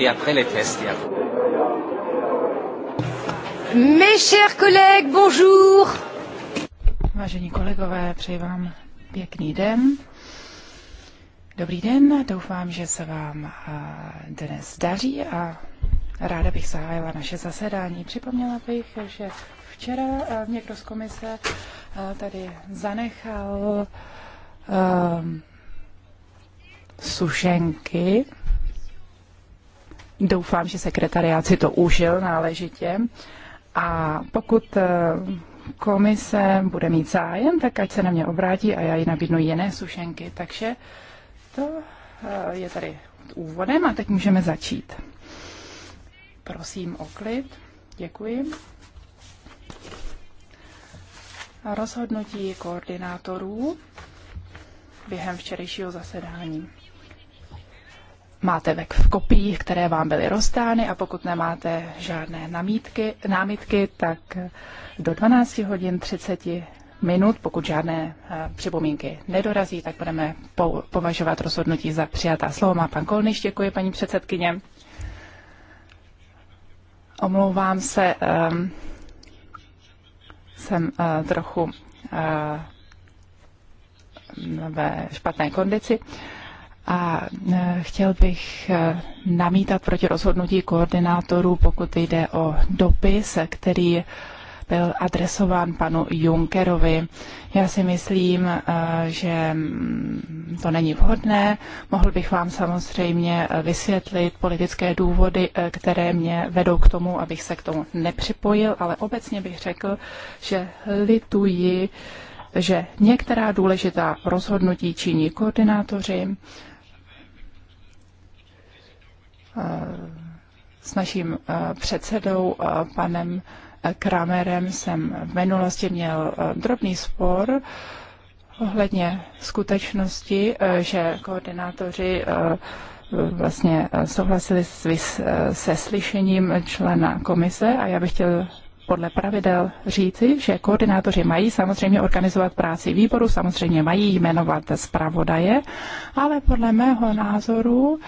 et après les tests. Et après... Mes chers collègues, bonjour. Vážení kolegové, přeji vám pěkný den. Dobrý den, doufám, že se vám eh, dnes daří a ráda bych zahájila naše zasedání. Připomněla bych, že včera eh, někdo z komise eh, tady zanechal sušenky Doufám, že sekretariát si to užil náležitě. A pokud eh, komise bude mít zájem, tak ať se na mě obrátí a já ji nabídnu jiné sušenky. Takže to eh, je tady úvodem a teď můžeme začít. Prosím o klid. Děkuji. A rozhodnutí koordinátorů během včerejšího zasedání máte vek v kopiích, které vám byly rozdány a pokud nemáte žádné namítky, námitky, tak do 12 hodin 30 minut, pokud žádné eh, připomínky nedorazí, tak budeme považovat rozhodnutí za přijatá. Slovo má pan Kolniš, děkuji paní předsedkyně. Omlouvám se, um, jsem uh, trochu uh, ve špatné kondici. Uh, a e, chtěl bych e, namítat proti rozhodnutí koordinátorů, pokud jde o dopis, který byl adresován panu Junkerovi. Já si myslím, e, že mm, to není vhodné. Mohl bych vám samozřejmě vysvětlit politické důvody, které mě vedou k tomu, abych se k tomu nepřipojil, ale obecně bych řekl, že lituji, že některá důležitá rozhodnutí činí koordinátoři s naším eh, předsedou, eh, panem eh, Kramerem, jsem v minulosti měl drobný spor ohledně skutečnosti, že koordinátoři vlastně souhlasili se slyšením člena komise a já bych chtěl podle pravidel říci, že koordinátoři mají samozřejmě organizovat práci výboru, samozřejmě mají jmenovat zpravodaje, ale podle mého názoru uh,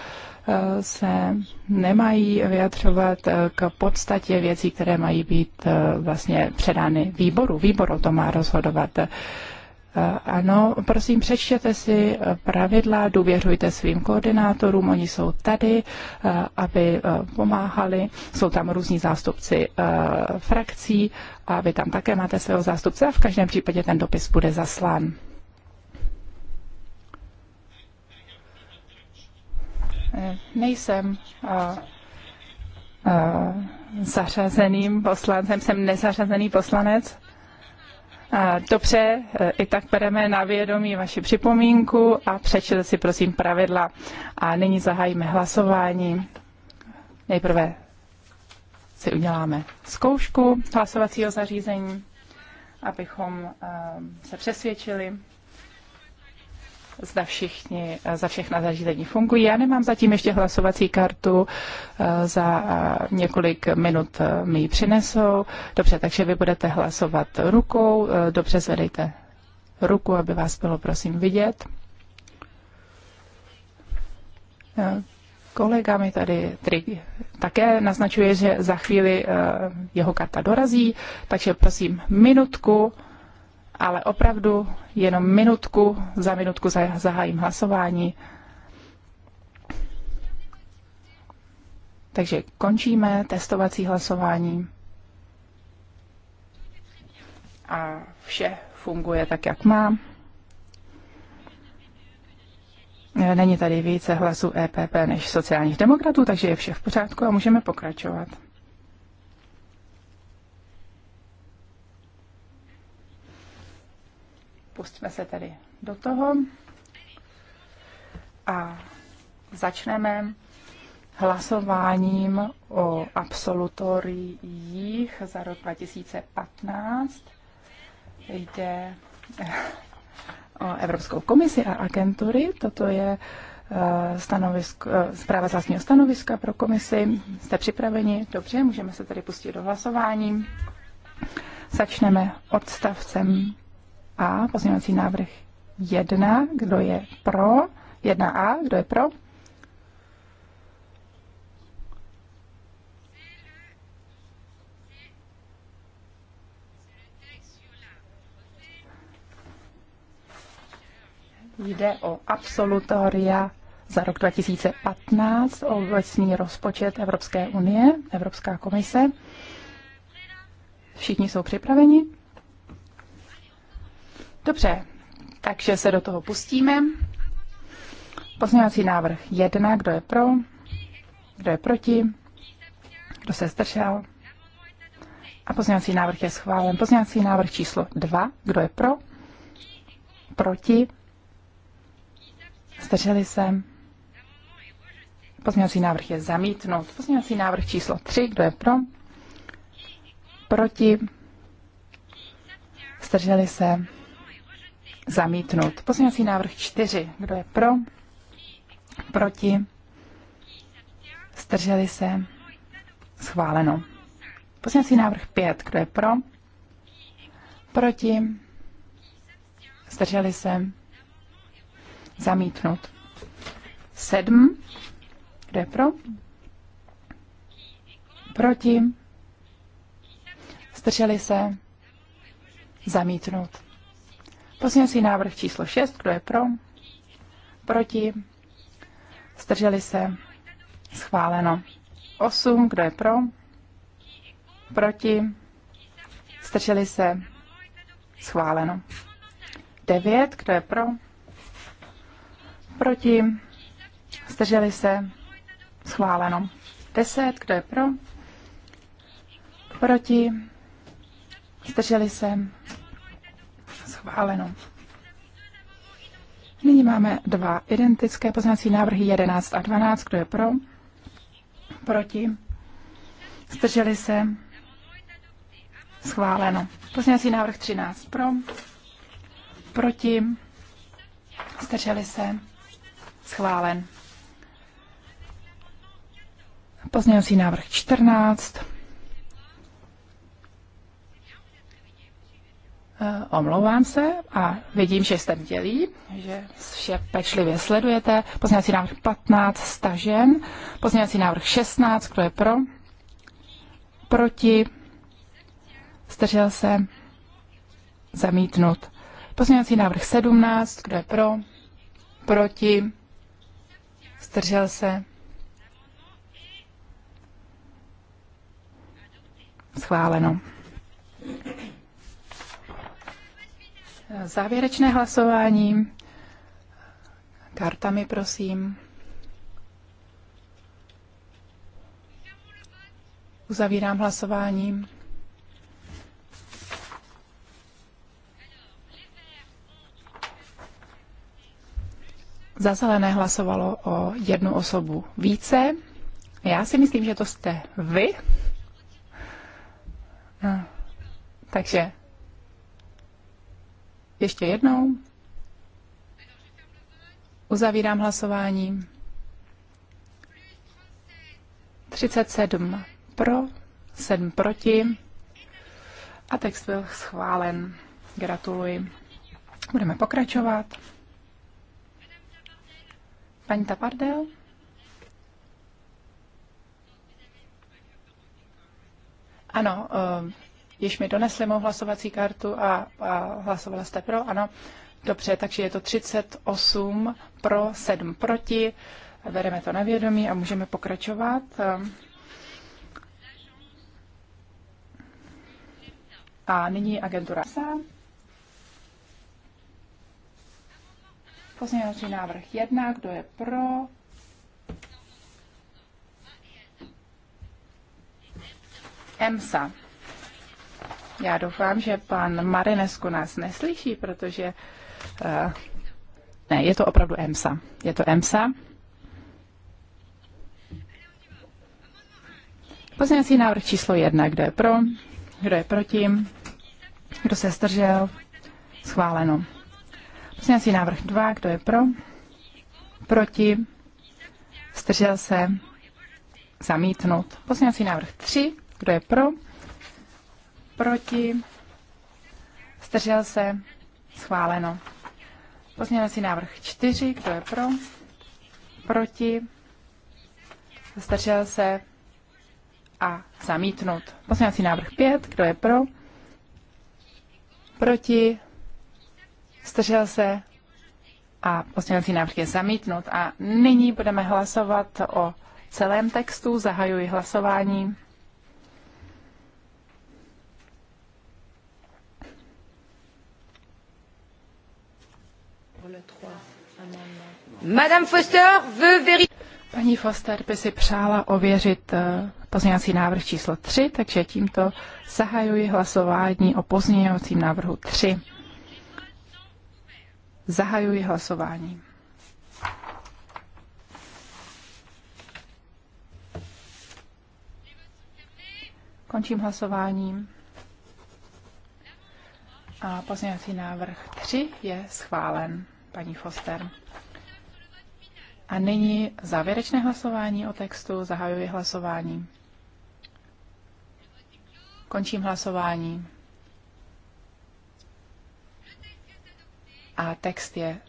Eh, se nemají vyjadřovat eh, k podstatě věcí, které mají být eh, vlastně předány výboru. Výbor o tom má rozhodovat. Ano, prosím, přečtěte si pravidla, důvěřujte svým koordinátorům, oni jsou tady, aby pomáhali. Jsou tam různí zástupci frakcí a vy tam také máte svého zástupce a v každém případě ten dopis bude zaslán. nejsem zařazeným poslancem, jsem nezařazený poslanec. Dobře, i tak bereme na vědomí vaši připomínku a přečtěte si prosím pravidla. A nyní zahájíme hlasování. Nejprve si uděláme zkoušku hlasovacího zařízení, abychom se přesvědčili, zda všichni, eh, za všechna zařízení fungují. Já nemám zatím ještě hlasovací kartu, eh, za eh, několik minut mi ji přinesou. Dobře, takže vy budete hlasovat rukou, dobře zvedejte ruku, aby vás bylo prosím vidět. Kolega mi tady tri, také naznačuje, že za chvíli jeho karta dorazí, takže prosím minutku ale opravdu jenom minutku, za minutku zahájím hlasování. Takže končíme testovací hlasování. A vše funguje tak, jak má. Není tady více hlasů EPP než sociálních demokratů, takže je vše v pořádku a můžeme pokračovat. Pustíme se tedy do toho a začneme hlasováním o absolutoriích za rok 2015. Jde o Evropskou komisi a agentury. Toto je eh, stanovisk, eh, zpráva z vlastního stanoviska pro komisi. Jste připraveni? Dobře, můžeme se tedy pustit do hlasování. Začneme odstavcem a, pozměňovací návrh 1, kdo je pro, 1A, kdo je pro. Jde o absolutoria za rok 2015, obecný rozpočet Evropské unie, Evropská komise. Všichni jsou připraveni? Dobře, takže se do toho pustíme. Pozměňovací návrh 1, kdo je pro, kdo je proti, kdo se zdržel. A pozměňovací návrh je schválen. Pozměňovací návrh číslo 2, kdo je pro, proti, zdrželi se. Pozměňovací návrh je zamítnut. Pozměňovací návrh číslo 3, kdo je pro, proti, zdrželi se. Zamítnout. Pozměňovací návrh 4. Kdo je pro? Proti? Zdrželi se? Schváleno. Pozměňovací návrh 5. Kdo je pro? Proti? Zdrželi se? Zamítnout. 7. Kdo je pro? Proti? Zdrželi se? Zamítnout. Prosím si návrh číslo 6, kdo je pro? Proti? Zdrželi se? Schváleno. 8, kdo je pro? Proti? Zdrželi se? Schváleno. 9, kdo je pro? Proti? Zdrželi se? Schváleno. 10, kdo je pro? Proti? Zdrželi se? Schváleno. Nyní máme dva identické poznací návrhy 11 a 12. Kdo je pro? Proti? Zdrželi se? Schváleno. Poznací návrh 13 pro? Proti? Zdrželi se? Schválen. Pozměňovací návrh 14 Eh, omlouvám se a vidím, že jste dělí, že vše pečlivě sledujete. Pozměňovací návrh 15 stažen, pozměňovací návrh 16, kdo je pro, proti, zdržel se, zamítnut. Pozměňovací návrh 17, kdo je pro, proti, zdržel se, schváleno. Závěrečné hlasování. Kartami, prosím. Uzavírám hlasování. Za zelené hlasovalo o jednu osobu více. Já si myslím, že to jste vy. No, takže ještě jednou. Uzavírám hlasování. 37 pro, 7 proti a text byl schválen. Gratuluji. Budeme pokračovat. Paní Tapardel. Ano, eh, již mi donesli mou hlasovací kartu a, a hlasovala jste pro, ano. Dobře, takže je to 38 pro, 7 proti. Bereme to na vědomí a můžeme pokračovat. A nyní agentura Pozměňovací návrh 1, kdo je pro? EMSA. Já doufám, že pan Marinesku nás neslyší, protože uh, ne, je to opravdu EMSA. Je to EMSA. Pozměňovací návrh číslo jedna, kdo je pro, kdo je proti, kdo se zdržel, schváleno. Pozměňovací návrh dva, kdo je pro, proti, zdržel se, zamítnut. Pozměňovací návrh tři, kdo je pro, proti, zdržel se, schváleno. Pozměňovací návrh 4, kdo je pro, proti, zdržel se a zamítnut. Pozměňovací návrh 5, kdo je pro, proti, zdržel se a pozměňovací návrh je zamítnut. A nyní budeme hlasovat o celém textu. Zahajuji hlasování. Madame Foster veut vérifier. Paní Foster by si přála ověřit eh, pozměňovací návrh číslo 3, takže tímto zahajuji hlasování o pozměňovacím návrhu 3. Zahajuji hlasování. Končím hlasováním. A pozměňovací návrh 3 je schválen, paní Foster. A nyní závěrečné hlasování o textu. Zahajuji hlasování. Končím hlasování. A text je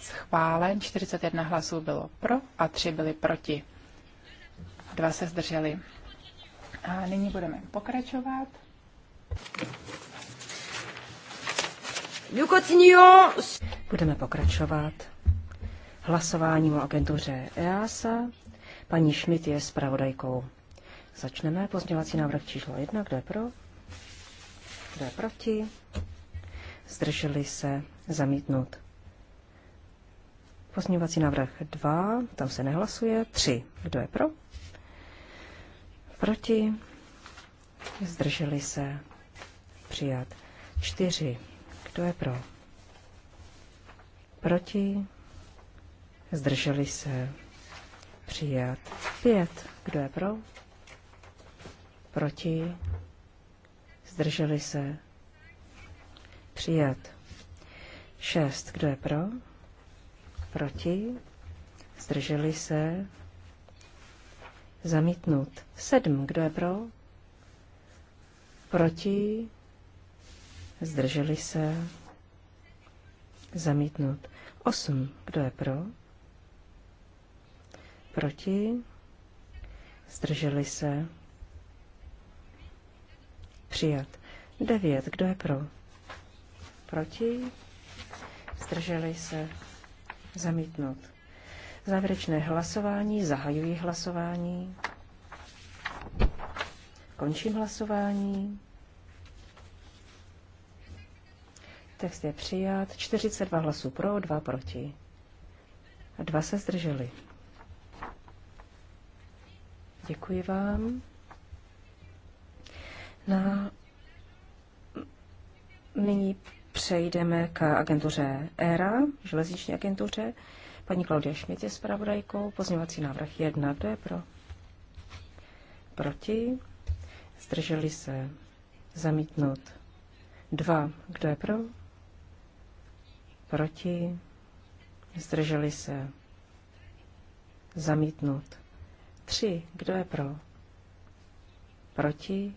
schválen. 41 hlasů bylo pro a 3 byly proti. Dva se zdrželi. A nyní budeme pokračovat. Budeme pokračovat hlasováním o agentuře EASA. Paní Schmidt je zpravodajkou. Začneme. Pozměňovací návrh číslo 1. Kdo je pro? Kdo je proti? Zdrželi se zamítnout. Pozměňovací návrh 2. Tam se nehlasuje. 3. Kdo je pro? Proti? Zdrželi se přijat. 4. Kdo je pro? Proti? Zdrželi se. Přijat. Pět. Kdo je pro? Proti? Zdrželi se. Přijat. Šest. Kdo je pro? Proti? Zdrželi se. Zamítnut. Sedm. Kdo je pro? Proti? Zdrželi se. Zamítnut. Osm. Kdo je pro? Proti? Zdrželi se? Přijat. devět. Kdo je pro? Proti? Zdrželi se? Zamítnout. Závěrečné hlasování. Zahajuji hlasování. Končím hlasování. Text je přijat. 42 hlasů pro, 2 proti. A dva se zdrželi. Děkuji vám. Na... Nyní přejdeme k agentuře ERA, železniční agentuře. Paní Klaudia Šmit je zpravodajkou. Pozněvací návrh 1. Kdo je pro? Proti? Zdrželi se? Zamítnout? 2. Kdo je pro? Proti? Zdrželi se? Zamítnout? 3. Kdo je pro? Proti?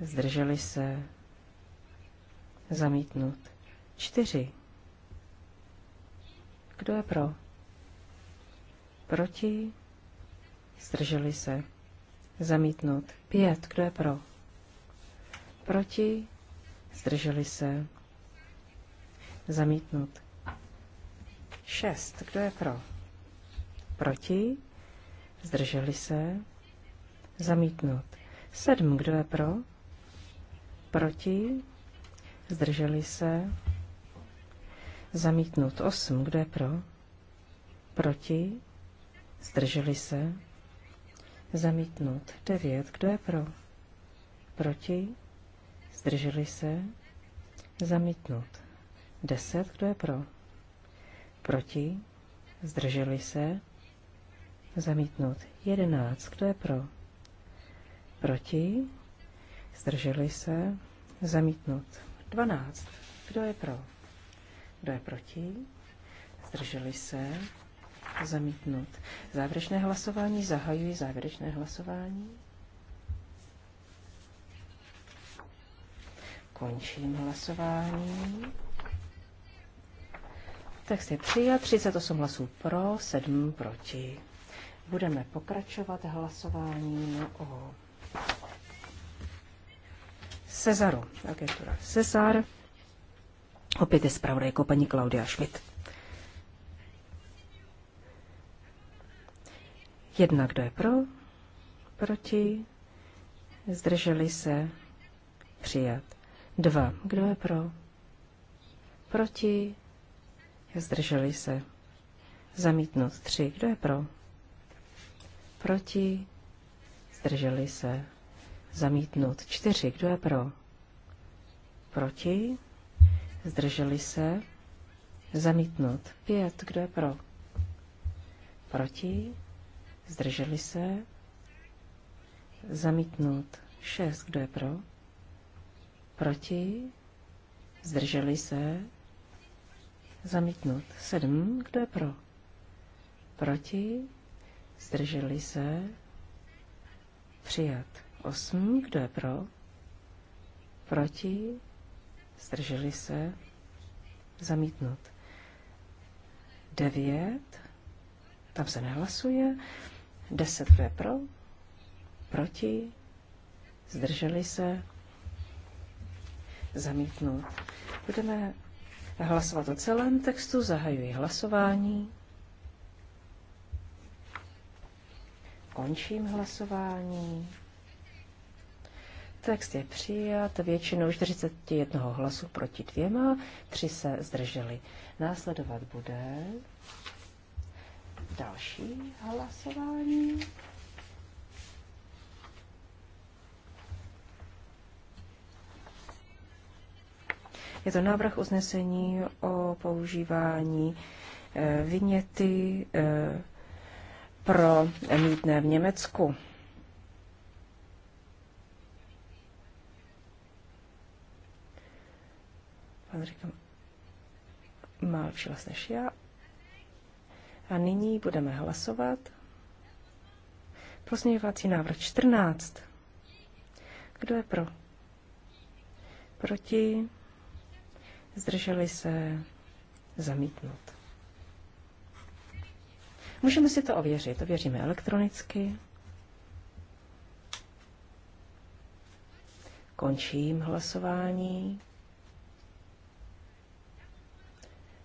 Zdrželi se? Zamítnut. 4. Kdo je pro? Proti? Zdrželi se? Zamítnut. 5. Kdo je pro? Proti? Zdrželi se? Zamítnut. 6. Kdo je pro? Proti? Zdrželi se? Zamítnut. Sedm. Kdo je pro? Proti? Zdrželi se? Zamítnut. Osm. Kdo je pro? Proti? Zdrželi se? Zamítnut. Devět. Kdo je pro? Proti? Zdrželi se? Zamítnut. Deset. Kdo je pro? Proti? Zdrželi se? Zamítnout. 11. Kdo je pro? Proti? Zdrželi se? Zamítnout. 12. Kdo je pro? Kdo je proti? Zdrželi se? Zamítnout. Závěrečné hlasování. Zahajuji závěrečné hlasování. Končím hlasování. Text je přijat, 38 hlasů pro, 7 proti. Budeme pokračovat hlasováním o Cezaru, agentura Cezar. Opět je jako paní Klaudia Schmidt. Jedna, kdo je pro, proti, zdrželi se, přijat. Dva, kdo je pro, proti, zdrželi se, zamítnout. Tři, kdo je pro, Proti? Zdrželi se. Zamítnut. Čtyři. Kdo je pro? Proti? Zdrželi se. Zamítnut. Pět. Kdo je pro? Proti? Zdrželi se. Zamítnut. Šest. Kdo je pro? Proti? Zdrželi se. Zamítnut. Sedm. Kdo je pro? Proti? Zdrželi se? Přijat. osm Kdo je pro? Proti? Zdrželi se? Zamítnut. devět Tam se nehlasuje. deset Kdo je pro? Proti? Zdrželi se? Zamítnut. Budeme hlasovat o celém textu. Zahajuji hlasování. Končím hlasování. Text je přijat většinou 41 hlasů proti dvěma, tři se zdrželi. Následovat bude další hlasování. Je to návrh usnesení o používání e, eh, vyněty e, eh, pro mítné v Německu. Pan říkám, má lepší hlas než já. A nyní budeme hlasovat. Pozměňovací návrh 14. Kdo je pro? Proti? Zdrželi se zamítnout. Můžeme si to ověřit. Ověříme elektronicky. Končím hlasování.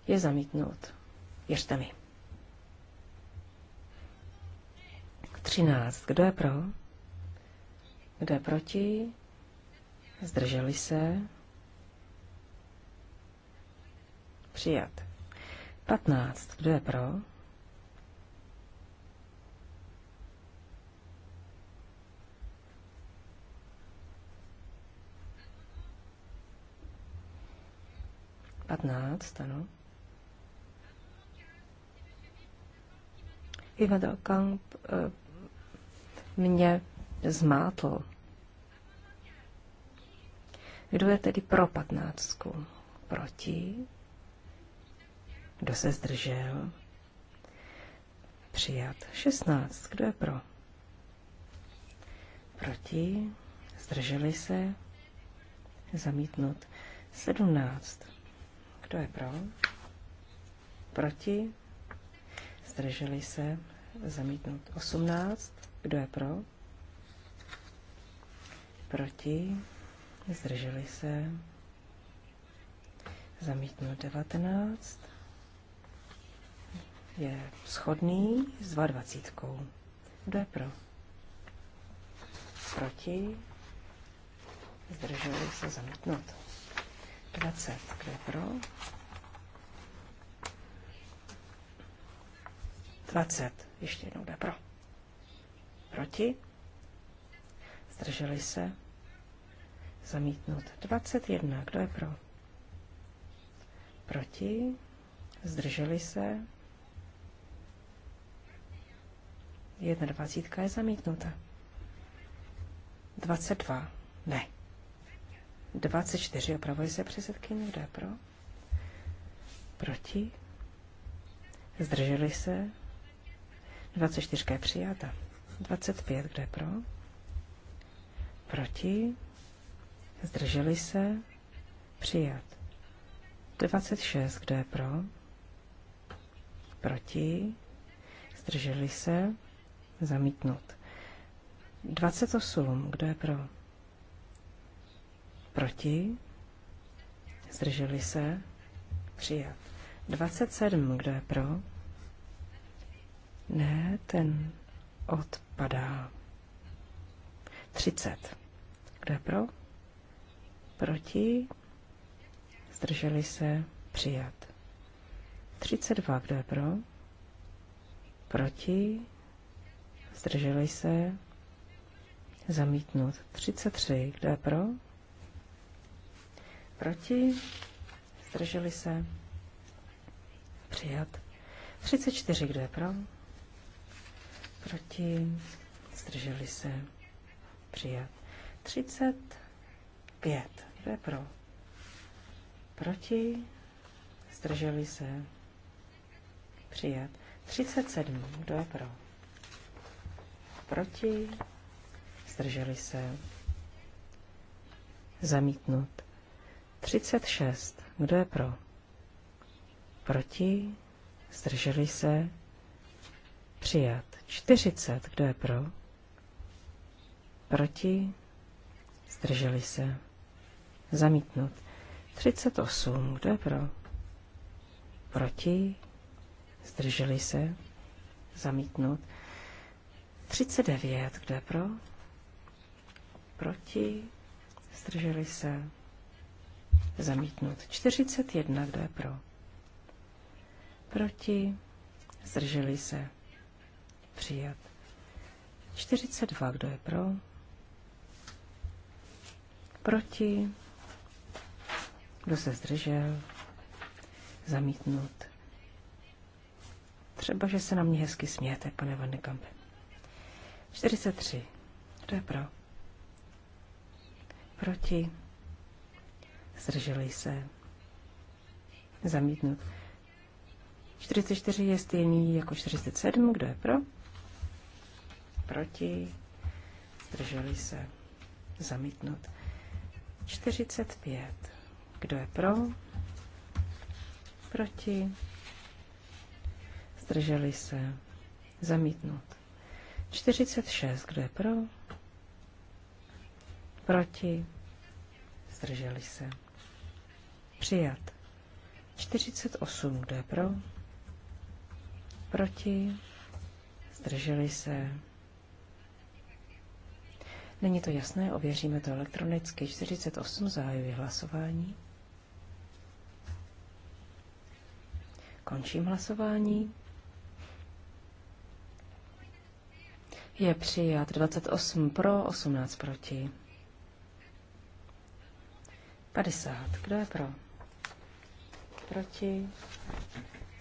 Je zamítnut. Věřte mi. 13. Kdo je pro? Kdo je proti? Zdrželi se? Přijat. 15. Kdo je pro? 15, ano. Ivan Kamp eh, mě zmátl. Kdo je tedy pro patnáctku? Proti? Kdo se zdržel? Přijat. 16. Kdo je pro? Proti? Zdrželi se? Zamítnut. 17. Kdo je pro? Proti? Zdrželi se? Zamítnout 18. Kdo je pro? Proti? Zdrželi se? Zamítnout 19. Je schodný s 22. Kdo je pro? Proti? Zdrželi se? Zamítnout 20. pro? 20. Ještě jednou jde pro. Proti? Zdrželi se? Zamítnout. 21. Kdo je pro? Proti? Zdrželi se? 21. je zamítnuta. 22. Ne. 24. Opravuje se předsedkyně. Kdo je pro? Proti? Zdrželi se? 24. je přijata. 25. Kdo je pro? Proti? Zdrželi se? Přijat. 26. Kdo je pro? Proti? Zdrželi se? Zamítnout. 28. Kdo je pro? Proti? Zdrželi se? Přijat. 27. Kdo je pro? Ne, ten odpadá. 30. Kdo je pro? Proti? Zdrželi se? Přijat. 32. Kdo je pro? Proti? Zdrželi se? Zamítnout. 33. Kdo je pro? proti? Zdrželi se? Přijat. 34, kdo je pro? Proti? Zdrželi se? Přijat. 35, kdo je pro? Proti? Zdrželi se? Přijat. 37, kdo je pro? Proti? Zdrželi se? Zamítnut. 36. Kdo je pro? Proti? Zdrželi se? Přijat. 40. Kdo je pro? Proti? Zdrželi se? Zamítnut. 38. Kdo je pro? Proti? Zdrželi se? Zamítnut. 39. Kdo je pro? Proti? Zdrželi se? Zamítnut. 41. Kdo je pro? Proti? Zdrželi se. Přijat. 42. Kdo je pro? Proti? Kdo se zdržel? Zamítnut. Třeba, že se na mě hezky smějete, pane Van Kampe. 43. Kdo je pro? Proti? zdrželi se. Zamítnut. 44 je stejný jako 47. Kdo je pro? Proti. Zdrželi se. Zamítnut. 45. Kdo je pro? Proti. Zdrželi se. Zamítnut. 46. Kdo je pro? Proti. Zdrželi se. Přijat. 48. Kdo je pro? Proti? Zdrželi se? Není to jasné, ověříme to elektronicky. 48 zahajuje hlasování. Končím hlasování. Je přijat 28 pro, 18 proti. 50. Kdo je pro? Proti?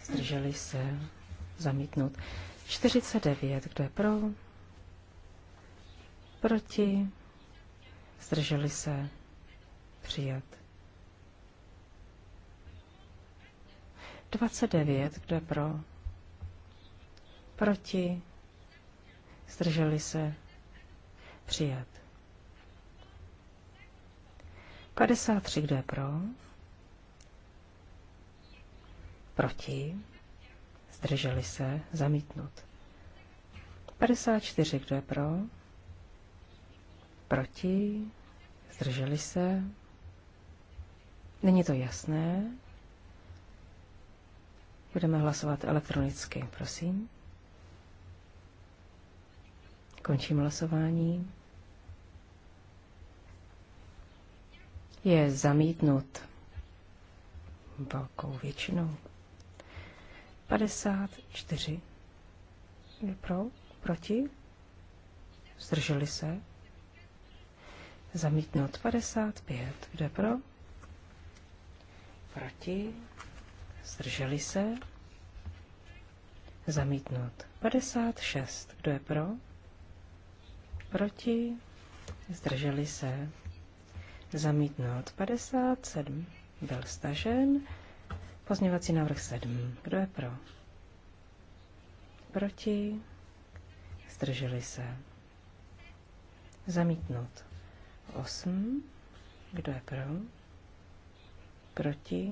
Zdrželi se. zamítnout. 49. Kdo je pro? Proti? Zdrželi se. Přijat. 29. Kdo je pro? Proti? Zdrželi se. Přijat. 53. Kdo je pro? Proti? Zdrželi se? Zamítnut. 54. Kdo je pro? Proti? Zdrželi se? Není to jasné. Budeme hlasovat elektronicky, prosím. Končím hlasování. Je zamítnut velkou většinou. 54. Je pro? Proti? Zdrželi se? Zamítnout 55. Kdo je pro? Proti? Zdrželi se? Zamítnout 56. Kdo je pro? Proti? Zdrželi se? Zamítnout 57. Byl stažen. Pozměňovací návrh 7. Kdo je pro? Proti? Zdrželi se. Zamítnut. 8. Kdo je pro? Proti?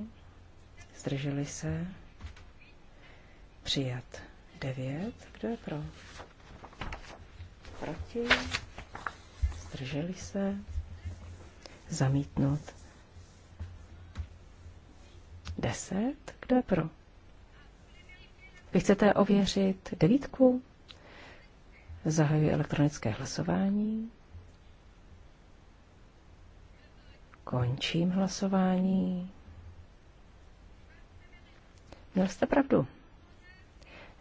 Zdrželi se. Přijat. 9. Kdo je pro? Proti? Zdrželi se. Zamítnout. 10. Kdo je pro? Vy chcete ověřit devítku? Zahajuji elektronické hlasování. Končím hlasování. Měl jste pravdu.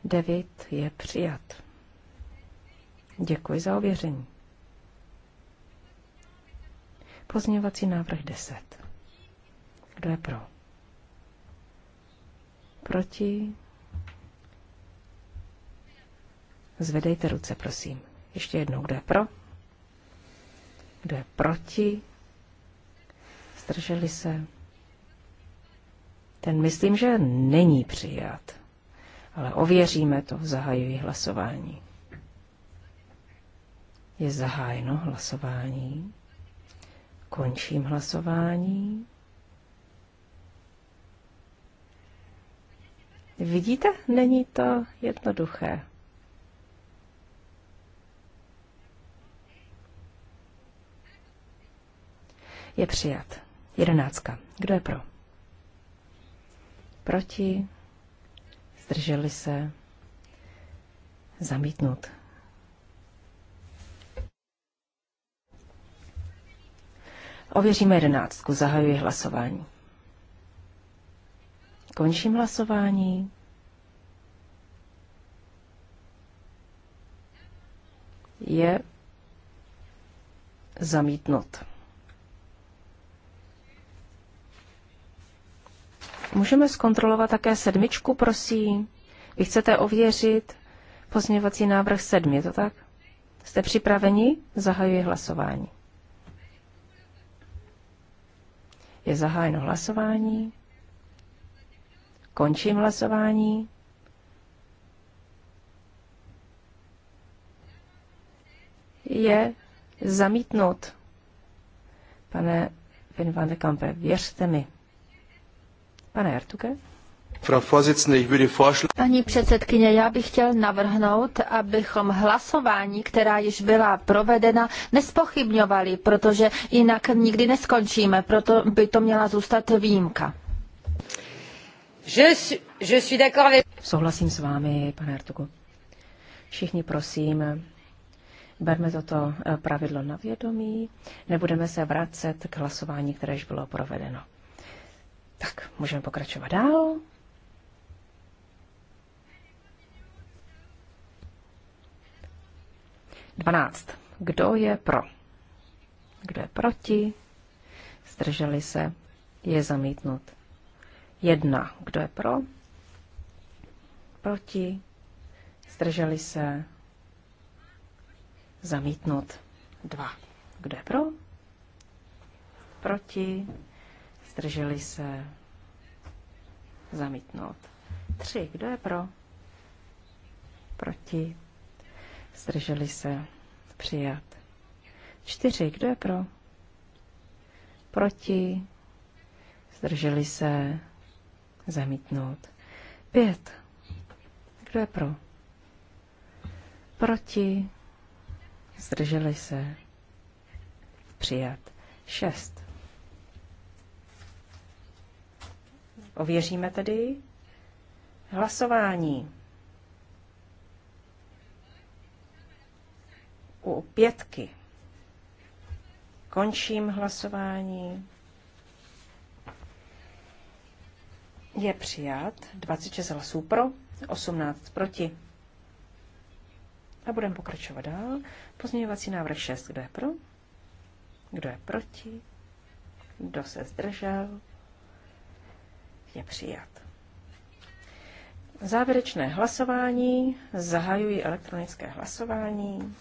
David je přijat. Děkuji za ověření. Pozměňovací návrh 10. Kdo je pro? Proti? Zvedejte ruce, prosím. Ještě jednou, kdo je pro? Kdo je proti? Zdrželi se? Ten myslím, že není přijat. Ale ověříme to, zahajuji hlasování. Je zahájeno hlasování. Končím hlasování. Vidíte, není to jednoduché. Je přijat. Jedenáctka. Kdo je pro? Proti? Zdrželi se? Zamítnut. Ověříme jedenáctku. Zahajuji hlasování. Končím hlasování. Je zamítnut. Můžeme zkontrolovat také sedmičku, prosím. Vy chcete ověřit pozměňovací návrh sedmi, je to tak? Jste připraveni? Zahajuji hlasování. Je zahájeno hlasování. Končím hlasování. Je zamítnut. Pane Vin van de Kampe, věřte mi. Pane Artuke. Paní předsedkyně, já bych chtěl navrhnout, abychom hlasování, která již byla provedena, nespochybňovali, protože jinak nikdy neskončíme. Proto by to měla zůstat výjimka. Je, je suis d'accord avec... Souhlasím s vámi, pane Artuku. Všichni prosím, berme toto eh, pravidlo na vědomí, nebudeme se vracet k hlasování, které již bylo provedeno. Tak, můžeme pokračovat dál. Dvanáct. Kdo je pro? Kdo je proti? Zdrželi se? Je zamítnut. 1. Kdo je pro? Proti? Zdrželi se? Zamítnut. 2. Kdo je pro? Proti? Zdrželi se? Zamítnout. tři, Kdo je pro? Proti? Zdrželi se? Přijat. čtyři, Kdo je pro? Proti? Zdrželi se? Zamítnout. Pět. Kdo je pro? Proti. Zdrželi se. Přijat. Šest. Ověříme tedy hlasování. U pětky. Končím hlasování. je přijat 26 hlasů pro, 18 proti. A budeme pokračovat dál. Pozměňovací návrh 6. Kdo je pro? Kdo je proti? Kdo se zdržel? Je přijat. Závěrečné hlasování. Zahajuji elektronické hlasování.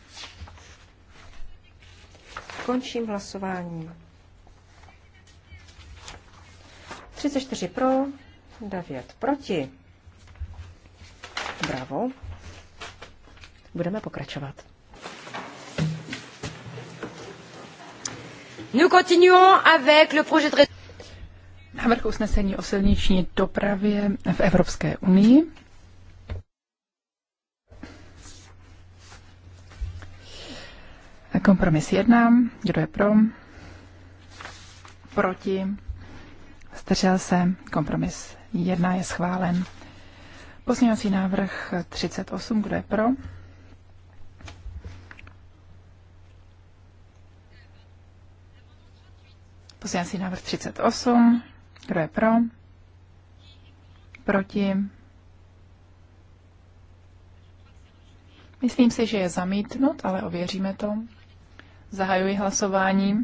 Končím hlasování. 34 pro, 9 proti. Bravo. Budeme pokračovat. Nous continuons avec le projet de... Návrh usnesení o silniční dopravě v Evropské unii. Kompromis 1. Kdo je pro? Proti? Zdržel se. Kompromis 1 je schválen. Pozměňovací návrh 38, kdo je pro? Pozměňovací návrh 38, kdo je pro? Proti? Myslím si, že je zamítnut, ale ověříme to. Zahajuji hlasování.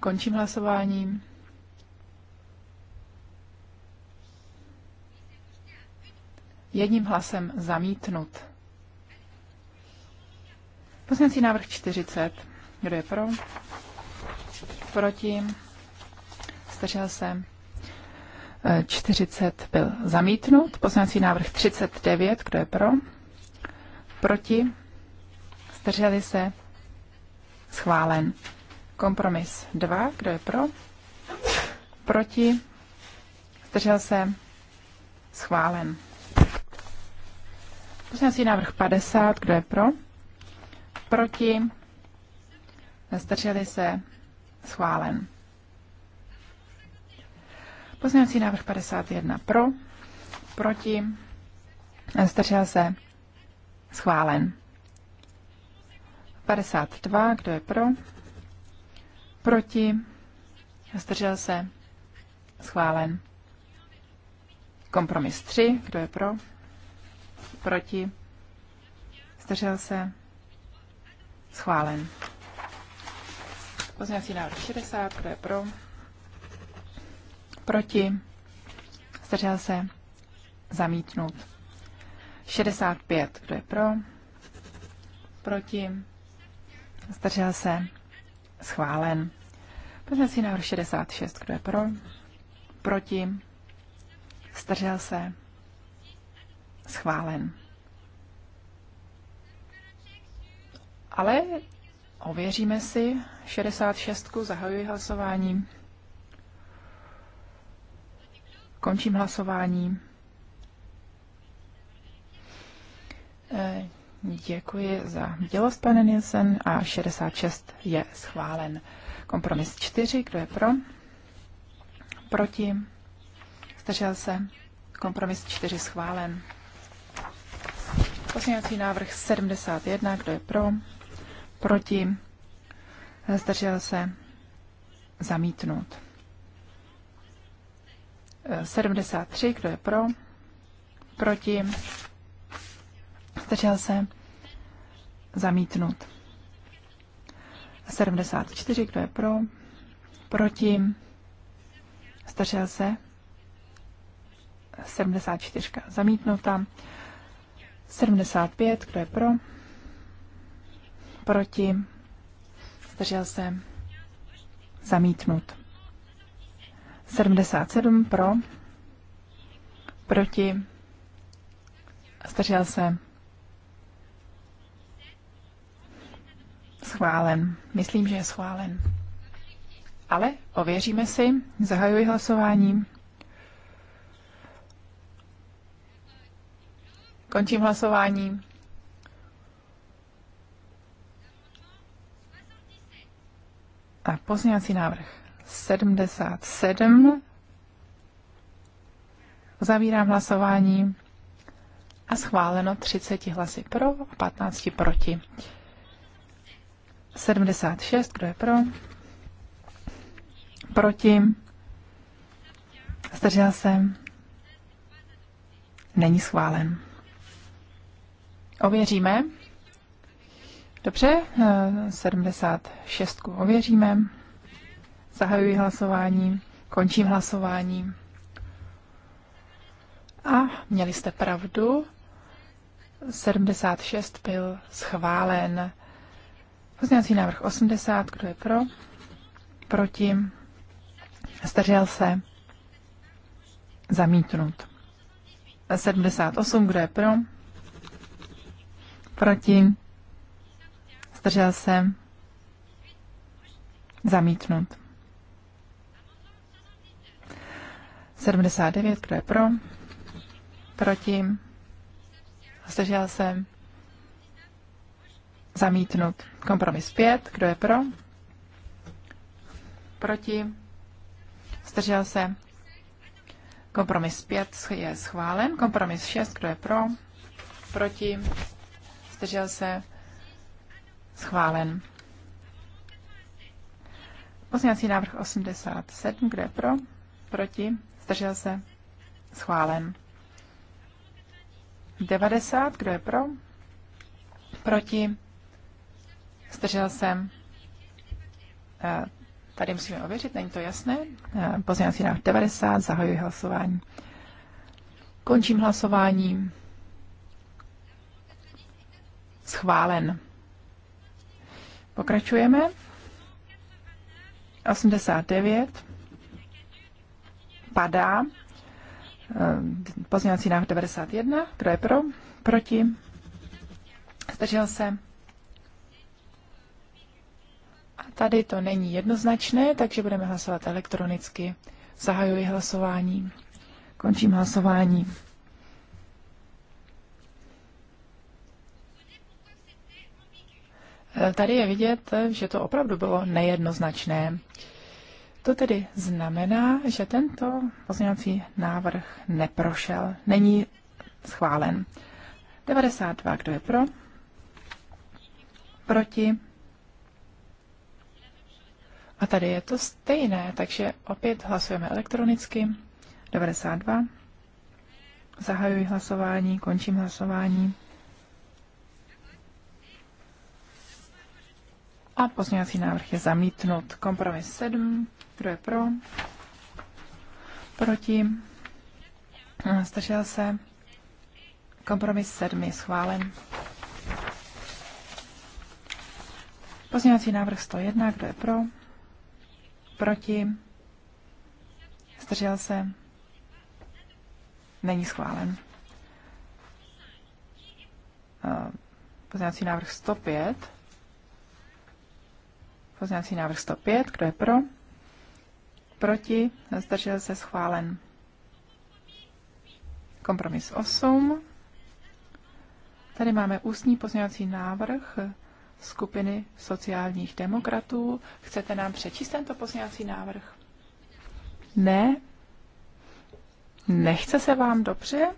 Končím hlasováním. jedním hlasem zamítnut. Poslanecí návrh 40. Kdo je pro? Proti? Zdržel se? 40 e, byl zamítnut. Poslanecí návrh 39. Kdo je pro? Proti? Zdrželi se? Schválen. Kompromis 2. Kdo je pro? Proti? Zdržel se? Schválen. Poslanecí návrh 50, kdo je pro? Proti? Zdrželi se? Schválen. Poslanecí návrh 51 pro, proti, zdržel se, schválen. 52, kdo je pro, proti, zdržel se, schválen. Kompromis 3, kdo je pro, proti, zdržel se, schválen. Pozměňovací návrh 60, kdo je pro, proti, zdržel se, zamítnut. 65, kdo je pro, proti, zdržel se, schválen. Pozměňovací návrh 66, kdo je pro, proti, zdržel se, Schválen. Ale ověříme si 66. Zahajuji hlasování. Končím hlasování. Eh, děkuji za dělost, pane Nielsen, a 66 je schválen. Kompromis 4, kdo je pro? Proti? Zdržel se? Kompromis 4 schválen. Pozměňovací návrh 71, kdo je pro, proti, zdržel se, zamítnout. 73, kdo je pro, proti, zdržel se, zamítnout. 74, kdo je pro, proti, zdržel se, 74 zamítnuta, 75, kdo je pro? Proti? Zdržel se? Zamítnut. 77 pro? Proti? Zdržel se? Schválen. Myslím, že je schválen. Ale ověříme si. Zahajuji hlasování. Končím hlasování. A pozměňovací návrh 77. Zavírám hlasování a schváleno 30 hlasy pro a 15 proti. 76, kdo je pro? Proti? Zdržel se? Není schválen. Ověříme. Dobře, 76 ověříme. Zahajuji hlasování, končím hlasování. A měli jste pravdu, 76 byl schválen. Pozměňovací návrh 80, kdo je pro? Proti? Zdržel se? Zamítnut. 78, kdo je pro? Proti? Zdržel se? Zamítnut. 79, kdo je pro? Proti? Zdržel se? Zamítnut. Kompromis 5, kdo je pro? Proti? Zdržel se? Kompromis 5 je schválen. Kompromis 6, kdo je pro? Proti? zdržel se, schválen. Pozměňovací návrh 87, kde je pro, proti, zdržel se, schválen. 90, kdo je pro, proti, zdržel se, eh, tady musíme ověřit, není to jasné, eh, pozměňovací návrh 90, zahajuji hlasování. Končím hlasování. Schválen. Pokračujeme. 89. Padá. Eh, pozměňovací návrh 91. Kdo je pro? Proti? Zdržel se? A tady to není jednoznačné, takže budeme hlasovat elektronicky. Zahajuji hlasování. Končím hlasování. Eh, tady je vidět, že to opravdu bylo nejednoznačné. To tedy znamená, že tento pozměňovací návrh neprošel, není schválen. 92, kdo je pro? Proti? A tady je to stejné, takže opět hlasujeme elektronicky. 92. Zahajuji hlasování, končím hlasování. A pozměňovací návrh je zamítnut. Kompromis 7. Kdo je pro? Proti? Stažil se? Kompromis 7 je schválen. Pozměňovací návrh 101. Kdo je pro? Proti? Zdržel se? Není schválen. Eh, pozměňovací návrh 105. Pozměňovací návrh 105, kdo je pro? Proti? Zdržel se schválen. Kompromis 8. Tady máme ústní pozměňovací návrh skupiny sociálních demokratů. Chcete nám přečíst tento pozměňovací návrh? Ne? Nechce se vám dobře?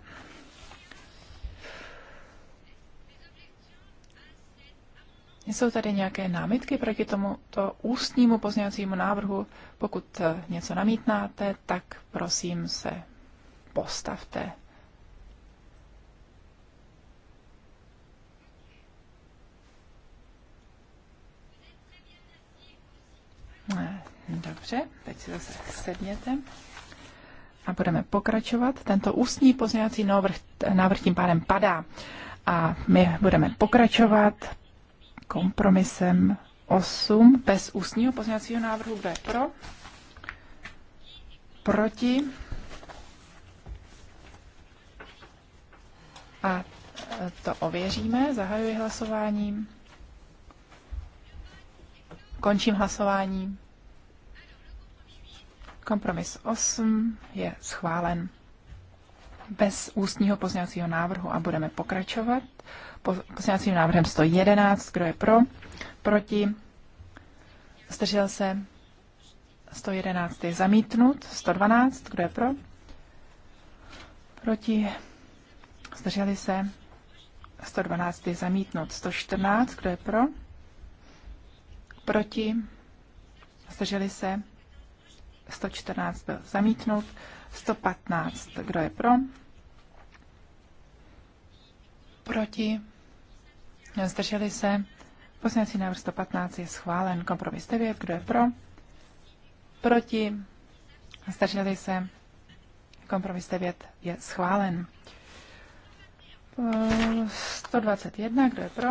Jsou tady nějaké námitky proti tomuto ústnímu pozněvacímu návrhu? Pokud e, něco namítnáte, tak prosím se postavte. Dobře, teď si zase sedněte a budeme pokračovat. Tento ústní pozměňovací návrh, návrh tím pádem padá a my budeme pokračovat kompromisem 8 bez ústního pozměňovacího návrhu. B pro? Proti? A e, to ověříme. Zahajuji hlasováním. Končím hlasování. Kompromis 8 je schválen bez ústního pozněvacího návrhu a budeme pokračovat. Pozněvacím návrhem 111, kdo je pro, proti, zdržel se, 111 je zamítnut, 112, kdo je pro, proti, zdrželi se, 112 je zamítnut, 114, kdo je pro, proti, zdrželi se, 114 byl zamítnut, 115. Kdo je pro? Proti? Zdrželi se? Poslanecí návrh 115 je schválen. Kompromis 9. Kdo je pro? Proti? Zdrželi se? Kompromis 9 je schválen. 121. Kdo je pro?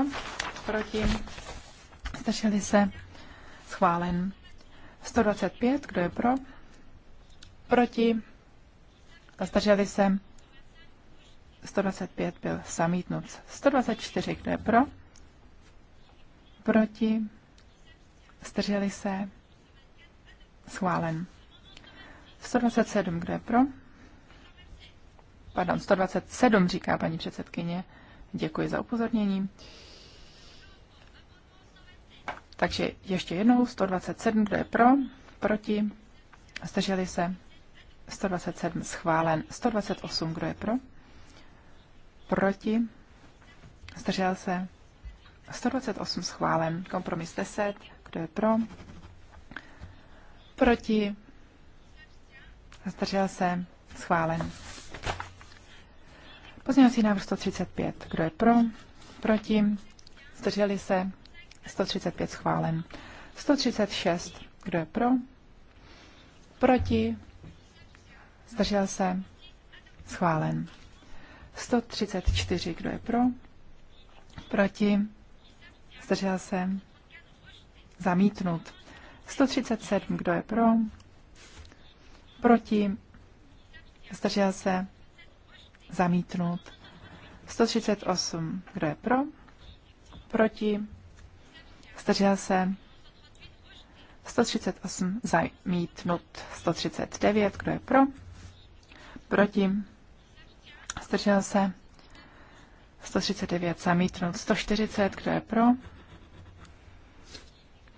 Proti? Zdrželi se? Schválen. 125. Kdo je pro? Proti? Zdrželi se. 125 byl zamítnut. 124, kdo je pro? Proti? Zdrželi se? Schválen. 127, kdo je pro? Pardon, 127, říká paní předsedkyně. Děkuji za upozornění. Takže ještě jednou, 127, kdo je pro? Proti? Zdrželi se? 127 schválen. 128, kdo je pro? Proti? Zdržel se? 128 schválen. Kompromis 10, kdo je pro? Proti? Zdržel se? Schválen. Pozměňovací návrh 135. Kdo je pro? Proti? Zdrželi se? 135 schválen. 136. Kdo je pro? Proti? Zdržel se? Schválen. 134. Kdo je pro? Proti? Zdržel se? Zamítnut. 137. Kdo je pro? Proti? Zdržel se? Zamítnut. 138. Kdo je pro? Proti? Zdržel se? 138. Zamítnut. 139. Kdo je pro? proti, zdržel se, 139 zamítnut, 140, kdo je pro,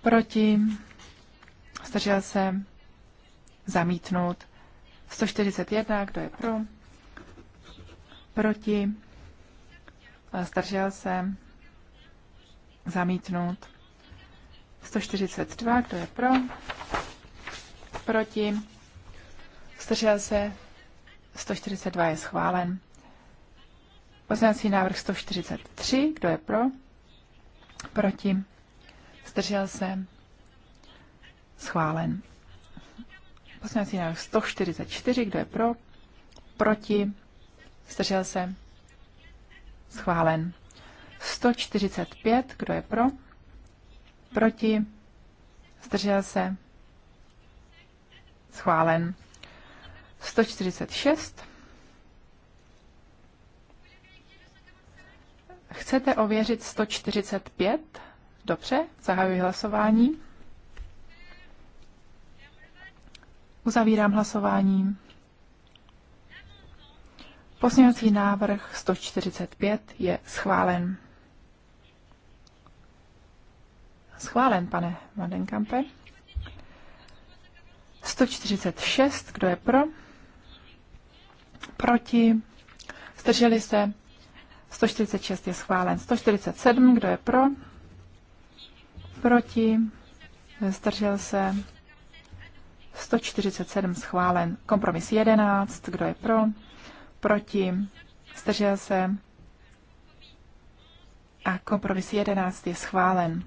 proti, zdržel se, zamítnout, 141, kdo je pro, proti, zdržel se, zamítnout, 142, kdo je pro, proti, zdržel se, 142 je schválen. Poznací návrh 143, kdo je pro? Proti? Zdržel se? Schválen. Poznací návrh 144, kdo je pro? Proti? Zdržel se? Schválen. 145, kdo je pro? Proti? Zdržel se? Schválen. 146. Chcete ověřit 145? Dobře, zahajuji hlasování. Uzavírám hlasování. Pozměňovací návrh 145 je schválen. Schválen, pane Vandenkampe. 146, kdo je pro? proti, zdrželi se, 146 je schválen. 147, kdo je pro, proti, zdržel se, 147 schválen. Kompromis 11, kdo je pro, proti, zdržel se, a kompromis 11 je schválen.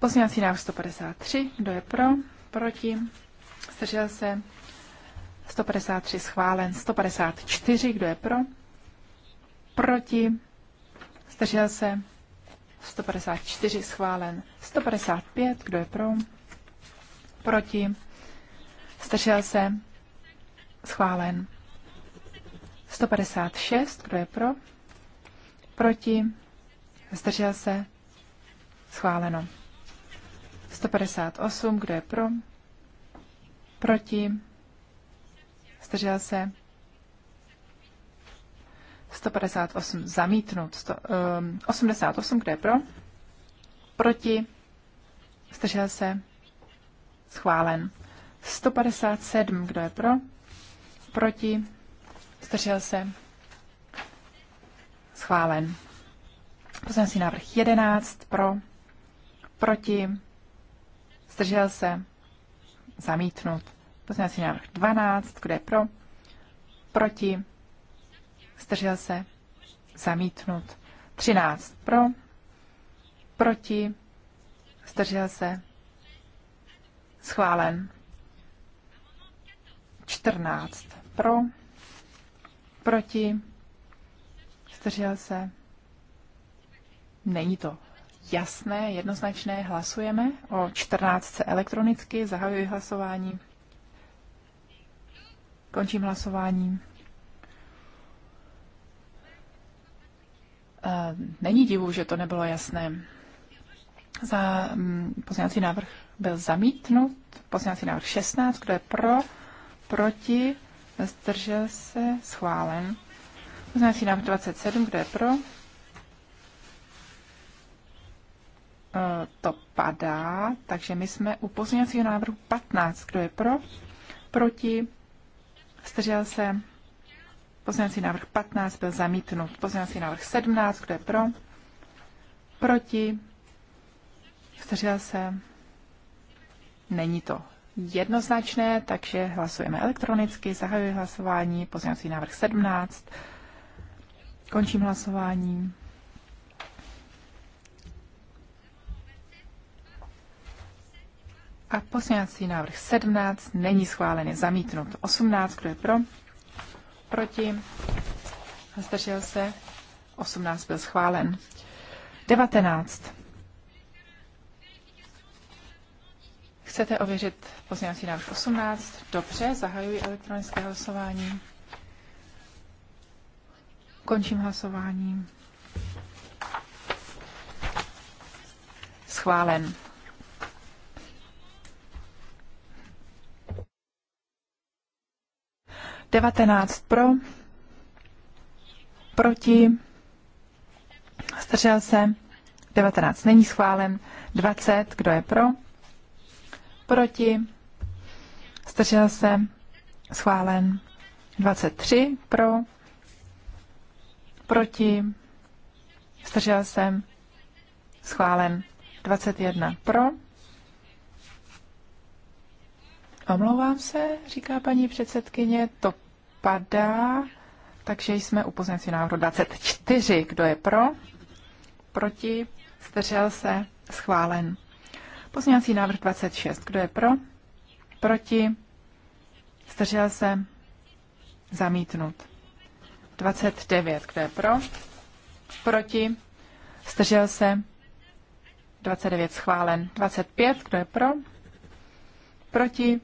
Pozměňovací návrh 153, kdo je pro, proti, zdržel se, 153 schválen, 154, kdo je pro, proti, zdržel se, 154 schválen, 155, kdo je pro, proti, zdržel se, schválen, 156, kdo je pro, proti, zdržel se, schváleno. 158, kdo je pro, proti, zdržel se. 158 zamítnut, 88, ehm, kde je pro, proti, zdržel se, schválen. 157, kdo je pro, proti, zdržel se, schválen. Poslanecí návrh 11, pro, proti, zdržel se, zamítnut. Pozměňovací návrh 12, kdo je pro? Proti? Zdržel se? Zamítnut. 13 pro? Proti? Zdržel se? Schválen. 14 pro? Proti? Zdržel se? Není to jasné, jednoznačné. Hlasujeme o 14 elektronicky. Zahajuji hlasování. Končím hlasování. E, není divu, že to nebylo jasné. Za mm, poslanecí návrh byl zamítnut. Poslanecí návrh 16, kdo je pro, proti, zdržel se, schválen. Poslanecí návrh 27, kdo je pro, e, to padá, takže my jsme u pozměňovacího návrhu 15. Kdo je pro? Proti? Zdržel se. Pozměňovací návrh 15 byl zamítnut. Pozměňovací návrh 17, kdo je pro? Proti? Zdržel se. Není to jednoznačné, takže hlasujeme elektronicky. Zahajuji hlasování. Pozměňovací návrh 17. Končím hlasování. A poslanecký návrh 17 není schválen, je zamítnut. 18, kdo je pro? Proti? Zdržel se? 18 byl schválen. 19. Chcete ověřit pozměňovací návrh 18? Dobře, zahajuji elektronické hlasování. Končím hlasování. Schválen. 19 pro, proti, zdržel se, 19 není schválen, 20, kdo je pro, proti, zdržel se, schválen, 23 pro, proti, zdržel se, schválen, 21 pro, Omlouvám se, říká paní předsedkyně, to padá, takže jsme u pozměnci návrhu 24. Kdo je pro? Proti? Zdržel se? Schválen. Pozměňovací návrh 26. Kdo je pro? Proti? Zdržel se? Zamítnut. 29. Kdo je pro? Proti? Zdržel se? 29. Schválen. 25. Kdo je pro? Proti?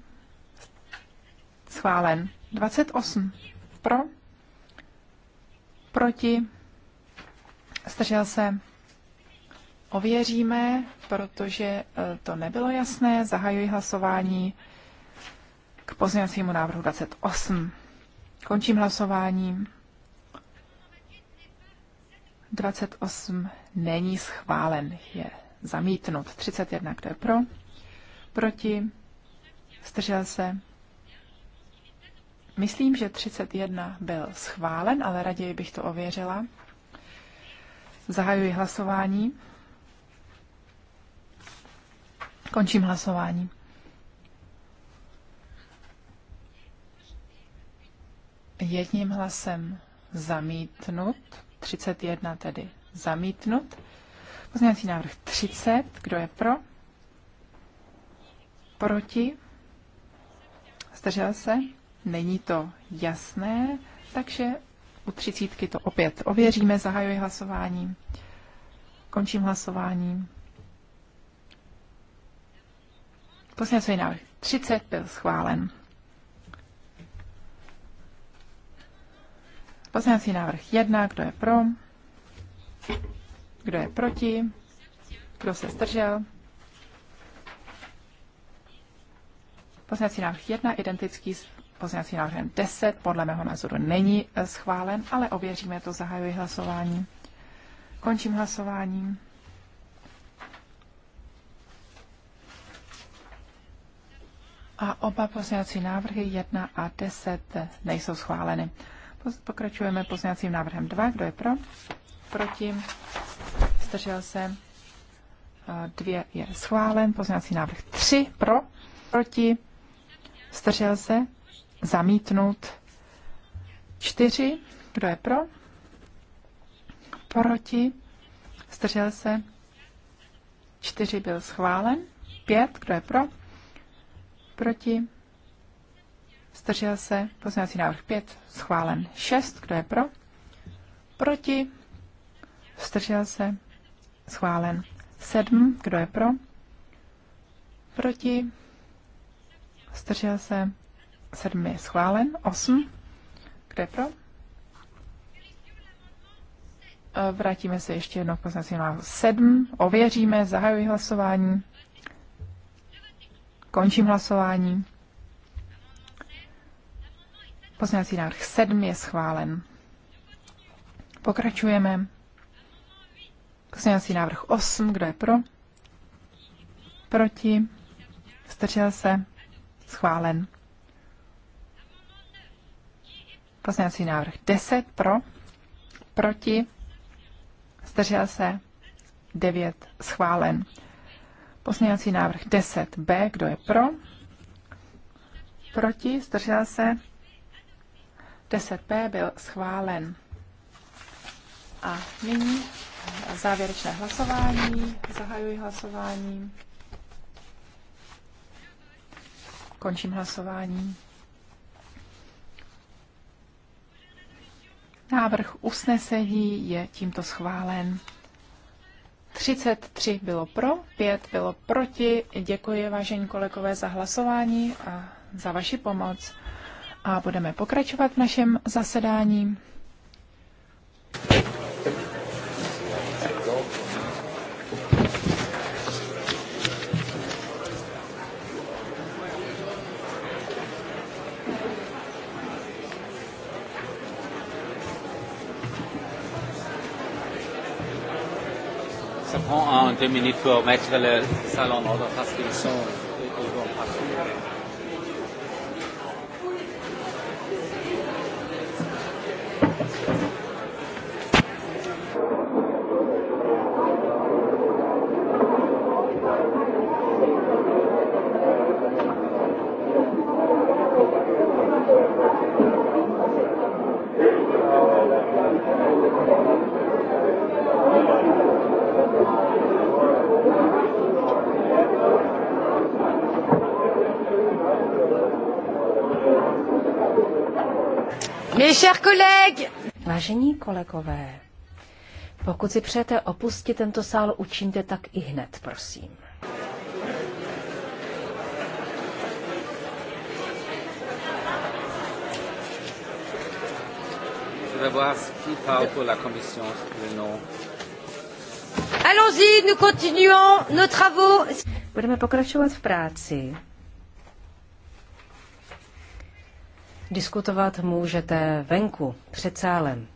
Schválen. 28. Pro. Proti. Zdržel se. Ověříme, protože e, to nebylo jasné. Zahajuji hlasování k pozměňovacímu návrhu 28. Končím hlasování. 28 není schválen, je zamítnut. 31, kdo je pro? Proti? Zdržel se? Myslím, že 31 byl schválen, ale raději bych to ověřila. Zahajuji hlasování. Končím hlasování. Jedním hlasem zamítnut, 31 tedy zamítnut. Pozměňovací návrh 30, kdo je pro? Proti? Zdržel se? není to jasné, takže u třicítky to opět ověříme, zahajuji hlasování, končím hlasování. Poslanecký návrh 30 byl schválen. Poslanecký návrh 1, kdo je pro, kdo je proti, kdo se zdržel. Poslanecký návrh 1, identický s pozměňovacím návrhem 10 podle mého názoru není eh, schválen, ale ověříme to, zahajuji hlasování. Končím hlasování. A oba pozměňovací návrhy 1 a 10 nejsou schváleny. Pokračujeme pozměňovacím návrhem 2. Kdo je pro? Proti? Zdržel se? 2 eh, je schválen. Pozměňovací návrh 3 pro? Proti? Zdržel se? zamítnut. Čtyři, kdo je pro? Proti, zdržel se. Čtyři byl schválen. Pět, kdo je pro? Proti, zdržel se. Pozměňovací návrh pět, schválen. Šest, kdo je pro? Proti, zdržel se. Schválen. Sedm, kdo je pro? Proti, zdržel se. 7 je schválen. 8. Kde pro? Vrátíme se ještě jednou k poznacímu návrhu 7. Ověříme, zahajuji hlasování. Končím hlasování. Poznací návrh 7 je schválen. Pokračujeme. Poznací návrh 8. Kdo je pro? Proti? Zdržel se? Schválen. Pozměňovací návrh 10 pro, proti, zdržel se 9 schválen. Pozměňovací návrh 10b, kdo je pro, proti, zdržel se 10b byl schválen. A nyní závěrečné hlasování. Zahajuji hlasování. Končím hlasování. Návrh usnesení je tímto schválen. 33 bylo pro, 5 bylo proti. Děkuji, vážení kolegové, za hlasování a za vaši pomoc. A budeme pokračovat v našem zasedání. en deux minutes pour mettre le salon en ordre parce qu'ils Chers collègues. Vážení kolegové, pokud si přejete opustit tento sál, učiňte tak i hned, prosím. Allons-y, nous continuons nos travaux. Budeme pokračovat v práci. Diskutovat můžete venku, před sálem.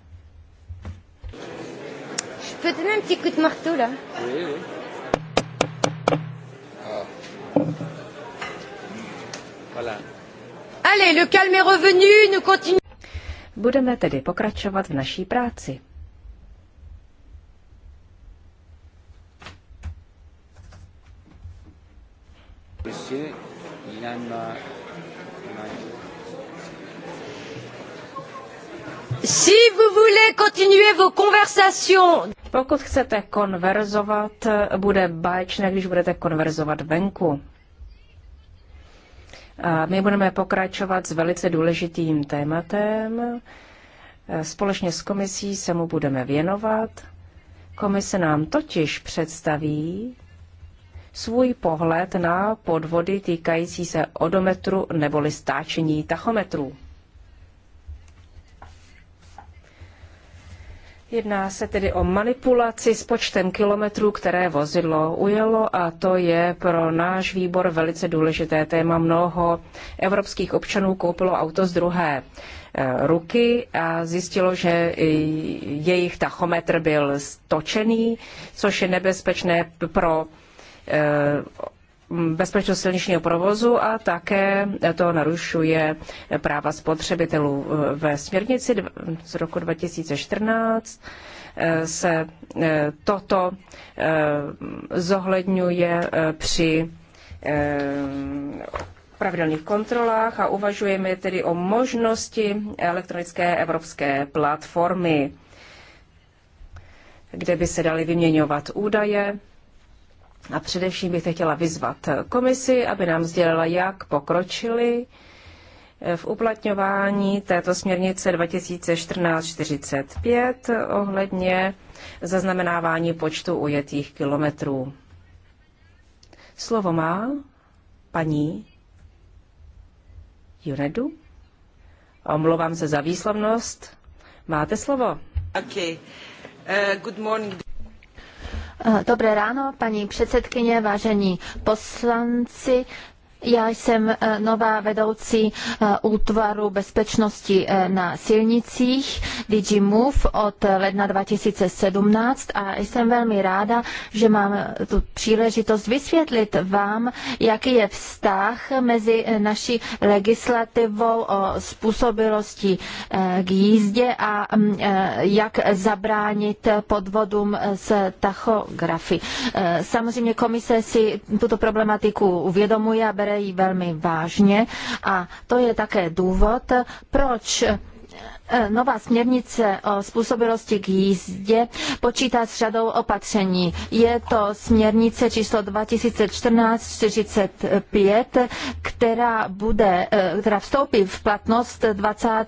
Ah. Budeme tedy pokračovat v naší práci. conversation... Pokud chcete konverzovat, bude báječné, když budete konverzovat venku. A my budeme pokračovat s velice důležitým tématem. Společně s komisí se mu budeme věnovat. Komise nám totiž představí svůj pohled na podvody týkající se odometru neboli stáčení tachometrů. Jedná se tedy o manipulaci s počtem kilometrů, které vozidlo ujelo a to je pro náš výbor velice důležité téma. Mnoho evropských občanů koupilo auto z druhé e, ruky a zjistilo, že jejich tachometr byl stočený, což je nebezpečné pro e, bezpečnost silničního provozu a také to narušuje práva spotřebitelů. Ve směrnici z roku 2014 eh, se eh, toto eh, zohledňuje při pravidelných kontrolách a uvažujeme tedy o možnosti elektronické evropské platformy, kde by se daly vyměňovat údaje a především bych chtěla vyzvat komisi, aby nám sdělila, jak pokročili eh, v uplatňování této směrnice 2014-45 ohledně zaznamenávání počtu ujetých kilometrů. Slovo má paní Junedu. Omlouvám se za výslovnost. Máte slovo. Okay. Uh, good morning. Eh, dobré ráno, paní předsedkyně, vážení poslanci. Já jsem eh, nová vedoucí eh, útvaru bezpečnosti eh, na silnicích DG Move od ledna 2017 a jsem velmi ráda, že mám tu příležitost vysvětlit vám, jaký je vztah mezi naší legislativou o způsobilosti k jízdě a mm, jak zabránit podvodům s tachografy. Samozřejmě komise si tuto problematiku uvědomuje a bere bere ji velmi vážně a to je také důvod, proč E, nová směrnice o způsobilosti k jízdě počítá s řadou opatření. Je to směrnice číslo 2014-45, která, bude, e, která vstoupí v platnost 20.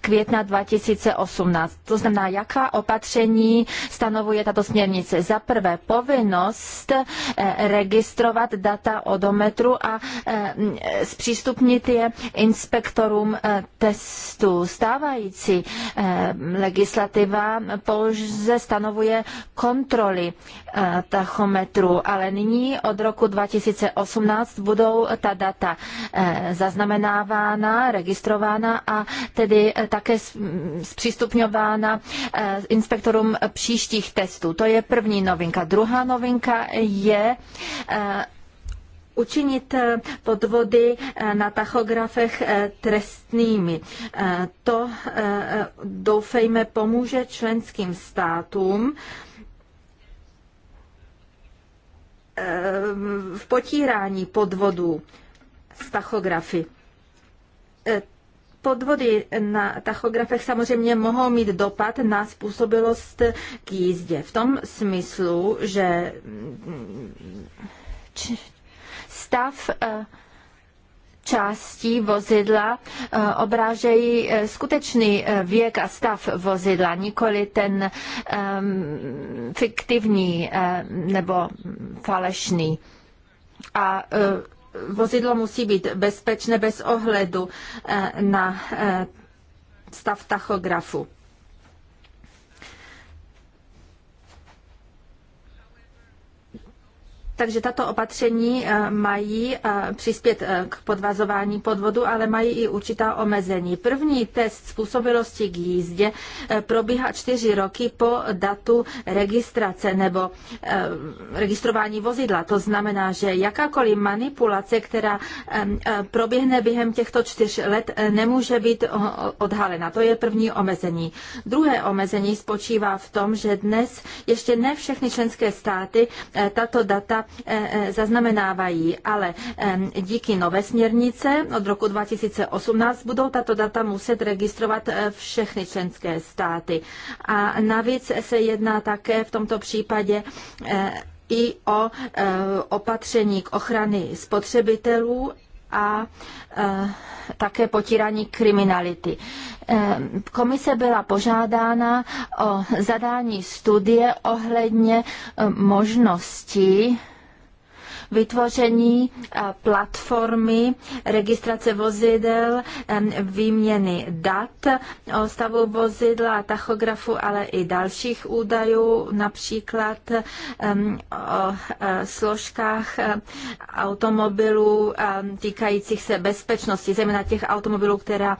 května 2018. To znamená, jaká opatření stanovuje tato směrnice. Za prvé, povinnost e, registrovat data odometru a zpřístupnit je inspektorům testů. Stávají stávající eh, legislativa pouze stanovuje kontroly eh, tachometru, ale nyní od roku 2018 budou ta data eh, zaznamenávána, registrována a tedy také zpřístupňována inspektorům příštích testů. To je první novinka. Druhá novinka je učinit eh, podvody eh, na tachografech eh, trestnými. To doufejme pomůže členským státům v potírání podvodů s tachografy. Podvody na tachografech samozřejmě mohou mít dopad na způsobilost k jízdě. V tom smyslu, že stav eh, částí vozidla eh, obrážejí eh, skutečný věk a stav vozidla, nikoli ten ehm, fiktivní nebo falešný. A vozidlo musí být bezpečné bez ohledu na stav tachografu. Takže tato opatření eh, mají eh, přispět eh, k podvazování podvodu, ale mají i určitá omezení. První test způsobilosti k jízdě probíhá čtyři roky po datu registrace nebo registrování vozidla. To znamená, že jakákoliv manipulace, která proběhne během těchto čtyř let, nemůže být odhalena. To je první omezení. Druhé omezení spočívá v tom, že dnes ještě ne všechny členské státy tato data E, e, zaznamenávají, ale e, díky nové směrnice od roku 2018 budou tato data muset registrovat všechny členské státy. A navíc se jedná také v tomto případě i o opatření k ochrany spotřebitelů a také potírání kriminality. Komise byla požádána o zadání studie ohledně možnosti vytvoření eh, platformy registrace vozidel, výměny dat o stavu vozidla, tachografu, ale i dalších údajů, například o eh, složkách eh, automobilů týkajících se bezpečnosti, zejména těch automobilů, která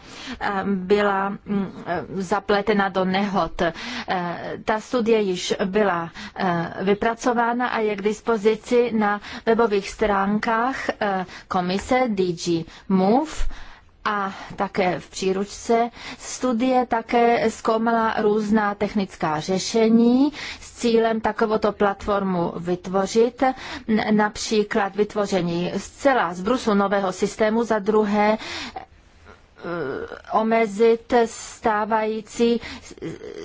byla mm, zapletena do nehod. Ta studie již byla vypracována a je k dispozici na webové webových stránkách eh, komise DG Move a také v příručce studie také zkoumala různá technická řešení s cílem takovouto platformu vytvořit, například vytvoření zcela z brusu nového systému, za druhé Eh, omezit stávající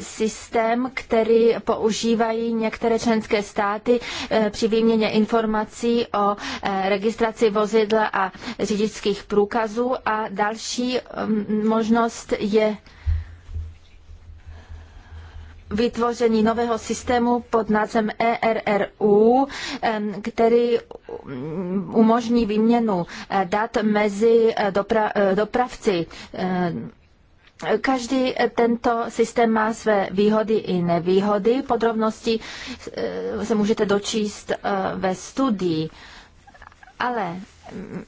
systém, který používají některé členské státy eh, při výměně informací o eh, registraci vozidla a řidičských průkazů. A další mm, možnost je vytvoření nového systému pod názvem ERRU, který umožní výměnu eh, dat mezi eh, dopra- eh, dopravci Každý tento systém má své výhody i nevýhody. Podrobnosti se můžete dočíst ve studii. Ale mm,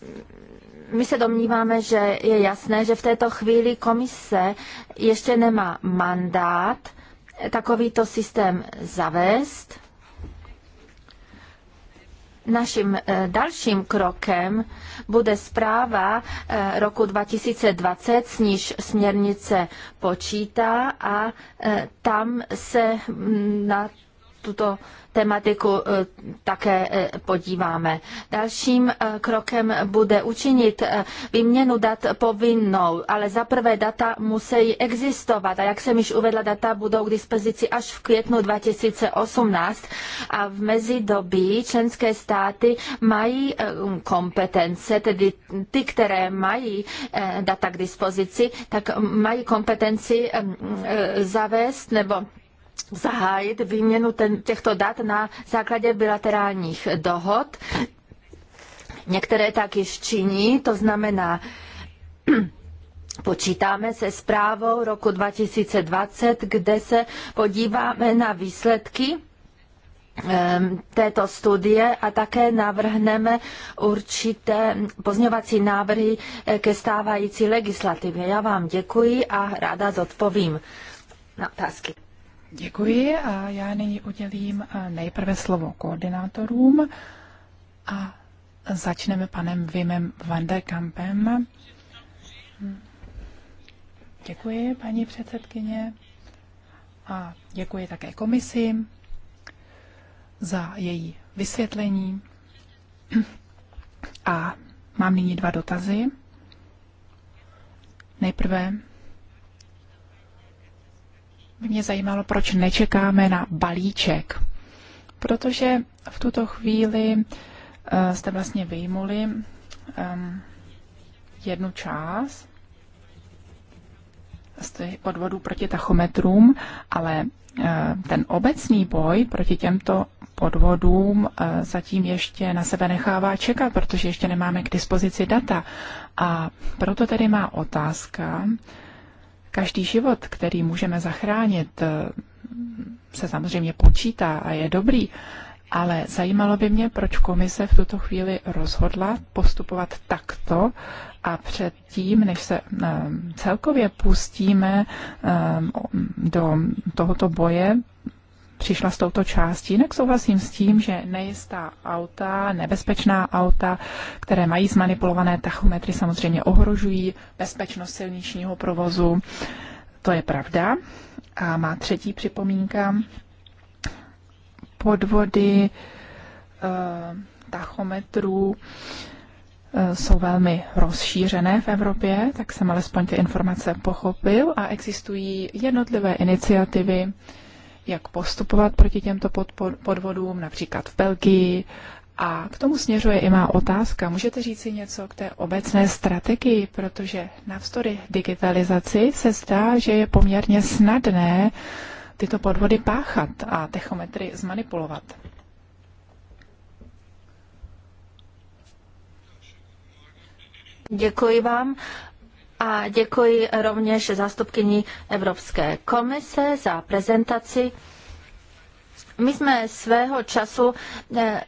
my se domníváme, že je jasné, že v této chvíli komise ještě nemá mandát takovýto systém zavést. Naším eh, dalším krokem bude zpráva eh, roku 2020, s níž směrnice počítá a eh, tam se mm, na tuto tematiku eh, také eh, podíváme. Dalším eh, krokem bude učinit výměnu dat povinnou, ale zaprvé data musí existovat a jak jsem již uvedla, data budou k dispozici až v květnu 2018 a v mezidobí členské státy mají kompetence, tedy ty, které mají data k dispozici, tak mají kompetenci zavést nebo zahájit výměnu ten, těchto dat na základě bilaterálních dohod. Některé tak již činí, to znamená, Počítáme se zprávou roku 2020, kde se podíváme na výsledky ehm, této studie a také navrhneme určité pozňovací návrhy eh, ke stávající legislativě. Já vám děkuji a ráda zodpovím na otázky. Děkuji a já nyní udělím eh, nejprve slovo koordinátorům a začneme panem Vimem Vanderkampem. Děkuji, paní předsedkyně, a děkuji také komisi za její vysvětlení. A mám nyní dva dotazy. Nejprve mě zajímalo, proč nečekáme na balíček. Protože v tuto chvíli eh, jste vlastně vyjmuli ehm, jednu část z těch podvodů proti tachometrům, ale eh, ten obecný boj proti těmto podvodům eh, zatím ještě na sebe nechává čekat, protože ještě nemáme k dispozici data. A proto tedy má otázka, Každý život, který můžeme zachránit, eh, se samozřejmě počítá a je dobrý, ale zajímalo by mě, proč komise v tuto chvíli rozhodla postupovat takto a předtím, než se eh, celkově pustíme eh, do tohoto boje, přišla s touto částí. Jinak souhlasím s tím, že nejistá auta, nebezpečná auta, které mají zmanipulované tachometry, samozřejmě ohrožují bezpečnost silničního provozu. To je pravda. A má třetí připomínka. Podvody eh, tachometrů eh, jsou velmi rozšířené v Evropě, tak jsem alespoň ty informace pochopil a existují jednotlivé iniciativy, jak postupovat proti těmto podvodům, například v Belgii. A k tomu směřuje i má otázka. Můžete říct si něco k té obecné strategii, protože navzdory digitalizaci se zdá, že je poměrně snadné tyto podvody páchat a techometry zmanipulovat. Děkuji vám a děkuji rovněž zástupkyni Evropské komise za prezentaci. My jsme svého času eh,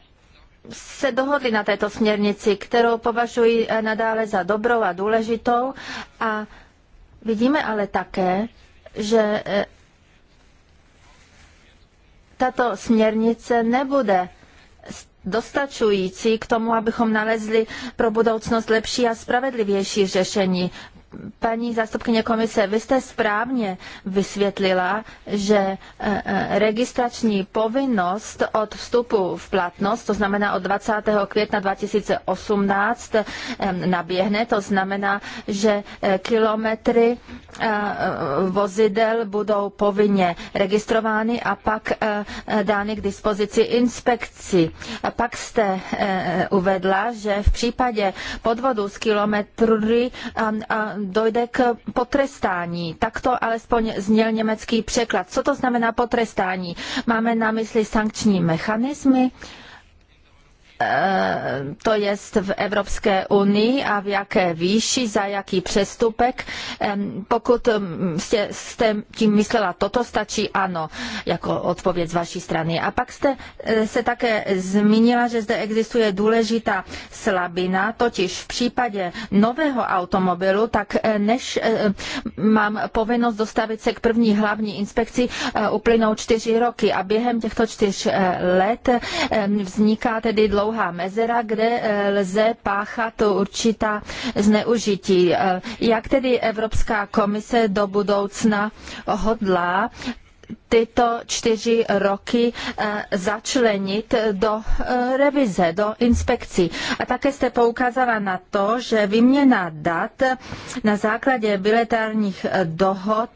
se dohodli na této směrnici, kterou považuji eh, nadále za dobrou a důležitou. A vidíme ale také, že eh, tato směrnice nebude dostačující k tomu, abychom nalezli pro budoucnost lepší a spravedlivější řešení Paní zástupkyně komise, vy jste správně vysvětlila, že e, e, registrační povinnost od vstupu v platnost, to znamená od 20. května 2018, e, naběhne. To znamená, že kilometry vozidel budou povinně registrovány a pak dány k dispozici inspekci. A pak jste uvedla, že v případě podvodu s kilometry dojde k potrestání. Tak to alespoň zněl německý překlad. Co to znamená potrestání? Máme na mysli sankční mechanismy? to je v Evropské unii a v jaké výši, za jaký přestupek. Pokud jste, jste tím myslela toto, stačí ano, jako odpověď z vaší strany. A pak jste e, se také zmínila, že zde existuje důležitá slabina, totiž v případě nového automobilu, tak e, než e, mám povinnost dostavit se k první hlavní inspekci, uplynou čtyři roky a během těchto čtyř let vzniká tedy dlouho dlouhá mezera, kde eh, lze páchat určitá zneužití. Eh, jak tedy Evropská komise do budoucna hodlá tyto čtyři roky eh, začlenit do eh, revize, do inspekcí. A také jste poukázala na to, že vyměna dat na základě bilaterálních eh, dohod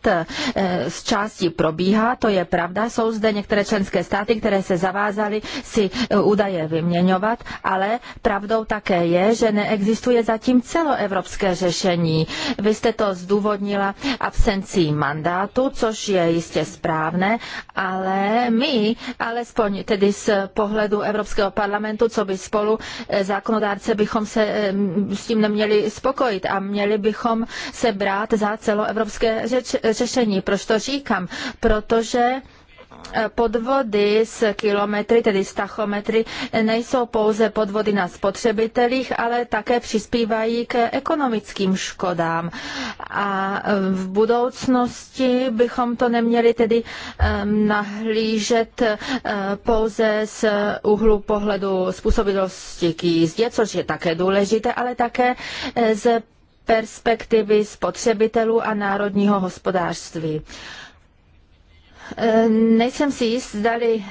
z části probíhá, to je pravda. Jsou zde některé členské státy, které se zavázaly si údaje vyměňovat, ale pravdou také je, že neexistuje zatím celoevropské řešení. Vy jste to zdůvodnila absencí mandátu, což je jistě správné ne, ale my, alespoň tedy z pohledu Evropského parlamentu, co by spolu eh, zákonodárce bychom se eh, s tím neměli spokojit a měli bychom se brát za celoevropské řeč, řešení. Proč to říkám? Protože E, podvody s kilometry, tedy s tachometry, e, nejsou pouze podvody na spotřebitelích, ale také přispívají k ekonomickým škodám. A e, v budoucnosti bychom to neměli tedy nahlížet pouze z úhlu pohledu způsobilosti k jízdě, což je také důležité, ale také z perspektivy spotřebitelů a národního hospodářství. Eh, nejsem si jist, zdali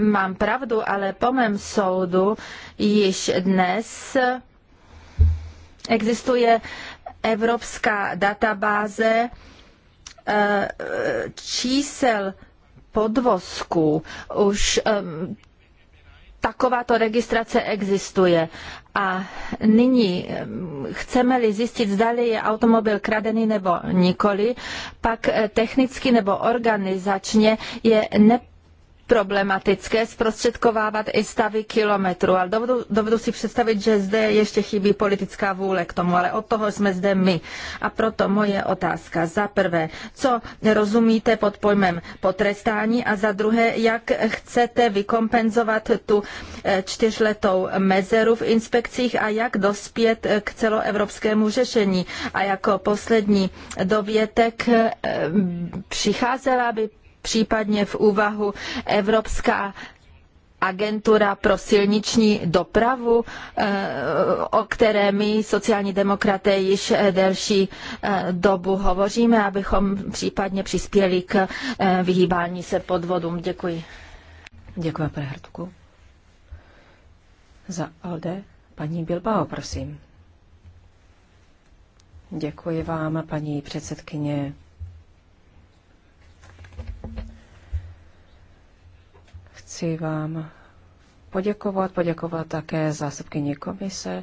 mám pravdu, ale po mém soudu již dnes existuje evropská databáze eh, čísel podvozku. Už takováto registrace existuje a nyní chceme-li zjistit, zdali je automobil kradený nebo nikoli, pak eh, technicky nebo organizačně je nepochopitelné, problematické zprostředkovávat i stavy kilometrů, ale dovedu, dovedu si představit, že zde ještě chybí politická vůle k tomu, ale od toho jsme zde my. A proto moje otázka. Za prvé, co rozumíte pod pojmem potrestání a za druhé, jak chcete vykompenzovat tu eh, čtyřletou mezeru v inspekcích a jak dospět eh, k celoevropskému řešení. A jako poslední dovětek eh, přicházela by případně v úvahu Evropská agentura pro silniční dopravu, eh, o které my sociální demokraté již eh, delší eh, dobu hovoříme, abychom případně přispěli k vyhýbání se podvodům. Děkuji. Děkuji, pane Hrtku. Za Alde, paní Bilbao, prosím. Děkuji vám, paní předsedkyně. chci vám poděkovat, poděkovat také zástupkyni komise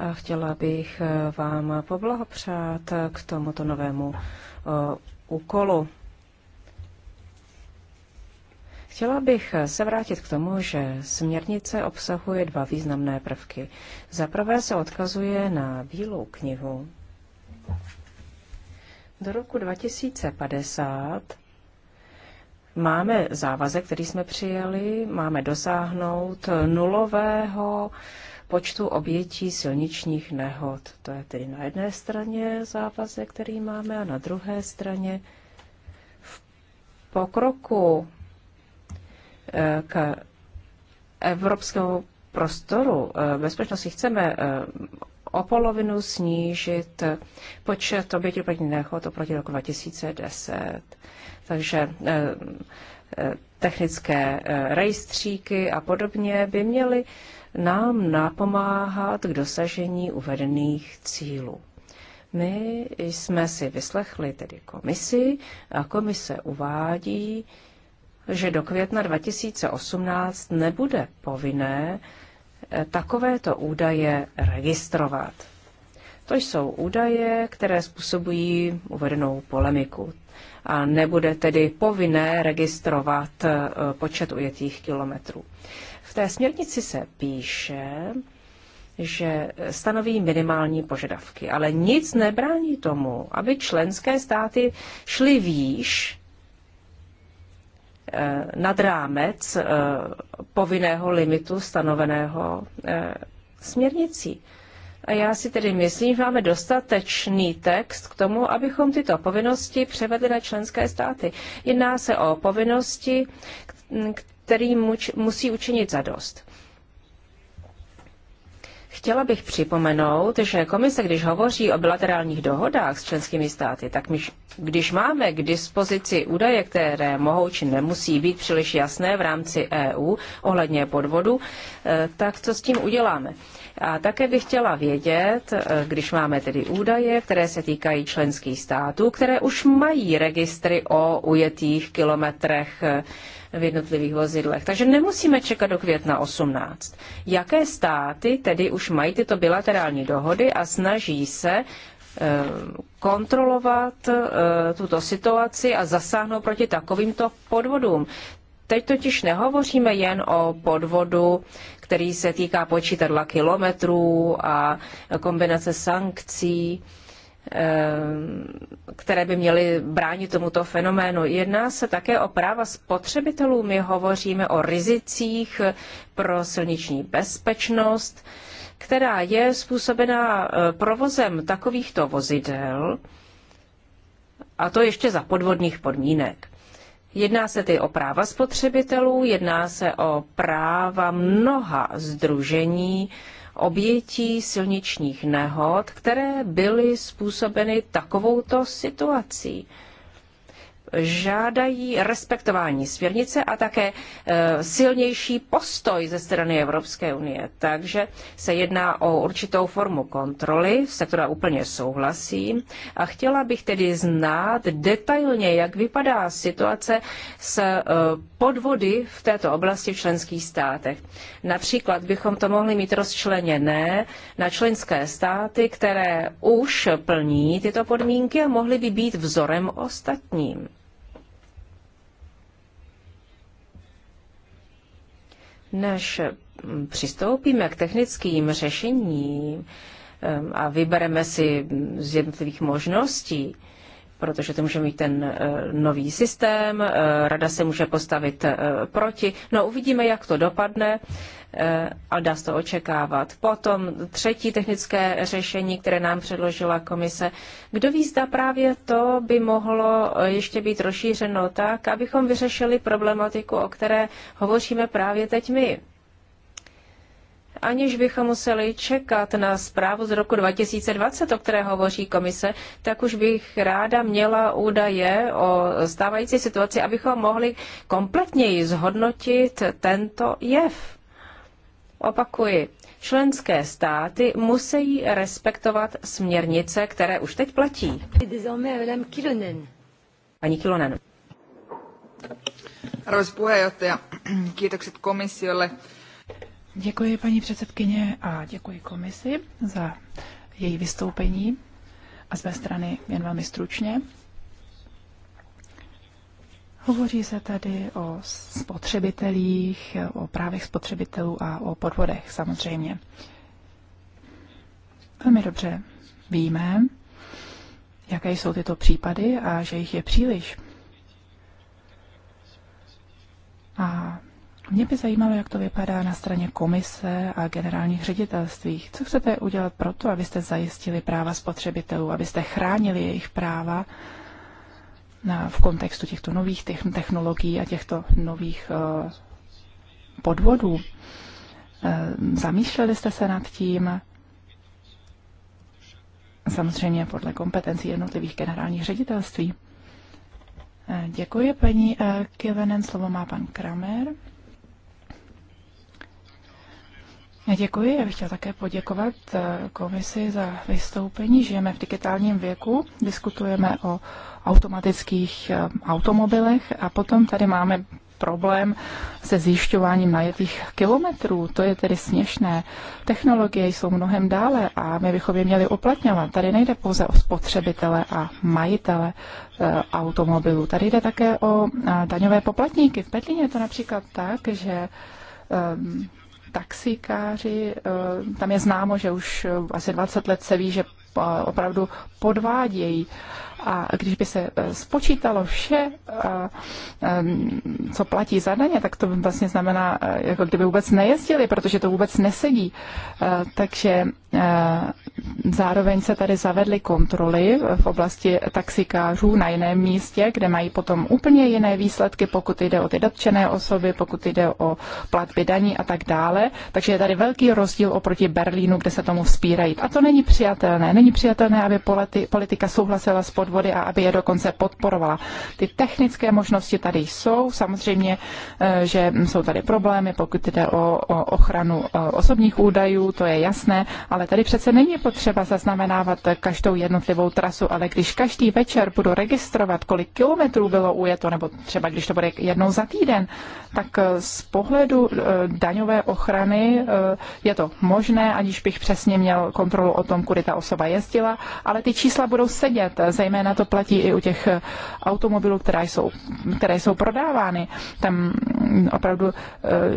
a chtěla bych vám poblahopřát k tomuto novému úkolu. Chtěla bych se vrátit k tomu, že směrnice obsahuje dva významné prvky. Za prvé se odkazuje na Bílou knihu. Do roku 2050 Máme závazek, který jsme přijeli. máme dosáhnout nulového počtu obětí silničních nehod. To je tedy na jedné straně závazek, který máme, a na druhé straně v pokroku eh, k evropskému prostoru eh, bezpečnosti chceme eh, o polovinu snížit počet obětí dopravních nehod oproti roku 2010. Takže eh, eh, technické eh, rejstříky a podobně by měly nám napomáhat k dosažení uvedených cílů. My jsme si vyslechli tedy komisi a komise uvádí, že do května 2018 nebude povinné takovéto údaje registrovat. To jsou údaje, které způsobují uvedenou polemiku a nebude tedy povinné registrovat eh, počet ujetých kilometrů. V té směrnici se píše, že stanoví minimální požadavky, ale nic nebrání tomu, aby členské státy šly výš eh, nad rámec eh, povinného limitu stanoveného směrnicí. A já si tedy myslím, že máme dostatečný text k tomu, abychom tyto povinnosti převedli na členské státy. Jedná se o povinnosti, kterým musí učinit zadost. Chtěla bych připomenout, že komise, když hovoří o bilaterálních dohodách s členskými státy, tak my, když máme k dispozici údaje, které mohou či nemusí být příliš jasné v rámci EU ohledně podvodu, eh, tak co s tím uděláme? A také bych chtěla vědět, eh, když máme tedy údaje, které se týkají členských států, které už mají registry o ujetých kilometrech eh, v jednotlivých vozidlech. Takže nemusíme čekat do května 18. Jaké státy tedy už mají tyto bilaterální dohody a snaží se eh, kontrolovat tuto situaci a zasáhnout proti takovýmto podvodům. Teď totiž nehovoříme jen o podvodu který se týká počítadla kilometrů a kombinace sankcí, eh, které by měly bránit tomuto fenoménu. Jedná se také o práva spotřebitelů. My hovoříme o rizicích pro silniční bezpečnost, která je způsobená eh, provozem takovýchto vozidel, a to ještě za podvodných podmínek. Jedná se tedy o práva spotřebitelů, jedná se o práva mnoha združení obětí silničních nehod, které byly způsobeny takovouto situací žádají respektování směrnice a také e, silnější postoj ze strany Evropské unie. Takže se jedná o určitou formu kontroly, se která úplně souhlasím. A chtěla bych tedy znát detailně, jak vypadá situace s e, podvody v této oblasti v členských státech. Například bychom to mohli mít rozčleněné na členské státy, které už plní tyto podmínky a mohly by být vzorem ostatním. Než přistoupíme k technickým řešením eh, a vybereme si z jednotlivých možností, protože to může mít ten eh, nový systém, eh, rada se může postavit eh, proti. No uvidíme, jak to dopadne a dá se to očekávat. Potom třetí technické řešení, které nám předložila komise. Kdo ví, zda právě to by mohlo ještě být rozšířeno tak, abychom vyřešili problematiku, o které hovoříme právě teď my aniž bychom museli čekat na zprávu z roku 2020, o které hovoří komise, tak už bych ráda měla údaje o stávající situaci, abychom mohli kompletněji zhodnotit tento jev. Opakuji, členské státy musí respektovat směrnice, které už teď platí. Pani Kilonen. Arvoisa puheenjohtaja, kiitokset komissiolle Děkuji paní předsedkyně a děkuji komisi za její vystoupení a z mé strany jen velmi stručně. Hovoří se tady o spotřebitelích, o právech spotřebitelů a o podvodech samozřejmě. Velmi dobře víme, jaké jsou tyto případy a že jich je příliš. A mě by zajímalo, jak to vypadá na straně komise a generálních ředitelství. Co chcete udělat pro to, abyste zajistili práva spotřebitelů, abyste chránili jejich práva na, v kontextu těchto nových technologií a těchto nových uh, podvodů? Uh, zamýšleli jste se nad tím? Samozřejmě podle kompetencí jednotlivých generálních ředitelství. Eh, děkuji paní Kilenen, slovo má pan Kramer. Děkuji, já bych chtěla také poděkovat eh, komisi za vystoupení. Žijeme v digitálním věku, diskutujeme o automatických eh, automobilech a potom tady máme problém se zjišťováním najetých kilometrů. To je tedy směšné. Technologie jsou mnohem dále a my bychom je měli uplatňovat. Tady nejde pouze o spotřebitele a majitele e, automobilů. Tady jde také o a, daňové poplatníky. V Berlíně je to například tak, že e, taxikáři, eh, tam je známo, že už eh, asi 20 let se ví, že eh, opravdu podvádějí. A když by se eh, spočítalo vše, eh, co platí za daně, tak to vlastně znamená, eh, jako kdyby vůbec nejezdili, protože to vůbec nesedí. Takže zároveň se tady zavedly kontroly v oblasti taxikářů na jiném místě, kde mají potom úplně jiné výsledky, pokud jde o ty dotčené osoby, pokud jde o platby daní a tak dále. Takže je tady velký rozdíl oproti Berlínu, kde se tomu vzpírají. A to není přijatelné. Není přijatelné, aby politika souhlasila s podvodem podvody a aby je dokonce podporovala. Ty technické možnosti tady jsou, samozřejmě, eh, že jsou tady problémy, pokud jde o, o ochranu eh, osobních údajů, to je jasné, ale tady přece není potřeba zaznamenávat každou jednotlivou trasu, ale když každý večer budu registrovat, kolik kilometrů bylo ujeto, nebo třeba když to bude jednou za týden, tak eh, z pohledu daňové ochrany je to možné, aniž bych přesně měl kontrolu o tom, kudy ta osoba jezdila, ale ty čísla budou sedět, zejména zejména to platí i u těch eh, automobilů, které jsou, které jsou prodávány. Tam mm, opravdu eh,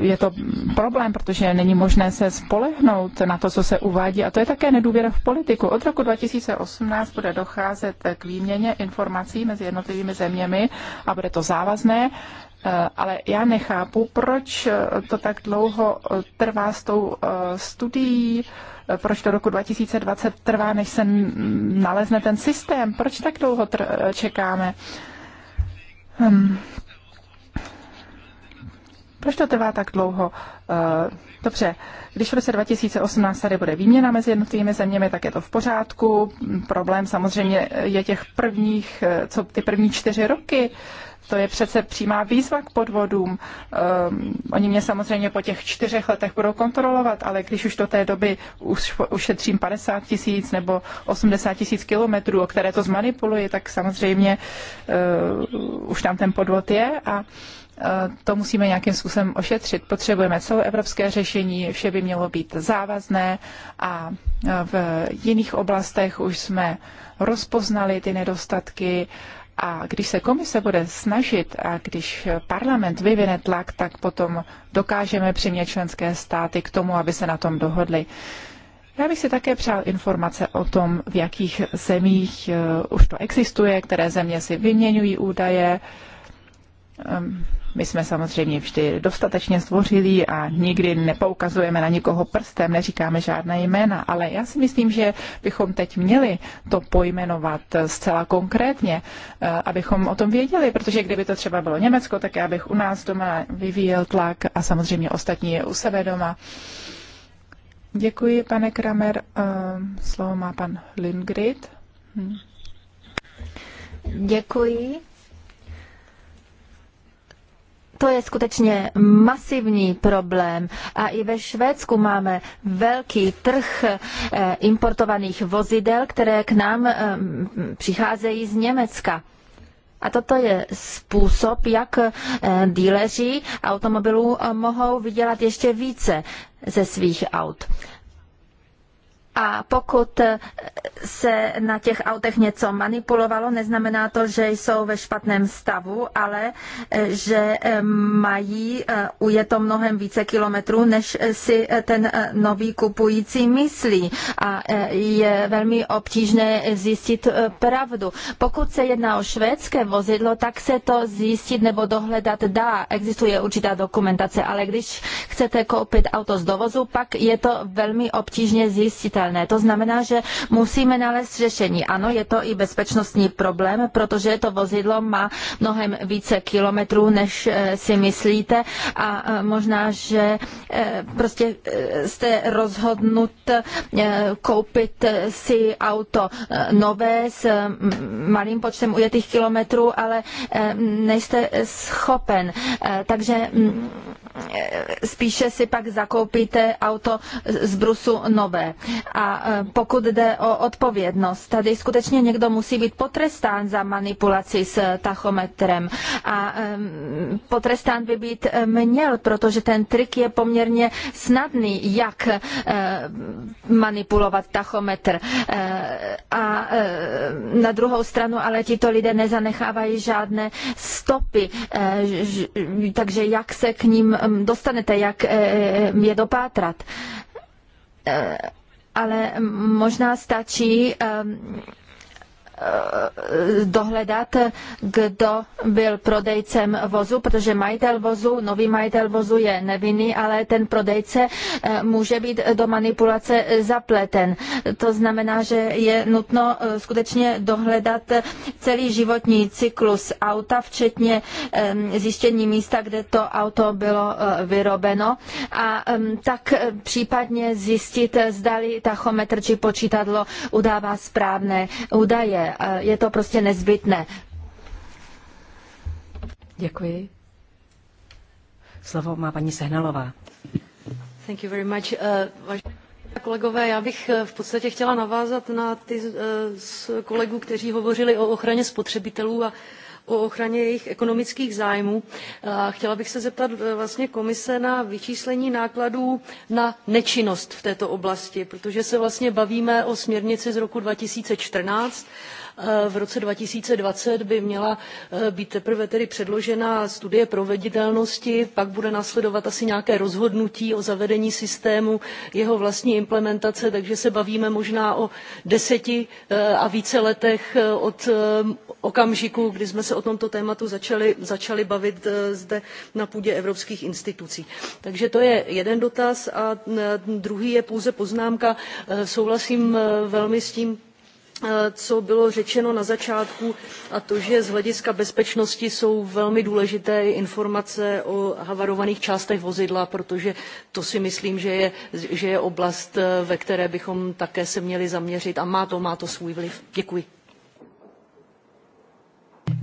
je to problém, protože není možné se spolehnout na to, co se uvádí. A to je také nedůvěra v politiku. Od roku 2018 bude docházet k výměně informací mezi jednotlivými zeměmi a bude to závazné. Eh, ale já nechápu, proč to tak dlouho trvá s tou studií, proč do roku 2020 trvá, než se nalezne ten systém? Proč tak dlouho čekáme? Hmm. Proč to trvá tak dlouho? Eh, dobře, když v roce 2018 tady bude výměna mezi jednotlivými zeměmi, tak je to v pořádku. Problém samozřejmě je těch prvních, eh, co ty první čtyři roky. To je přece přímá výzva k podvodům. Um, oni mě samozřejmě po těch čtyřech letech budou kontrolovat, ale když už do té doby už, ušetřím 50 tisíc nebo 80 tisíc kilometrů, o které to zmanipuluji, tak samozřejmě uh, už tam ten podvod je a eh, to musíme nějakým způsobem ošetřit. Potřebujeme celoevropské řešení, vše by mělo být závazné a eh, v jiných oblastech už jsme rozpoznali ty nedostatky a když se komise bude snažit a když parlament vyvine tlak, tak potom dokážeme přimět členské státy k tomu, aby se na tom dohodli. Já bych si také přál informace o tom, v jakých zemích eh, už to existuje, které země si vyměňují údaje. Ehm, my jsme samozřejmě vždy dostatečně zdvořilí a nikdy nepoukazujeme na nikoho prstem, neříkáme žádné jména, ale já si myslím, že bychom teď měli to pojmenovat zcela konkrétně, eh, abychom o tom věděli, protože kdyby to třeba bylo Německo, tak já bych u nás doma vyvíjel tlak a samozřejmě ostatní je u sebe doma. Děkuji, pane Kramer. Eh, slovo má pan Lindgrid. Hm. Děkuji to je skutečně masivní problém a i ve Švédsku máme velký trh eh, importovaných vozidel, které k nám eh, přicházejí z Německa. A toto je způsob, jak eh, díleři automobilů mohou vydělat ještě více ze svých aut. A pokud se na těch autech něco manipulovalo, neznamená to, že jsou ve špatném stavu, ale eh, že eh, mají eh, ujeto mnohem více kilometrů, než si ten nový kupující myslí. A je velmi obtížné zjistit pravdu. Pokud se jedná o švédské vozidlo, tak se to zjistit nebo dohledat dá. Existuje určitá dokumentace, ale když chcete koupit auto z dovozu, pak je to velmi obtížně zjistit nepřijatelné. To znamená, že musíme nalézt řešení. Ano, je to i bezpečnostní problém, protože to vozidlo má mnohem více kilometrů, než eh, si myslíte a eh, možná, že eh, prostě jste rozhodnut koupit si auto nové s malým počtem ujetých kilometrů, ale nejste schopen. Takže mm, Eh, spíše si pak zakoupíte auto z Brusu nové. A eh, pokud jde o odpovědnost, tady skutečně někdo musí být potrestán za manipulaci s tachometrem. A eh, potrestán by být měl, protože ten trik je poměrně snadný, jak manipulovat tachometr. A na druhou stranu ale tito lidé nezanechávají žádné stopy, takže jak se k ním dostanete, jak eh, eh, je dopátrat eh, ale možná stačí ehm, Eh, dohledat, kdo byl prodejcem vozu, protože majitel vozu, nový majitel vozu je nevinný, ale ten prodejce eh, může být do manipulace zapleten. To znamená, že je nutno eh, skutečně dohledat celý životní cyklus auta, včetně zjištění místa, kde to auto bylo vyrobeno a tak případně zjistit, zdali tachometr či počítadlo udává správné údaje je to prostě nezbytné. Děkuji. Slovo má paní Sehnalová. Thank you very much. Uh, Kolegové, já bych eh, v podstatě chtěla navázat na ty eh, z kolegů, kteří hovořili o ochraně spotřebitelů a o ochraně jejich ekonomických zájmů. Chtěla bych se zeptat vlastně komise na vyčíslení nákladů na nečinnost v této oblasti, protože se vlastně bavíme o směrnici z roku 2014 Eh, v roce 2020 by měla eh, být teprve tedy předložena studie proveditelnosti, pak bude následovat asi nějaké rozhodnutí o zavedení systému, jeho vlastní implementace, takže se bavíme možná o deseti eh, a více letech od okamžiku, kdy jsme se o tomto tématu začali, začali bavit zde na půdě evropských institucí. Takže to je jeden dotaz a druhý je pouze poznámka. Souhlasím velmi s tím, Eh, co bylo řečeno na začátku, a to, že z hlediska bezpečnosti jsou velmi důležité informace o havarovaných částech vozidla, protože to si myslím, že je, že je oblast, eh, ve které bychom také se měli zaměřit a má to, má to svůj vliv. Děkuji.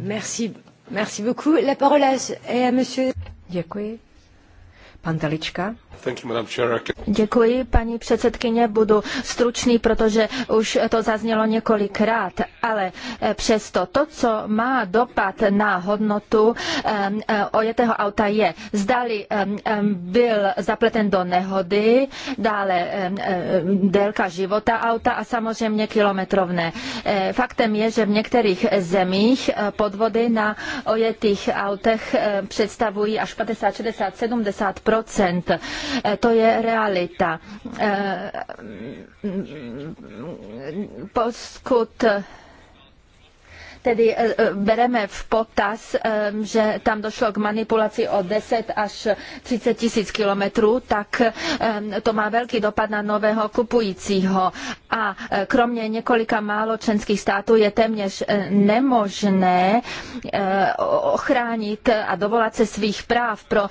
Merci, merci beaucoup. La parole est à monsieur... Děkuji. Pan Děkuji, paní předsedkyně. Budu stručný, protože už to zaznělo několikrát, ale eh, přesto to, co má dopad na hodnotu eh, eh, ojetého auta je, zdali byl zapleten do nehody, dále délka života auta a samozřejmě kilometrovné. Faktem je, že v některých zemích podvody na ojetých autech představují až 50, 60, 70 to je realita. Pokud Tedy eh, eh, bereme v potaz, eh, že tam došlo k manipulaci o 10 až 30 tisíc kilometrů, tak to má velký dopad na nového kupujícího. A kromě několika málo členských států je téměř nemožné ochránit a dovolat se svých práv pro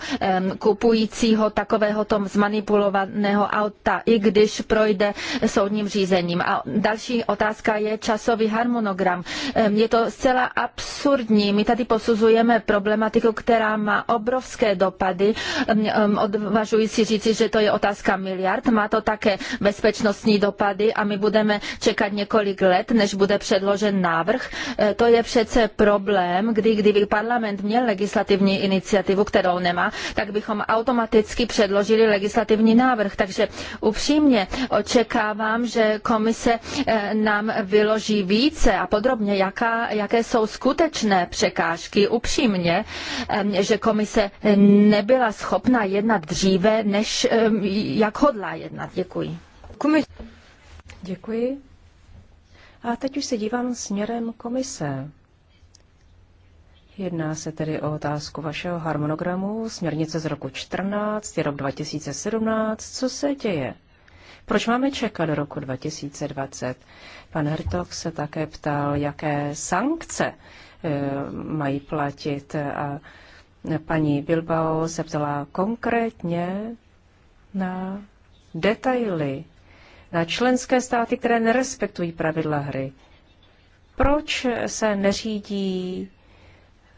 kupujícího takového tom zmanipulovaného auta, i když projde soudním řízením. A další otázka je časový harmonogram. Ehm, je to zcela absurdní. My tady posuzujeme problematiku, která má obrovské dopady. Odvažuji si říci, že to je otázka miliard. Má to také bezpečnostní dopady a my budeme čekat několik let, než bude předložen návrh. E, to je přece problém, kdy kdyby parlament měl legislativní iniciativu, kterou nemá, tak bychom automaticky předložili legislativní návrh. Takže upřímně očekávám, že komise e, nám vyloží více a podrobně, jaká jaké jsou skutečné překážky. Upřímně, že komise nebyla schopna jednat dříve, než jak hodlá jednat. Děkuji. Děkuji. A teď už se dívám směrem komise. Jedná se tedy o otázku vašeho harmonogramu, směrnice z roku 14, je rok 2017, co se děje? Proč máme čekat do roku 2020? Pan Hertog se také ptal, jaké sankce eh, mají platit. A paní Bilbao se ptala konkrétně na detaily, na členské státy, které nerespektují pravidla hry. Proč se neřídí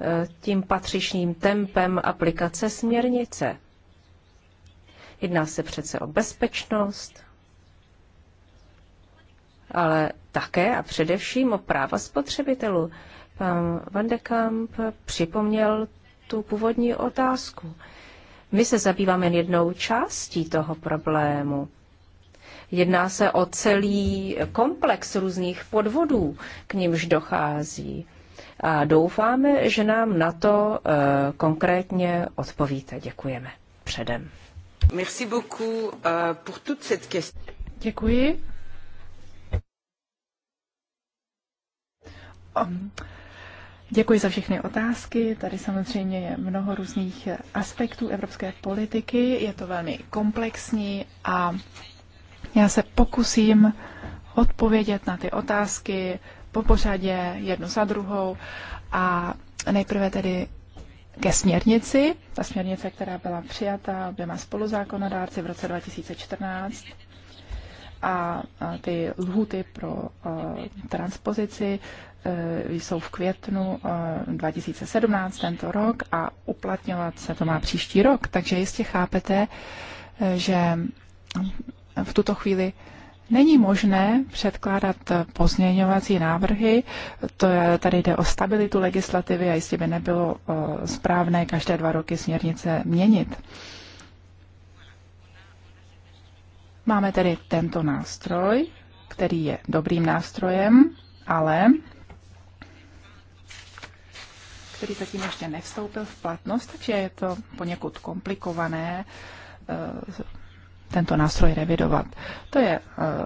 eh, tím patřičným tempem aplikace směrnice? Jedná se přece o bezpečnost, ale také a především o práva spotřebitelů. Pan Van de Kamp připomněl tu původní otázku. My se zabýváme jen jednou částí toho problému. Jedná se o celý komplex různých podvodů, k nimž dochází. A doufáme, že nám na to eh, konkrétně odpovíte. Děkujeme předem. Merci beaucoup eh, pour toute cette question. Děkuji Děkuji za všechny otázky. Tady samozřejmě je mnoho různých aspektů evropské politiky. Je to velmi komplexní a já se pokusím odpovědět na ty otázky po pořadě, jednu za druhou. A nejprve tedy ke směrnici. Ta směrnice, která byla přijata oběma spoluzákonodárci v roce 2014 a ty lhuty pro transpozici Eh, jsou v květnu 2017 eh, tento rok a uplatňovat se to má příští rok. Takže jistě chápete, eh, že v tuto chvíli Není možné předkládat pozměňovací návrhy, to je, tady jde o stabilitu legislativy a jistě by nebylo správné každé dva roky směrnice měnit. Máme tedy tento nástroj, který je dobrým nástrojem, ale který zatím ještě nevstoupil v platnost, takže je to poněkud komplikované eh, tento nástroj revidovat. To je eh,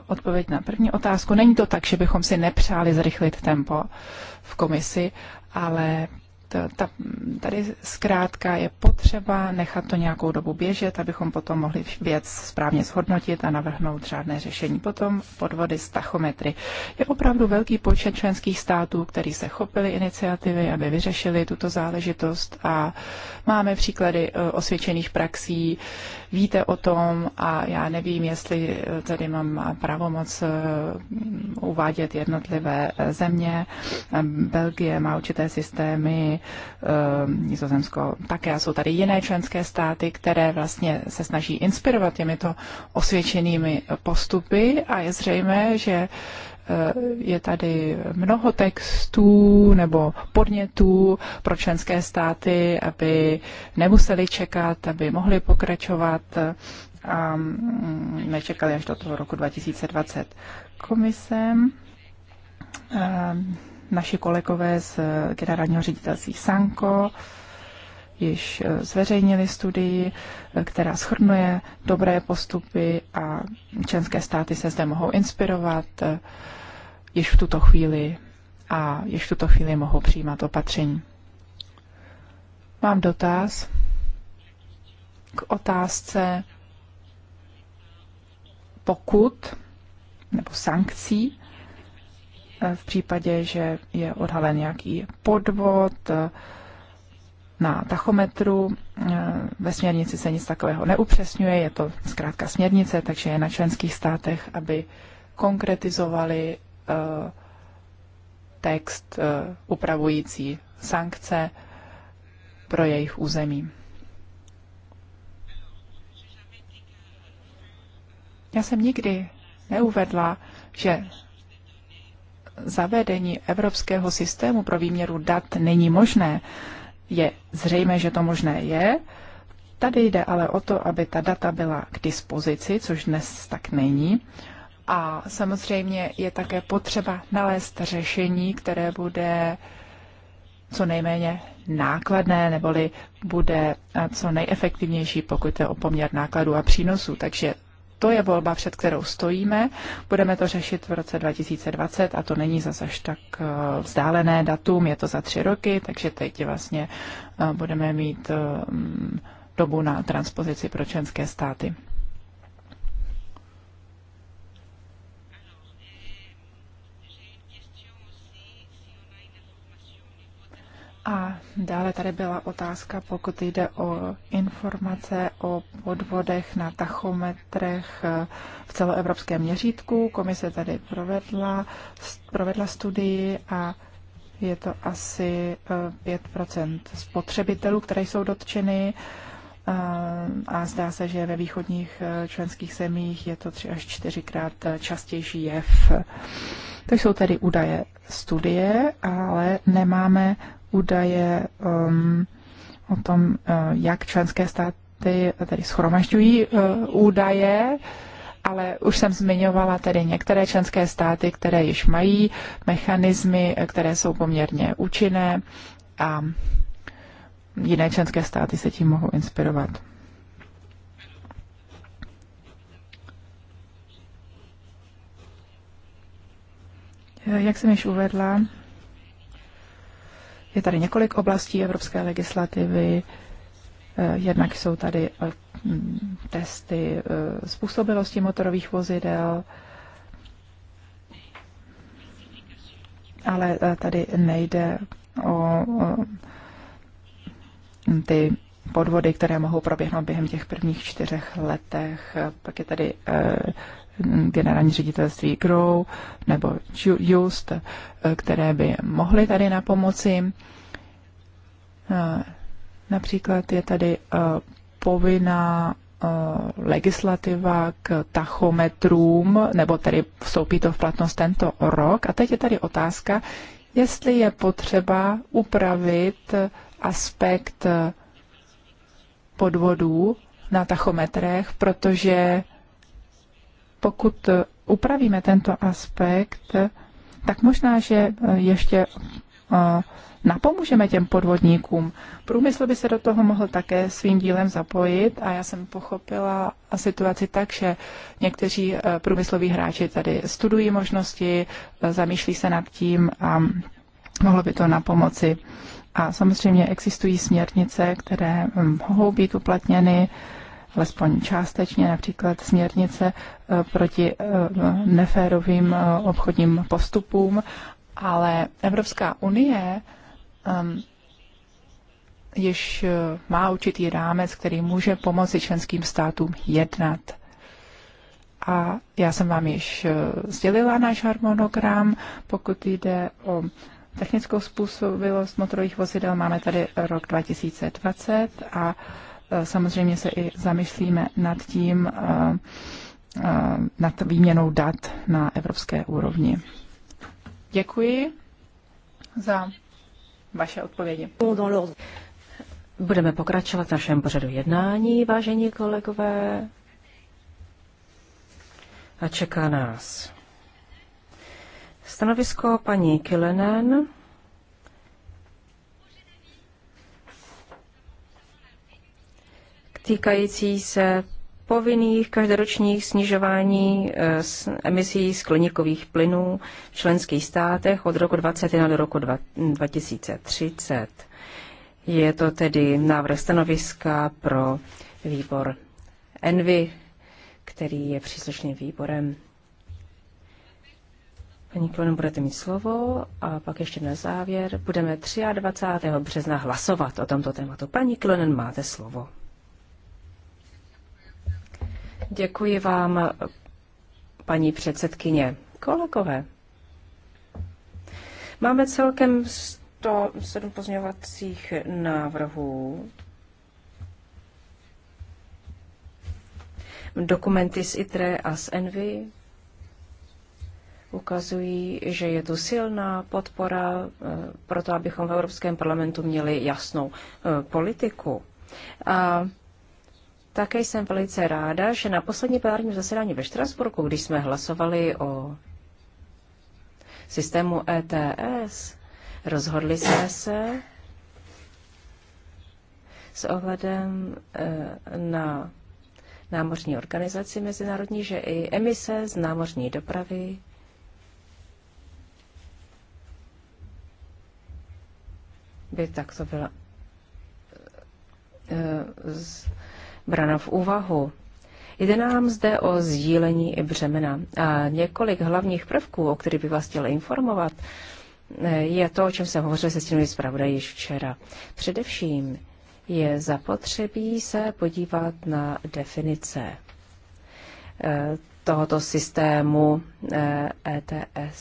odpověď na první otázku. Není to tak, že bychom si nepřáli zrychlit tempo v komisi, ale ta, tady zkrátka je potřeba nechat to nějakou dobu běžet, abychom potom mohli věc správně zhodnotit a navrhnout řádné řešení. Potom podvody z tachometry. Je opravdu velký počet členských států, který se chopili iniciativy, aby vyřešili tuto záležitost a máme příklady e, osvědčených praxí, víte o tom a já nevím, jestli e, tady mám pravomoc e, uvádět jednotlivé země. Belgie má určité systémy, Eh, Nizozemsko také. A jsou tady jiné členské státy, které vlastně se snaží inspirovat těmito osvědčenými postupy a je zřejmé, že eh, je tady mnoho textů nebo podnětů pro členské státy, aby nemuseli čekat, aby mohli pokračovat eh, a mm, nečekali až do toho roku 2020. Komise naši kolegové z generálního ředitelství Sanko již eh, zveřejnili studii, eh, která schrnuje dobré postupy a členské státy se zde mohou inspirovat eh, již v tuto chvíli a již v tuto chvíli mohou přijímat opatření. Mám dotaz k otázce pokud nebo sankcí v případě, že je odhalen nějaký podvod na tachometru. Ve směrnici se nic takového neupřesňuje, je to zkrátka směrnice, takže je na členských státech, aby konkretizovali eh, text eh, upravující sankce pro jejich území. Já jsem nikdy neuvedla, že zavedení evropského systému pro výměru dat není možné. Je zřejmé, že to možné je. Tady jde ale o to, aby ta data byla k dispozici, což dnes tak není. A samozřejmě je také potřeba nalézt řešení, které bude co nejméně nákladné, neboli bude co nejefektivnější, pokud je o poměr nákladů a přínosů. Takže to je volba, před kterou stojíme. Budeme to řešit v roce 2020 a to není zase až tak eh, vzdálené datum, je to za tři roky, takže teď vlastně eh, budeme mít eh, mm, dobu na transpozici pro členské státy. A dále tady byla otázka, pokud jde o informace o podvodech na tachometrech v celoevropském měřítku. Komise tady provedla, provedla studii a je to asi 5 eh, spotřebitelů, které jsou dotčeny eh, a zdá se, že ve východních eh, členských zemích je to tři až čtyřikrát častější jev. To jsou tedy údaje studie, ale nemáme údaje um, o tom, uh, jak členské státy tedy schromažďují uh, údaje, ale už jsem zmiňovala tedy některé členské státy, které již mají mechanismy, které jsou poměrně účinné a jiné členské státy se tím mohou inspirovat. Jak jsem již uvedla, je tady několik oblastí evropské legislativy. Eh, jednak jsou tady eh, mm, testy eh, způsobilosti motorových vozidel, ale tady nejde o mm, ty podvody, které mohou proběhnout během těch prvních čtyřech letech. Pak je tady Mm, generální ředitelství GROW nebo JUST, eh, které by mohly tady na pomoci. Eh, například je tady eh, povinná legislativa k tachometrům, nebo tedy vstoupí to v platnost tento rok. A teď je tady otázka, jestli je potřeba upravit aspekt podvodů na tachometrech, protože pokud eh, upravíme tento aspekt, eh, tak možná, že eh, ještě napomůžeme těm podvodníkům. Průmysl by se do toho mohl také svým dílem zapojit a já jsem pochopila situaci tak, že někteří průmysloví hráči tady studují možnosti, zamýšlí se nad tím a mohlo by to na pomoci. A samozřejmě existují směrnice, které hm, mohou být uplatněny alespoň částečně, například směrnice eh, proti eh, neférovým eh, obchodním postupům, ale Evropská unie ehm, již má určitý rámec, který může pomoci členským státům jednat. A já jsem vám již sdělila náš harmonogram, pokud jde o technickou způsobilost motorových vozidel. Máme tady rok 2020 a Eh, samozřejmě se i zamyslíme nad tím, eh, eh, nad výměnou dat na evropské úrovni. Děkuji za vaše odpovědi. Budeme pokračovat v našem pořadu jednání, vážení kolegové. A čeká nás stanovisko paní Kilenen týkající se povinných každoročních snižování eh, emisí skleníkových plynů v členských státech od roku 2021 do roku 2030. Je to tedy návrh stanoviska pro výbor ENVY, který je příslušným výborem. Paní Klonen, budete mít slovo a pak ještě na závěr budeme 23. března hlasovat o tomto tématu. Paní Klonen, máte slovo. Děkuji vám, paní předsedkyně. Kolegové, máme celkem 107 pozměňovacích návrhů. Dokumenty z ITRE a z ENVY ukazují, že je tu silná podpora eh, pro to, abychom v Evropském parlamentu měli jasnou eh, politiku. A také jsem velice ráda, že na poslední plenárním zasedání ve Štrasburku, když jsme hlasovali o systému ETS, rozhodli jsme se s ohledem eh, na námořní organizaci mezinárodní, že i emise z námořní dopravy by takto byla eh, brana v úvahu. Jde nám zde o sdílení i břemena. A několik hlavních prvků, o kterých bych vás chtěl informovat, je to, o čem jsem hovořil se stínovým zpravodaj již včera. Především je zapotřebí se podívat na definice eh, tohoto systému ETS. Eh, e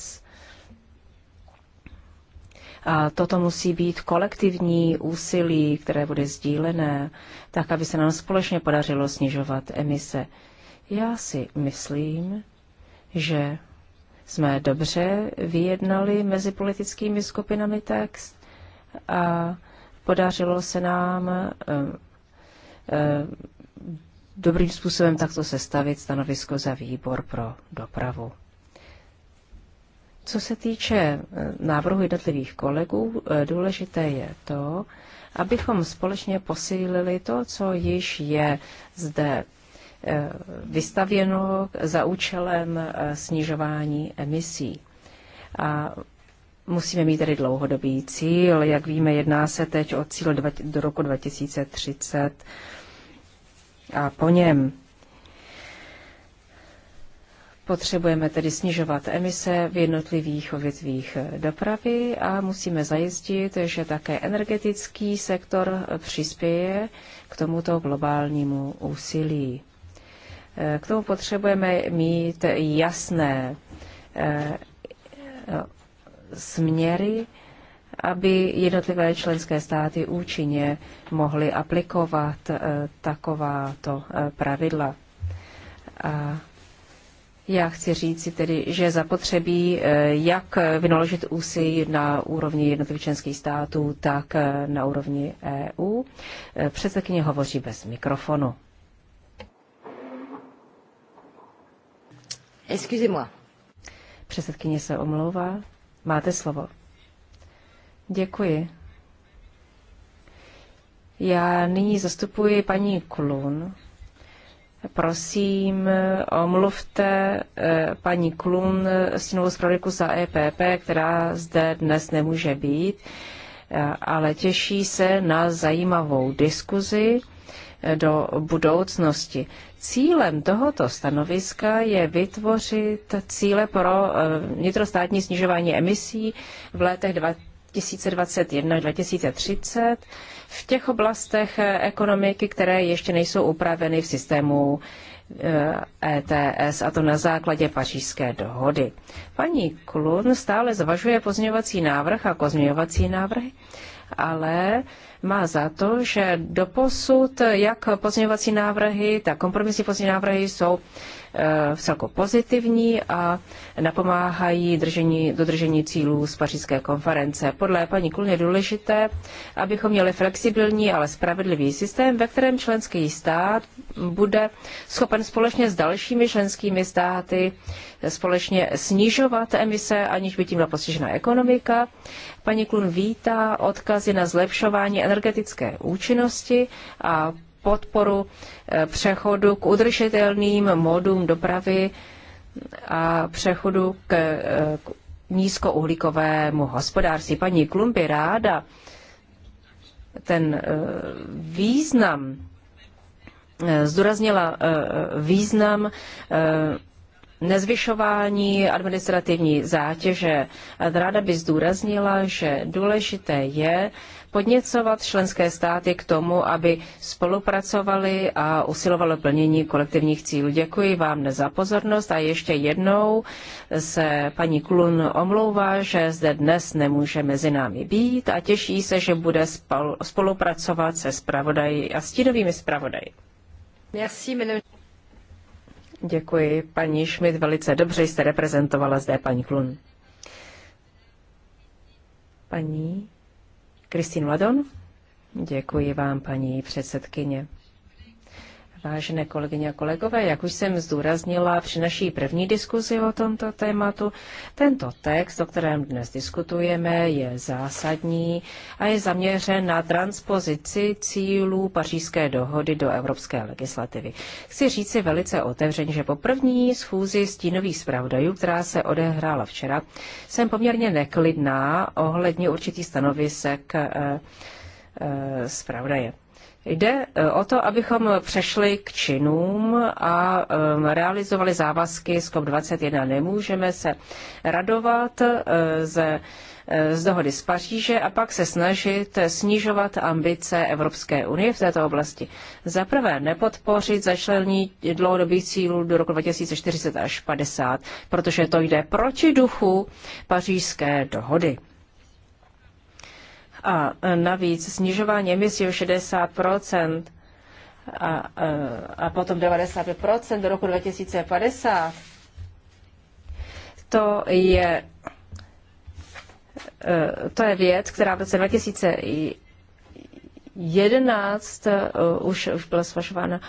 a toto musí být kolektivní úsilí, které bude sdílené, tak aby se nám společně podařilo snižovat emise. Já si myslím, že jsme dobře vyjednali mezi politickými skupinami text a podařilo se nám eh, eh, dobrým způsobem takto sestavit stanovisko za výbor pro dopravu. Co se týče eh, návrhu jednotlivých kolegů, eh, důležité je to, abychom společně posílili to, co již je zde eh, vystavěno za účelem snižování emisí. A musíme mít tedy dlouhodobý cíl. Jak víme, jedná se teď o cíl do roku 2030 a po něm Potřebujeme tedy snižovat emise v jednotlivých odvětvích dopravy a musíme zajistit, že také energetický sektor přispěje k tomuto globálnímu úsilí. K tomu potřebujeme mít jasné eh, směry, aby jednotlivé členské státy účinně mohly aplikovat eh, takováto eh, pravidla. A já chci říci tedy, že zapotřebí eh, jak vynaložit úsilí na úrovni jednotlivých členských států, tak eh, na úrovni EU. Eh, předsedkyně hovoří bez mikrofonu. Excusez-moi. Předsedkyně se omlouvá. Máte slovo. Děkuji. Já nyní zastupuji paní Klun, Prosím, omluvte eh, paní Klun, stínovou zpravodajku za EPP, která zde dnes nemůže být, eh, ale těší se na zajímavou diskuzi eh, do budoucnosti. Cílem tohoto stanoviska je vytvořit cíle pro vnitrostátní snižování emisí v letech 2020 2021 2030 v těch oblastech eh, ekonomiky, které ještě nejsou upraveny v systému ETS, eh, e a to na základě pařížské dohody. Paní Klun stále zvažuje pozměňovací návrh a pozměňovací návrhy, ale má za to, že doposud jak pozměňovací návrhy, tak kompromisní pozměňovací návrhy jsou Eh, vcelku pozitivní a napomáhají držení, dodržení cílů z pařížské konference. Podle paní Kulně je důležité, abychom měli flexibilní, ale spravedlivý systém, ve kterém členský stát bude schopen společně s dalšími členskými státy společně snižovat emise, aniž by tím byla postižena ekonomika. Paní Klun vítá odkazy na zlepšování energetické účinnosti a podporu eh, přechodu k udržitelným modům dopravy a přechodu k, eh, k nízkouhlíkovému hospodářství. Paní Klumby ráda ten eh, význam, zdůraznila význam nezvyšování administrativní zátěže. Ráda by zdůraznila, že důležité je, podněcovat členské státy k tomu, aby spolupracovali a usilovali plnění kolektivních cílů. Děkuji vám za pozornost a ještě jednou se paní Klun omlouvá, že zde dnes nemůže mezi námi být a těší se, že bude spolupracovat se zpravodaji a stínovými zpravodaji. Merci, Děkuji, paní Schmidt, velice dobře jste reprezentovala zde paní Klun. Paní Kristýn Ladon. Děkuji vám, paní předsedkyně. Vážené kolegyně a kolegové, jak už jsem zdůraznila při naší první diskuzi o tomto tématu, tento text, o kterém dnes diskutujeme, je zásadní a je zaměřen na transpozici cílů pařížské dohody do evropské legislativy. Chci říci velice otevřeně, že po první schůzi stínových zpravodajů, která se odehrála včera, jsem poměrně neklidná ohledně určitých stanovisek zpravodaje. Eh, eh, Jde e, o to, abychom přešli k činům a e, realizovali závazky z COP21. Nemůžeme se radovat e, ze z dohody z Paříže a pak se snažit snižovat ambice Evropské unie v této oblasti. Za prvé nepodpořit začlení dlouhodobých cílů do roku 2040 až 50, protože to jde proti duchu pařížské dohody a navíc snižování emisí o 60 a, e, a potom 95 do roku 2050, to je, e, to je věc, která v roce 2011 e, už, už byla svažována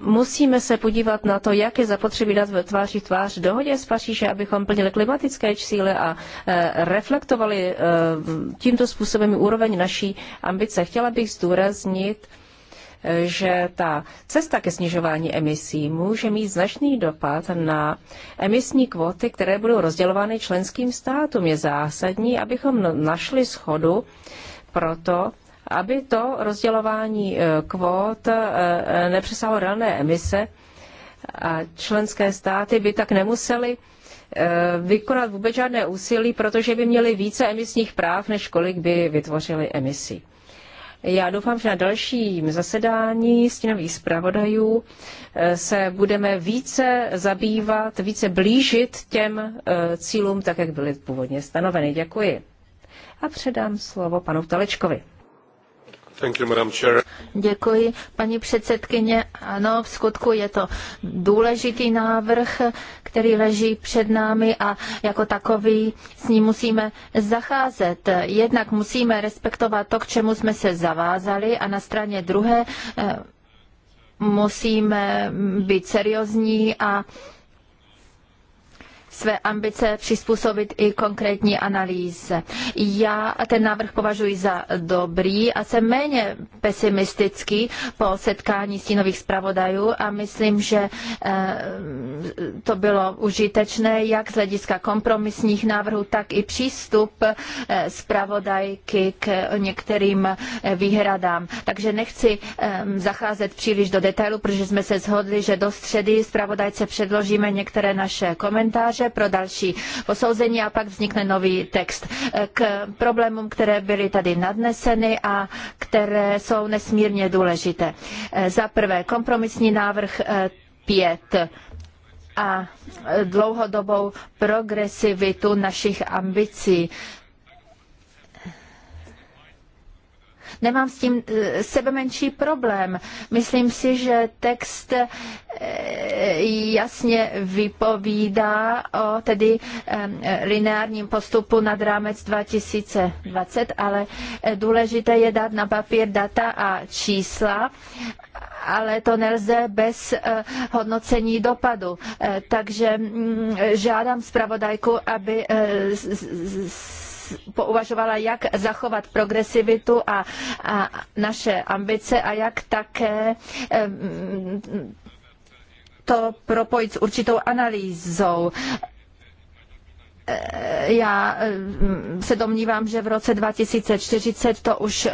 musíme se podívat na to, jak je zapotřebí dát v tvář dohodě z Paříže, abychom plnili klimatické cíle a eh, reflektovali eh, tímto způsobem úroveň naší ambice. Chtěla bych zdůraznit, eh, že ta cesta ke snižování emisí může mít značný dopad na emisní kvóty, které budou rozdělovány členským státům. Je zásadní, abychom našli schodu proto, aby to rozdělování eh, kvót eh, eh, nepřesahlo rané emise a členské státy by tak nemusely vykonat vůbec žádné úsilí, protože by měli více emisních práv, než kolik by vytvořili emisí. Já doufám, že na dalším zasedání stínových zpravodajů se budeme více zabývat, více blížit těm cílům, tak jak byly původně stanoveny. Děkuji. A předám slovo panu Talečkovi. Děkuji, paní předsedkyně. Ano, v skutku je to důležitý návrh, který leží před námi a jako takový s ním musíme zacházet. Jednak musíme respektovat to, k čemu jsme se zavázali a na straně druhé eh, musíme být seriózní a své ambice přizpůsobit i konkrétní analýze. Já ten návrh považuji za dobrý a jsem méně pesimistický po setkání stínových zpravodajů a myslím, že eh, to bylo užitečné jak z hlediska kompromisních návrhů, tak i přístup eh, zpravodajky k některým eh, výhradám. Takže nechci ehm, zacházet příliš do detailu, protože jsme se shodli, že do středy zpravodajce předložíme některé naše komentáře pro další posouzení a pak vznikne nový text k problémům, které byly tady nadneseny a které jsou nesmírně důležité. Za prvé, kompromisní návrh 5 eh, a dlouhodobou progresivitu našich ambicí nemám s tím eh, sebe menší problém. Myslím si, že text eh, jasně vypovídá o tedy lineárním postupu nad rámec 2020, ale eh, důležité je dát na papír data a čísla, ale to nelze bez hodnocení dopadu. Takže mm, žádám zpravodajku, aby pouvažovala, jak zachovat progresivitu a, a naše ambice a jak také to propojit s určitou analýzou e, já se domnívám, že v roce 2040 to už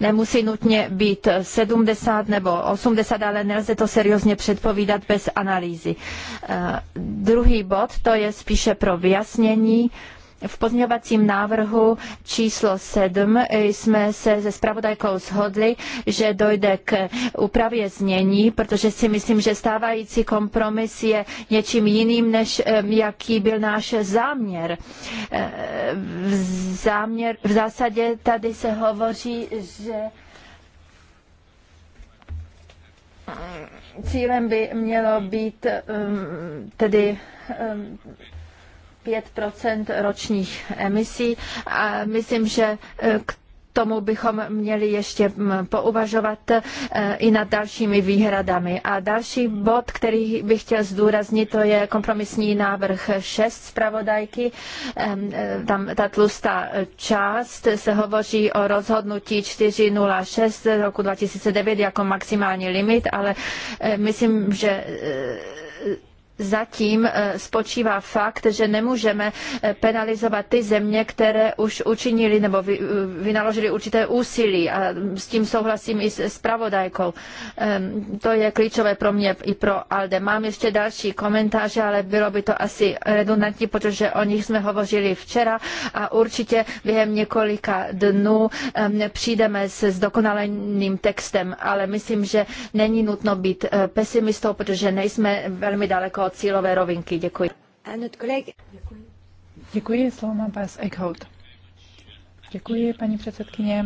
nemusí nutně být 70 nebo 80, ale nelze to seriózně předpovídat bez analýzy. E, druhý bod, to je spíše pro vyjasnění. V pozměňovacím návrhu číslo 7 jsme se se spravodajkou shodli, že dojde k úpravě znění, protože si myslím, že stávající kompromis je něčím jiným, než eh, jaký byl náš záměr. Eh, v, záměr, v zásadě tady se hovoří, že eh, cílem by mělo být tedy 5 ročních emisí a myslím, že eh, k tomu bychom měli ještě mm, pouvažovat eh, i nad dalšími výhradami. A další bod, který bych chtěl zdůraznit, to je kompromisní návrh 6 zpravodajky. Eh, tam ta tlustá část se hovoří o rozhodnutí 406 roku 2009 jako maximální limit, ale myslím, že zatím eh, spočívá fakt, že nemůžeme eh, penalizovat ty země, které už učinili nebo eh, vynaložili určité úsilí a s tím souhlasím i s pravodajkou. Ehm, to je klíčové pro mě i pro Alde. Mám ještě další komentáře, ale bylo by to asi redundantní, protože o nich jsme hovořili včera a určitě během několika dnů ehm, přijdeme s zdokonaleným textem, ale myslím, že není nutno být pesimistou, protože nejsme velmi daleko jako cílové rovinky. Děkuji. Děkuji. slovo má Bas Eichhout. Děkuji, paní předsedkyně.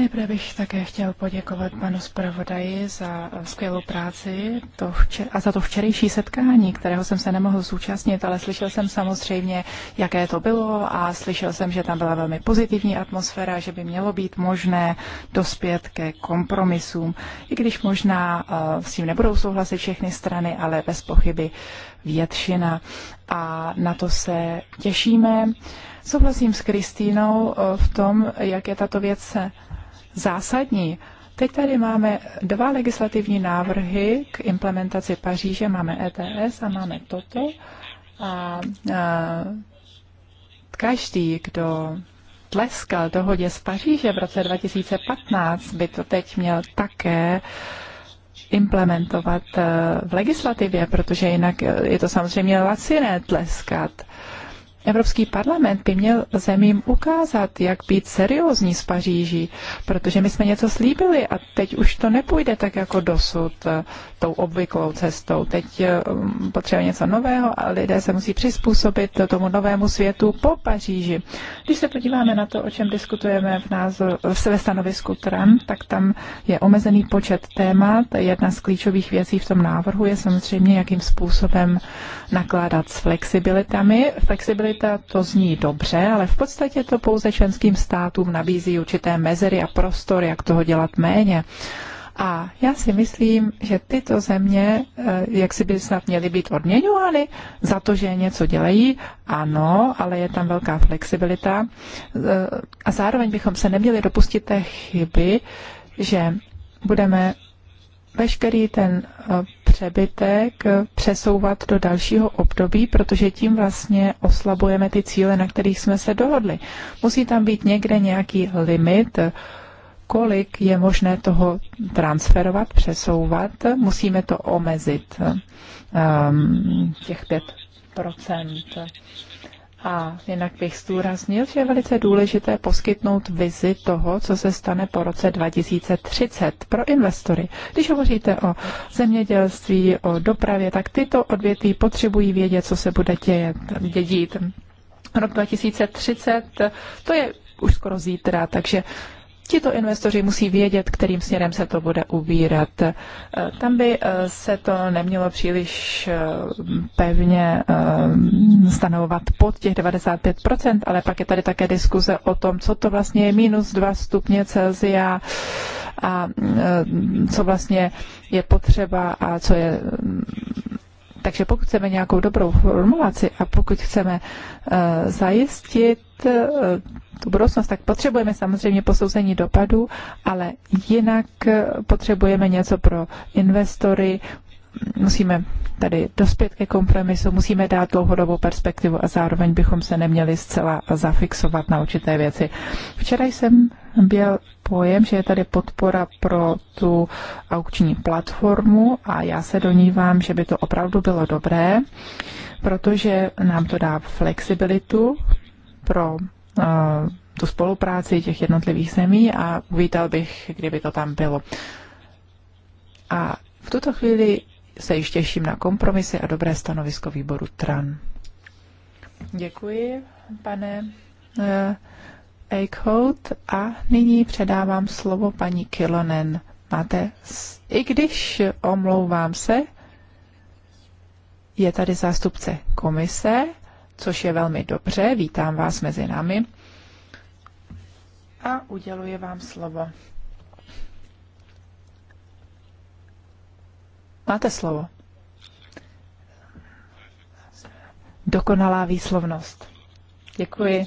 Nejprve bych také chtěl poděkovat panu zpravodaji za eh, skvělou práci to včer, a za to včerejší setkání, kterého jsem se nemohl zúčastnit, ale slyšel jsem samozřejmě, jaké to bylo a slyšel jsem, že tam byla velmi pozitivní atmosféra, že by mělo být možné dospět ke kompromisům, i když možná eh, s tím nebudou souhlasit všechny strany, ale bez pochyby většina. A na to se těšíme. Souhlasím s Kristýnou eh, v tom, jak je tato věc zásadní. Teď tady máme dva legislativní návrhy k implementaci Paříže. Máme ETS a máme toto. A, a každý, kdo tleskal dohodě z Paříže v roce 2015, by to teď měl také implementovat e, v legislativě, protože jinak e, je to samozřejmě laciné tleskat. Evropský parlament by měl zemím ukázat, jak být seriózní s Paříží, protože my jsme něco slíbili a teď už to nepůjde tak jako dosud eh, tou obvyklou cestou. Teď eh, mm, potřebuje něco nového a lidé se musí přizpůsobit tomu novému světu po Paříži. Když se podíváme na to, o čem diskutujeme v názor, ve stanovisku Trump, tak tam je omezený počet témat. Jedna z klíčových věcí v tom návrhu je samozřejmě, jakým způsobem nakládat s flexibilitami. Flexibility flexibilita, to zní dobře, ale v podstatě to pouze členským státům nabízí určité mezery a prostor, jak toho dělat méně. A já si myslím, že tyto země, eh, jak si by snad měly být odměňovány za to, že něco dělají, ano, ale je tam velká flexibilita. Eh, a zároveň bychom se neměli dopustit té chyby, že budeme veškerý ten eh, přebytek přesouvat do dalšího období, protože tím vlastně oslabujeme ty cíle, na kterých jsme se dohodli. Musí tam být někde nějaký limit, kolik je možné toho transferovat, přesouvat. Musíme to omezit, um, těch 5 procent. A jinak bych zdůraznil, že je velice důležité poskytnout vizi toho, co se stane po roce 2030 pro investory. Když hovoříte o zemědělství, o dopravě, tak tyto odvětví potřebují vědět, co se bude dějet, dědít. Rok 2030, to je už skoro zítra, takže Tito investoři musí vědět, kterým směrem se to bude ubírat. Eh, tam by eh, se to nemělo příliš eh, pevně stanovovat pod těch 95%, ale pak je tady také diskuze o tom, co to vlastně je minus 2 stupně Celsia a co vlastně je potřeba a co je takže pokud chceme nějakou dobrou formulaci a pokud chceme eh, zajistit eh, tu budoucnost, tak potřebujeme samozřejmě posouzení dopadů, ale jinak eh, potřebujeme něco pro investory, musíme tady dospět ke kompromisu, musíme dát dlouhodobou perspektivu a zároveň bychom se neměli zcela zafixovat na určité věci. Včera jsem byl pojem, že je tady podpora pro tu aukční platformu a já se donívám, že by to opravdu bylo dobré, protože nám to dá flexibilitu pro uh, tu spolupráci těch jednotlivých zemí a uvítal bych, kdyby to tam bylo. A v tuto chvíli se již těším na kompromisy a dobré stanovisko výboru TRAN. Děkuji, pane eh, Eichhout. A nyní předávám slovo paní Kilonen. Máte, i když omlouvám se, je tady zástupce komise, což je velmi dobře. Vítám vás mezi námi a uděluji vám slovo. Máte slovo. Dokonalá výslovnost. Děkuji.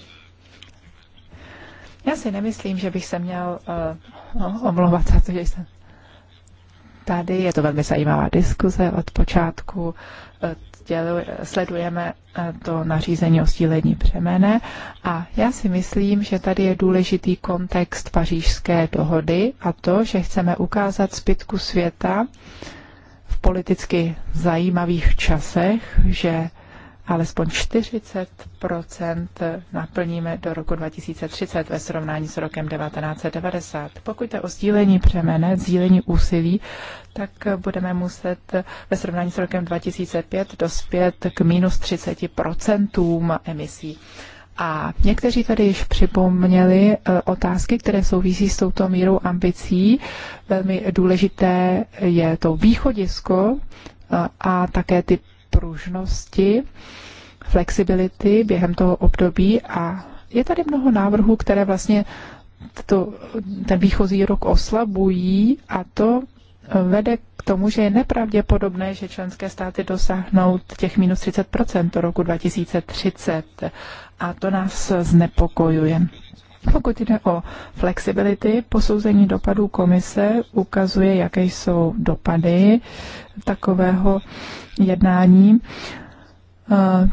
Já si nemyslím, že bych se měl uh, omlouvat za to, že jsem tady. Je to velmi zajímavá diskuze od počátku. Eh, dělu, sledujeme eh, to nařízení o stílení břemene a já si myslím, že tady je důležitý kontext pařížské dohody a to, že chceme ukázat zbytku světa, uh, v politicky zajímavých časech, že alespoň 40 naplníme do roku 2030 ve srovnání s rokem 1990. Pokud jde o sdílení přemene, sdílení úsilí, tak budeme muset ve srovnání s rokem 2005 dospět k minus 30 emisí. A někteří tady již připomněli eh, otázky, které souvisí s touto mírou ambicí. Velmi důležité je to východisko eh, a také ty pružnosti, flexibility během toho období a je tady mnoho návrhů, které vlastně to, ten výchozí rok oslabují a to eh, vede k tomu, že je nepravděpodobné, že členské státy dosáhnou těch minus 30 do roku 2030 a to nás znepokojuje. Pokud jde o flexibility, posouzení dopadů komise ukazuje, jaké jsou dopady takového jednání.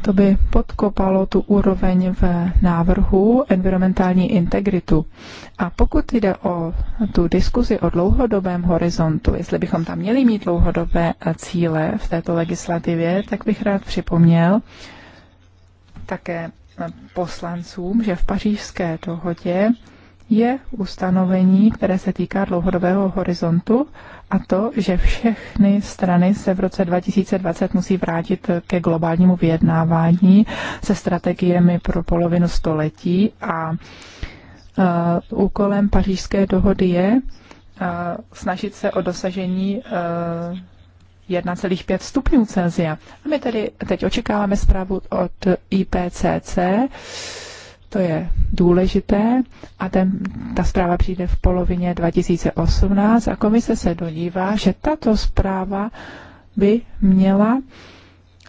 To by podkopalo tu úroveň v návrhu environmentální integritu. A pokud jde o tu diskuzi o dlouhodobém horizontu, jestli bychom tam měli mít dlouhodobé cíle v této legislativě, tak bych rád připomněl také poslancům, že v pařížské dohodě je ustanovení, které se týká dlouhodobého horizontu a to, že všechny strany se v roce 2020 musí vrátit ke globálnímu vyjednávání se strategiemi pro polovinu století a uh, úkolem pařížské dohody je uh, snažit se o dosažení uh, 1,5 stupňů Celsia. A my tedy teď očekáváme zprávu od IPCC, to je důležité a ten, ta zpráva přijde v polovině 2018 a komise se dodívá, že tato zpráva by měla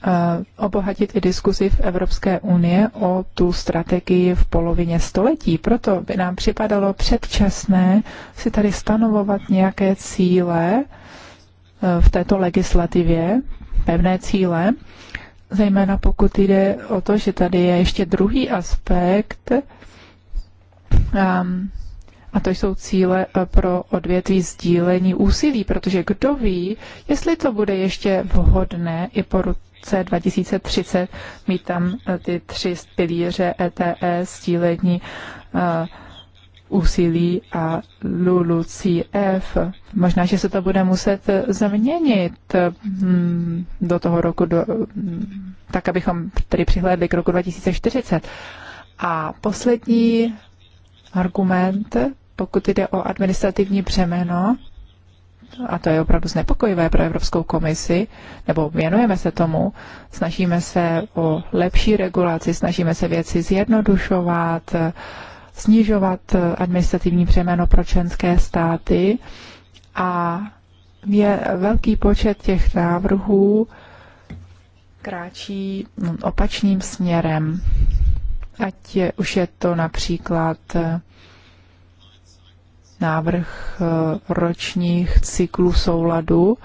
eh, obohatit i diskuzi v Evropské unie o tu strategii v polovině století. Proto by nám připadalo předčasné si tady stanovovat nějaké cíle, v této legislativě, pevné cíle, zejména pokud jde o to, že tady je ještě druhý aspekt, ehm, a to jsou cíle eh, pro odvětví sdílení úsilí, protože kdo ví, jestli to bude ještě vhodné i po roce 2030 mít tam eh, ty tři pilíře ETS, e, sdílení uh, úsilí a LULUCF. Možná, že se to bude muset změnit mm, do toho roku, do, mm, tak abychom tedy přihlédli k roku 2040. A poslední argument, pokud jde o administrativní břemeno, a to je opravdu znepokojivé pro Evropskou komisi, nebo věnujeme se tomu, snažíme se o lepší regulaci, snažíme se věci zjednodušovat, snižovat eh, administrativní břemeno pro členské státy a je velký počet těch návrhů kráčí hm, opačným směrem. Ať je, už je to například eh, návrh eh, ročních cyklů souladu,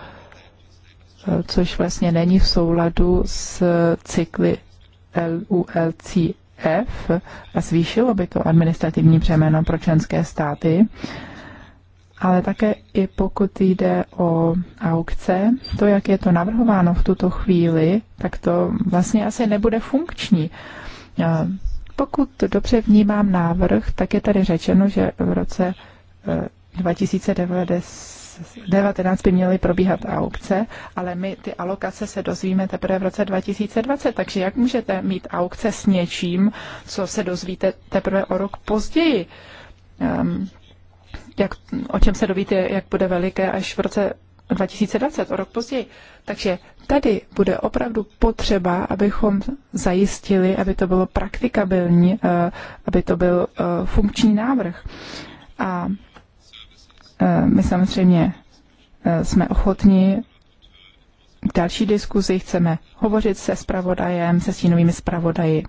což vlastně není v souladu s cykly LULCF, F a zvýšilo by to administrativní přeměno pro členské státy, ale také i pokud jde o aukce, to, jak je to navrhováno v tuto chvíli, tak to vlastně asi nebude funkční. Pokud dobře vnímám návrh, tak je tady řečeno, že v roce eh, 2090 2019 by měly probíhat aukce, ale my ty alokace se dozvíme teprve v roce 2020, takže jak můžete mít aukce s něčím, co se dozvíte teprve o rok později? Um, jak, o čem se dovíte, jak bude veliké až v roce 2020, o rok později. Takže tady bude opravdu potřeba, abychom zajistili, aby to bylo praktikabilní, eh, aby to byl eh, funkční návrh. A Eh, my samozřejmě eh, jsme ochotni k další diskuzi, chceme hovořit se spravodajem, se stínovými spravodaji.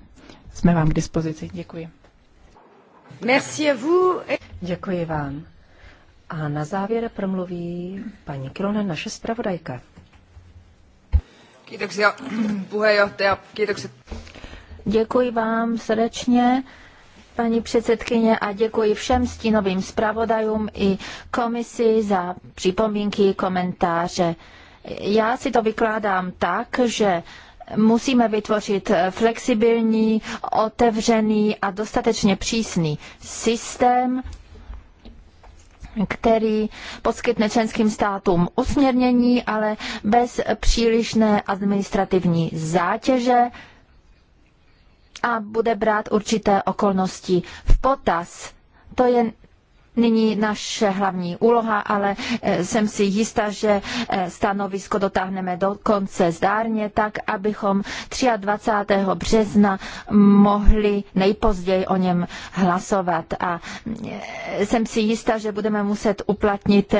Jsme vám k dispozici. Děkuji. Merci à vous. Děkuji vám. A na závěr promluví paní Kilonen, naše zpravodajka. Kiitoksia puheenjohtaja, kiitokset. Děkuji vám srdečně paní předsedkyně, a děkuji všem stínovým zpravodajům i komisi za připomínky, komentáře. Já si to vykládám tak, že musíme vytvořit flexibilní, otevřený a dostatečně přísný systém, který poskytne členským státům usměrnění, ale bez přílišné administrativní zátěže, a bude brát určité okolnosti v potaz. To je nyní naše hlavní úloha, ale e, jsem si jistá, že e, stanovisko dotáhneme do konce zdárně, tak abychom 23. března mohli nejpozději o něm hlasovat. A e, jsem si jistá, že budeme muset uplatnit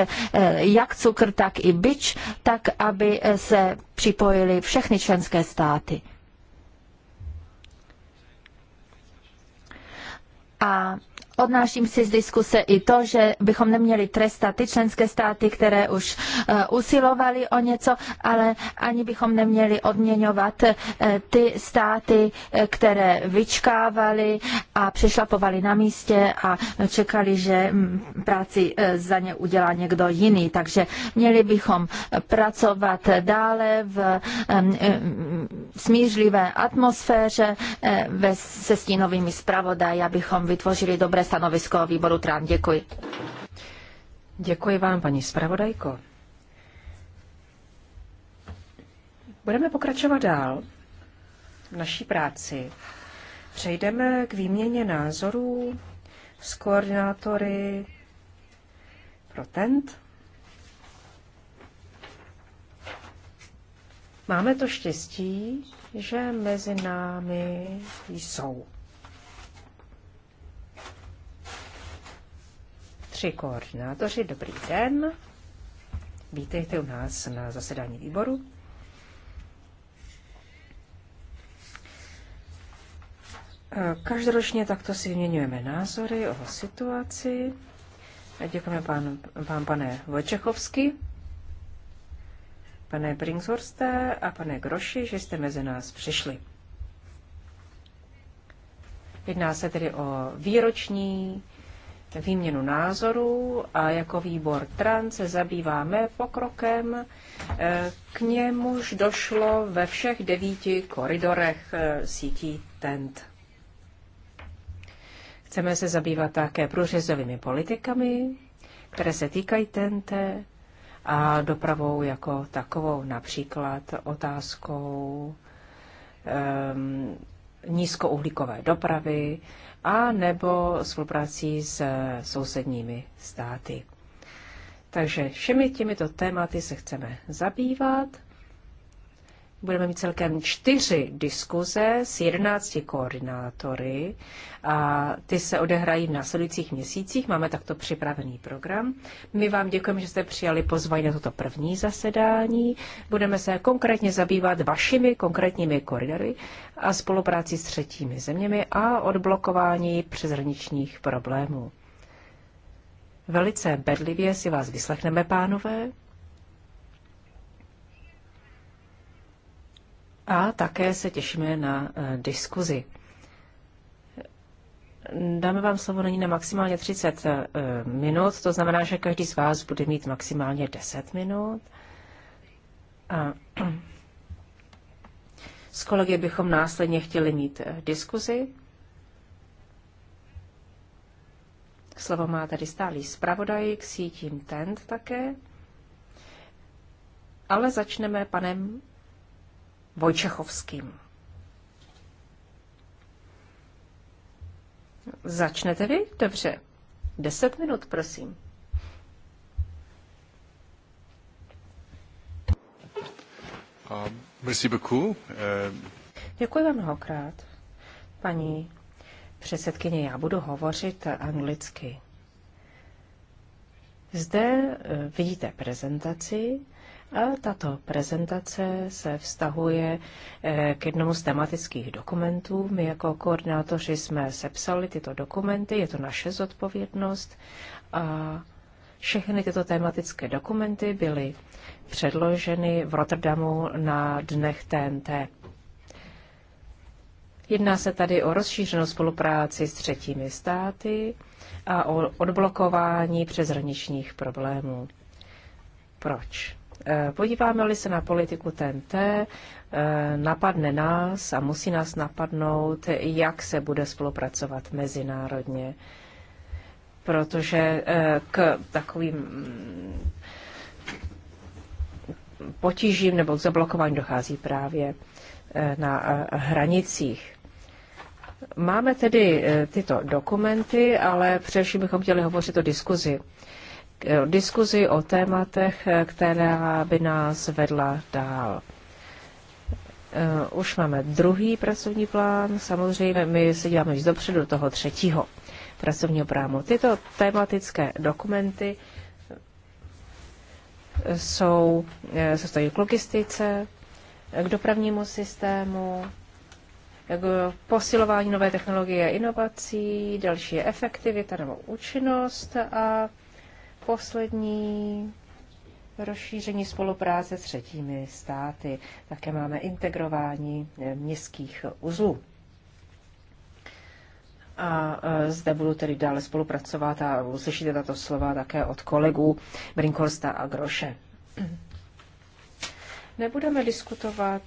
jak cukr, tak i byč, tak aby se připojili všechny členské státy. A Odnáším si z diskuse i to, že bychom neměli trestat ty členské státy, které už eh, usilovali o něco, ale ani bychom neměli odměňovat eh, ty státy, eh, které vyčkávali a přešlapovali na místě a čekali, že mm, práci za ně udělá někdo jiný. Takže měli bychom pracovat dále v smířlivé atmosféře se stínovými zpravodaji, abychom vytvořili dobré stanovisko výboru TRAN. Děkuji. Děkuji vám, paní zpravodajko. Budeme pokračovat dál v naší práci. Přejdeme k výměně názorů s koordinátory pro TENT. Máme to štěstí, že mezi námi jsou Tři koordinátoři, dobrý den. Vítejte u nás na zasedání výboru. Každoročně takto si vyměňujeme názory o situaci. Děkujeme pán, pán pane Vojčechovsky, pane Bringshorste a pane Groši, že jste mezi nás přišli. Jedná se tedy o výroční výměnu názorů a jako výbor TRAN se zabýváme pokrokem. E, k němuž došlo ve všech devíti koridorech e, sítí TENT. Chceme se zabývat také průřezovými politikami, které se týkají TENT a dopravou jako takovou, například otázkou um, nízkouhlíkové dopravy, a nebo spoluprací s sousedními státy. Takže všemi těmito tématy se chceme zabývat budeme mít celkem čtyři diskuze s jedenácti koordinátory a ty se odehrají v následujících měsících. Máme takto připravený program. My vám děkujeme, že jste přijali pozvání na toto první zasedání. Budeme se konkrétně zabývat vašimi konkrétními koridory a spolupráci s třetími zeměmi a odblokování přeshraničních problémů. Velice bedlivě si vás vyslechneme, pánové. A také se těšíme na eh, diskuzi. Dáme vám slovo nyní na maximálně 30 eh, minut, to znamená, že každý z vás bude mít maximálně 10 minut. A s kolegy bychom následně chtěli mít eh, diskuzi. Slovo má tady stálý zpravodaj k sítím TENT také. Ale začneme panem Vojčechovským. Začnete vy? Dobře. Deset minut, prosím. Merci beaucoup. Eh, Děkuji vám mnohokrát, paní předsedkyně. Já budu hovořit anglicky. Zde eh, vidíte prezentaci, a tato prezentace se vztahuje eh, k jednomu z tematických dokumentů. My jako koordinátoři jsme sepsali tyto dokumenty, je to naše zodpovědnost a všechny tyto tematické dokumenty byly předloženy v Rotterdamu na dnech TNT. Jedná se tady o rozšířenou spolupráci s třetími státy a o odblokování přeshraničních problémů. Proč? Eh, podíváme-li se na politiku TNT, eh, napadne nás a musí nás napadnout, jak se bude spolupracovat mezinárodně. Protože eh, k takovým mm, potížím nebo k zablokování dochází právě na hranicích. Máme tedy tyto dokumenty, ale především bychom chtěli hovořit o diskuzi diskuzi o tématech, která by nás vedla dál. Už máme druhý pracovní plán, samozřejmě my se děláme již dopředu toho třetího pracovního plánu. Tyto tematické dokumenty jsou, se stojí k logistice, k dopravnímu systému, k posilování nové technologie a inovací, další je efektivita nebo účinnost a poslední rozšíření spolupráce s třetími státy. Také máme integrování eh, městských uzlů. A eh, zde budu tedy dále spolupracovat a uslyšíte tato slova také od kolegů Brinkhorsta a Groše. Nebudeme diskutovat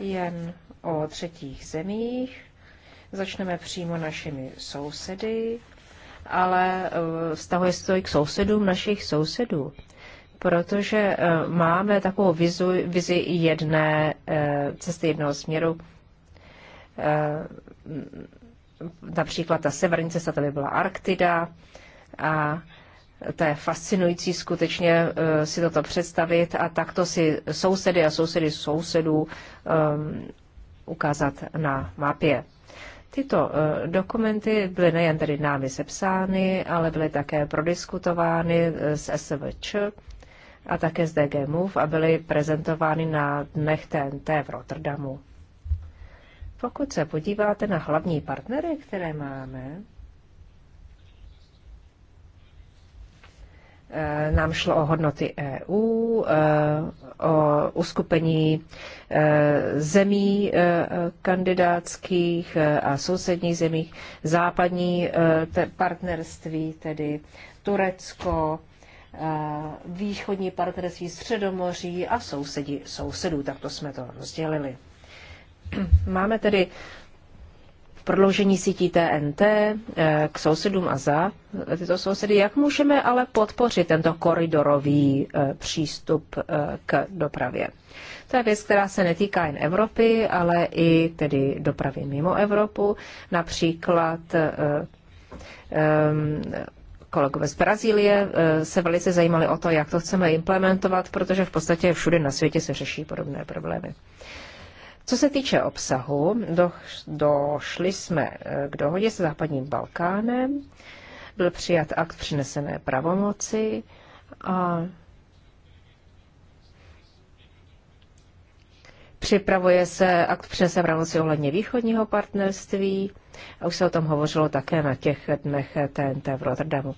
jen o třetích zemích, začneme přímo našimi sousedy, ale eh, vztahuje se to i k sousedům našich sousedů, protože eh, máme takovou vizu, vizi jedné eh, cesty jednoho směru. Například ta severní cesta, to by byla Arktida a to je fascinující skutečně si toto představit a takto si sousedy a sousedy sousedů um, ukázat na mapě. Tyto eh, dokumenty byly nejen tedy námi sepsány, ale byly také prodiskutovány eh, s SVČ a také z DG Move a byly prezentovány na dnech TNT v Rotterdamu. Pokud se podíváte na hlavní partnery, které máme, Eh, nám šlo o hodnoty EU, eh, o uskupení eh, zemí kandidátských a sousedních zemích, západní partnerství, tedy Turecko, východní partnerství Středomoří a sousedí, sousedů. to jsme to rozdělili. Máme tedy prodloužení sítí TNT eh, k sousedům a za tyto sousedy. Jak můžeme ale podpořit tento koridorový eh, přístup eh, k dopravě? To je věc, která se netýká jen Evropy, ale i tedy dopravy mimo Evropu, například kolegové z Brazílie se velice zajímali o to, jak to chceme implementovat, protože v podstatě všude na světě se řeší podobné problémy. Co se týče obsahu, do, došli jsme eh, k dohodě se západním Balkánem, byl přijat akt přinesené pravomoci a Připravuje se akt přinesené pravomoci ohledně východního partnerství a už se o tom hovořilo také na těch dnech TNT v Rotterdamu.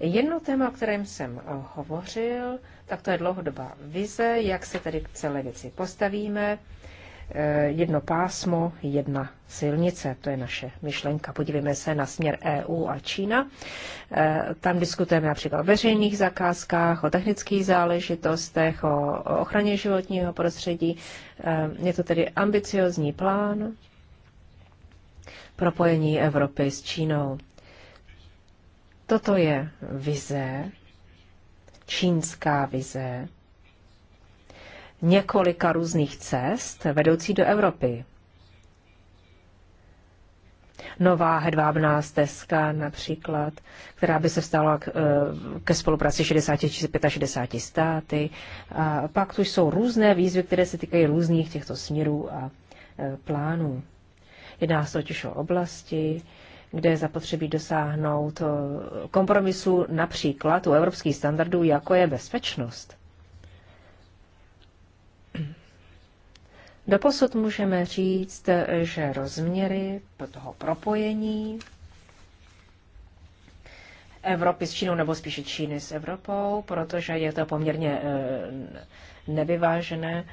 Jedno téma, o kterém jsem eh, hovořil, tak to je dlouhodobá vize, jak se tedy k celé věci postavíme. Eh, jedno pásmo, jedna silnice. To je naše myšlenka. Podívejme se na směr EU a Čína. Eh, tam diskutujeme například o veřejných zakázkách, o technických záležitostech, o ochraně životního prostředí. Eh, je to tedy ambiciozní plán propojení Evropy s Čínou. Toto je vize, čínská vize, několika různých cest vedoucí do Evropy. Nová hedvábná stezka například, která by se vstala eh, ke spolupráci 60 či 65 státy. A pak tu jsou různé výzvy, které se týkají různých těchto směrů a eh, plánů. Jedná se totiž o oblasti, kde je zapotřebí dosáhnout eh, kompromisu například u evropských standardů, jako je bezpečnost. Doposud můžeme říct, že rozměry toho propojení Evropy s Čínou, nebo spíše Číny s Evropou, protože je to poměrně eh, nevyvážené.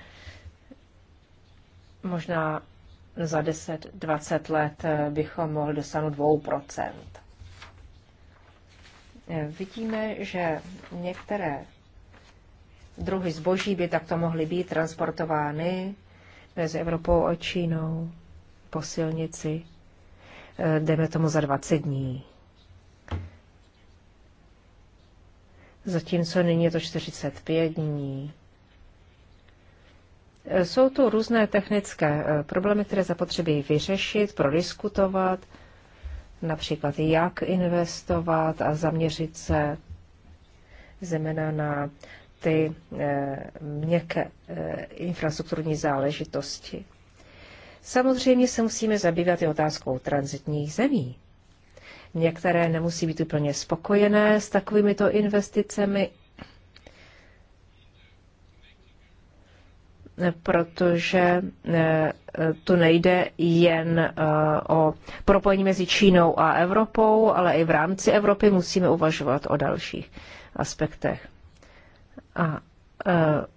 Možná za 10-20 let eh, bychom mohli dosáhnout 2%. Eh, vidíme, že některé druhy zboží by takto mohly být transportovány mezi Evropou a Čínou po silnici, Jdeme eh, tomu za 20 dní. Zatímco nyní je to 45 dní. Eh, jsou tu různé technické eh, problémy, které zapotřebí vyřešit, prodiskutovat, například jak investovat a zaměřit se zejména na ty eh, měkké eh, infrastrukturní záležitosti. Samozřejmě se musíme zabývat i otázkou transitních zemí. Některé nemusí být úplně spokojené s takovýmito investicemi, protože eh, tu nejde jen o propojení mezi Čínou a Evropou, ale i v rámci Evropy musíme uvažovat o dalších aspektech. A e,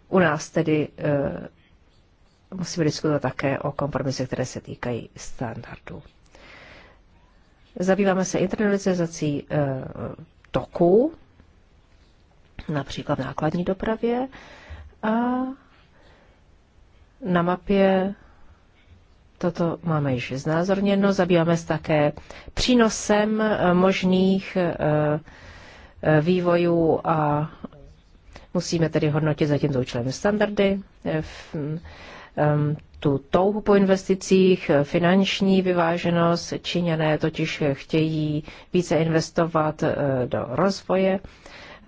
u nás tedy e, musíme diskutovat také o kompromisech, které se týkají standardů. Zabýváme se internalizací e, toků, například v nákladní dopravě a na mapě toto máme již znázorněno. Zabýváme se také přínosem možných vývojů a Musíme tedy hodnotit za tímto účelem standardy, eh, mm, eh, tu touhu po investicích, eh, finanční vyváženost. Číňané totiž chtějí více investovat do rozvoje.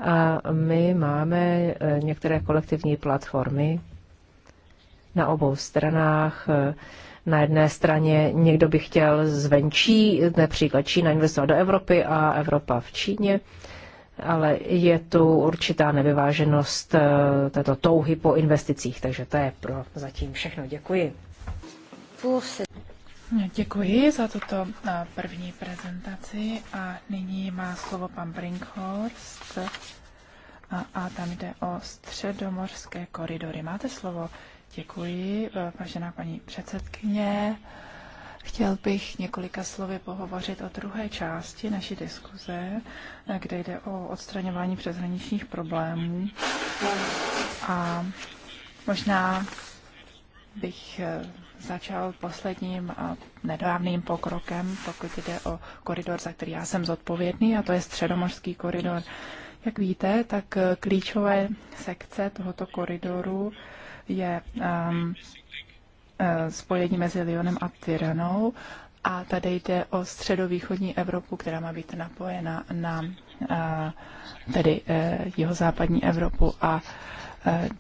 A my máme některé kolektivní platformy na obou stranách. Na jedné straně někdo by chtěl zvenčí, například Čína investovat do Evropy a Evropa v Číně ale je tu určitá nevyváženost eh, této touhy po investicích, takže to je pro zatím všechno. Děkuji. No, děkuji za tuto eh, první prezentaci a nyní má slovo pan Brinkhorst a, a tam jde o středomorské koridory. Máte slovo. Děkuji, eh, vážená paní předsedkyně. Chtěl bych několika slovy pohovořit o druhé části naší diskuze, kde jde o odstraňování přeshraničních problémů. A možná bych eh, začal posledním a nedávným pokrokem, pokud jde o koridor, za který já jsem zodpovědný, a to je středomořský koridor. Jak víte, tak eh, klíčové sekce tohoto koridoru je um, Eh, spojení mezi Lyonem a Tyranou a tady jde o středovýchodní Evropu, která má být napojena na eh, tedy eh, západní Evropu a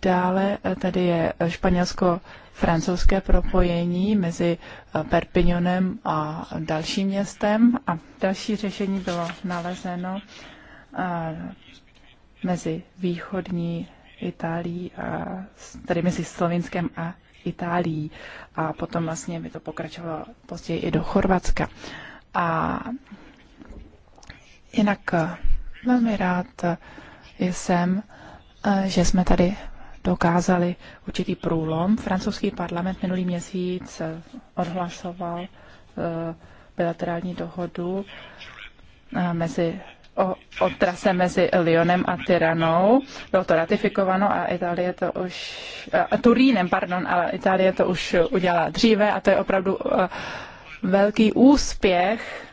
Dále tady je španělsko-francouzské propojení mezi Perpignanem a dalším městem a další řešení bylo nalezeno mezi východní Itálií, tedy mezi Slovinskem a Itálií a potom vlastně by to pokračovalo později i do Chorvatska. A jinak eh, velmi rád eh, jsem, eh, že jsme tady dokázali určitý průlom. Francouzský parlament minulý měsíc odhlasoval bilaterální dohodu mezi o, o trase mezi Lyonem a Tyranou. Bylo to ratifikováno a Itálie to už, a Turínem, pardon, ale Itálie to už udělala dříve a to je opravdu velký úspěch.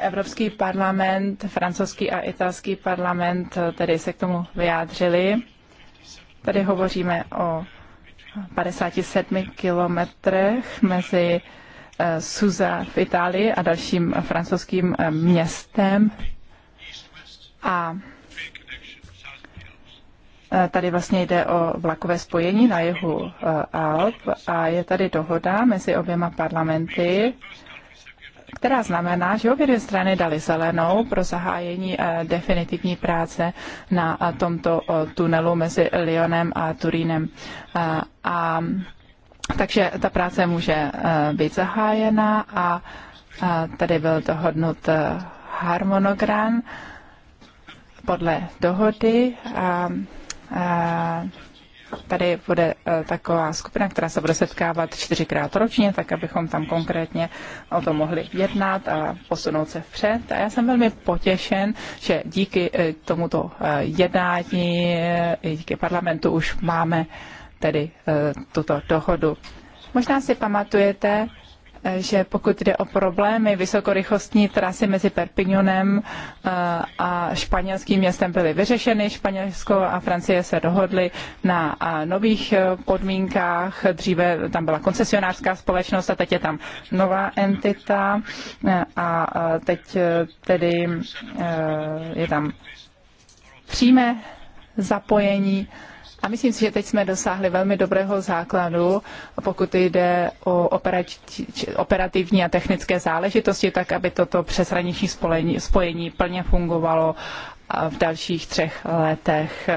Evropský parlament, francouzský a italský parlament tedy se k tomu vyjádřili. Tady hovoříme o 57 kilometrech mezi Eh, Suza v Itálii a dalším francouzským eh, městem. A eh, Tady vlastně jde o vlakové spojení na jihu Alp a je tady dohoda mezi oběma parlamenty, která znamená, že obě dvě strany dali zelenou pro zahájení definitivní práce na tomto tunelu mezi Lyonem a Turínem. A takže ta práce může eh, být zahájena a eh, tady byl dohodnut eh, harmonogram podle dohody a, tady bude taková skupina, která se bude setkávat čtyřikrát ročně, tak abychom tam konkrétně o tom mohli jednat a posunout se vpřed. A já jsem velmi potěšen, že díky tomuto jednání, díky parlamentu už máme tedy eh, tuto dohodu. Možná si pamatujete, eh, že pokud jde o problémy vysokorychlostní trasy mezi Perpignanem eh, a španělským městem byly vyřešeny, Španělsko a Francie se dohodly na nových podmínkách, dříve tam byla koncesionářská společnost a teď je tam nová entita a teď tedy je tam přímé zapojení a myslím si, že teď jsme dosáhli velmi dobrého základu, pokud jde o operativní a technické záležitosti, tak aby toto přeshraniční spojení, plně fungovalo v dalších třech letech.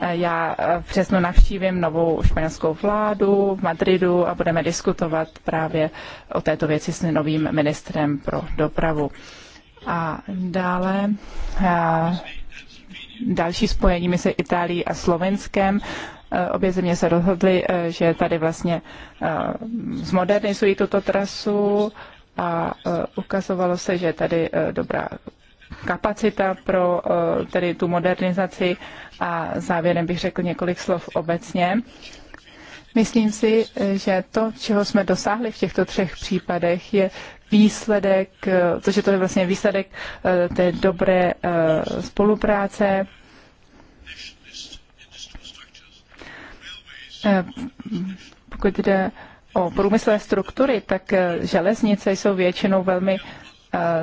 Já e, v březnu navštívím novou španělskou vládu v Madridu a budeme diskutovat právě o této věci s novým ministrem pro dopravu. A dále e, další spojení mezi Itálií a Slovenskem. Eh, obě země se rozhodly, eh, že tady vlastně eh, zmodernizují tuto trasu a ukazovalo se, že tady dobrá kapacita pro tedy tu modernizaci a závěrem bych řekl několik slov obecně. Myslím si, že to, čeho jsme dosáhli v těchto třech případech, je výsledek, což je to je vlastně výsledek eh, té dobré eh, spolupráce. Eh, pokud jde o průmyslové struktury, tak železnice jsou většinou velmi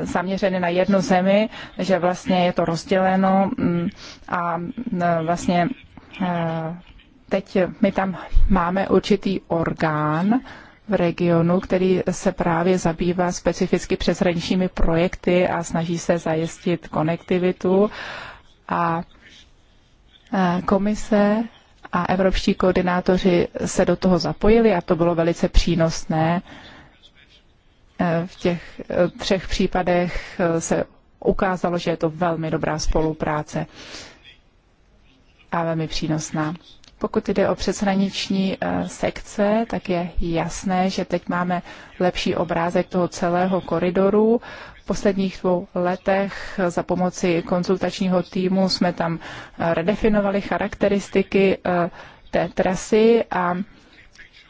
zaměřeny na jednu zemi, že vlastně je to rozděleno mm, a vlastně Teď my tam máme určitý orgán v regionu, který se právě zabývá specificky přeshraničními projekty a snaží se zajistit konektivitu. A e, komise a evropští koordinátoři se do toho zapojili a to bylo velice přínosné. E, v těch e, třech případech se ukázalo, že je to velmi dobrá spolupráce a velmi přínosná. Pokud jde o přeshraniční eh, sekce, tak je jasné, že teď máme lepší obrázek toho celého koridoru. V posledních dvou letech za pomoci konzultačního týmu jsme tam eh, redefinovali charakteristiky eh, té trasy a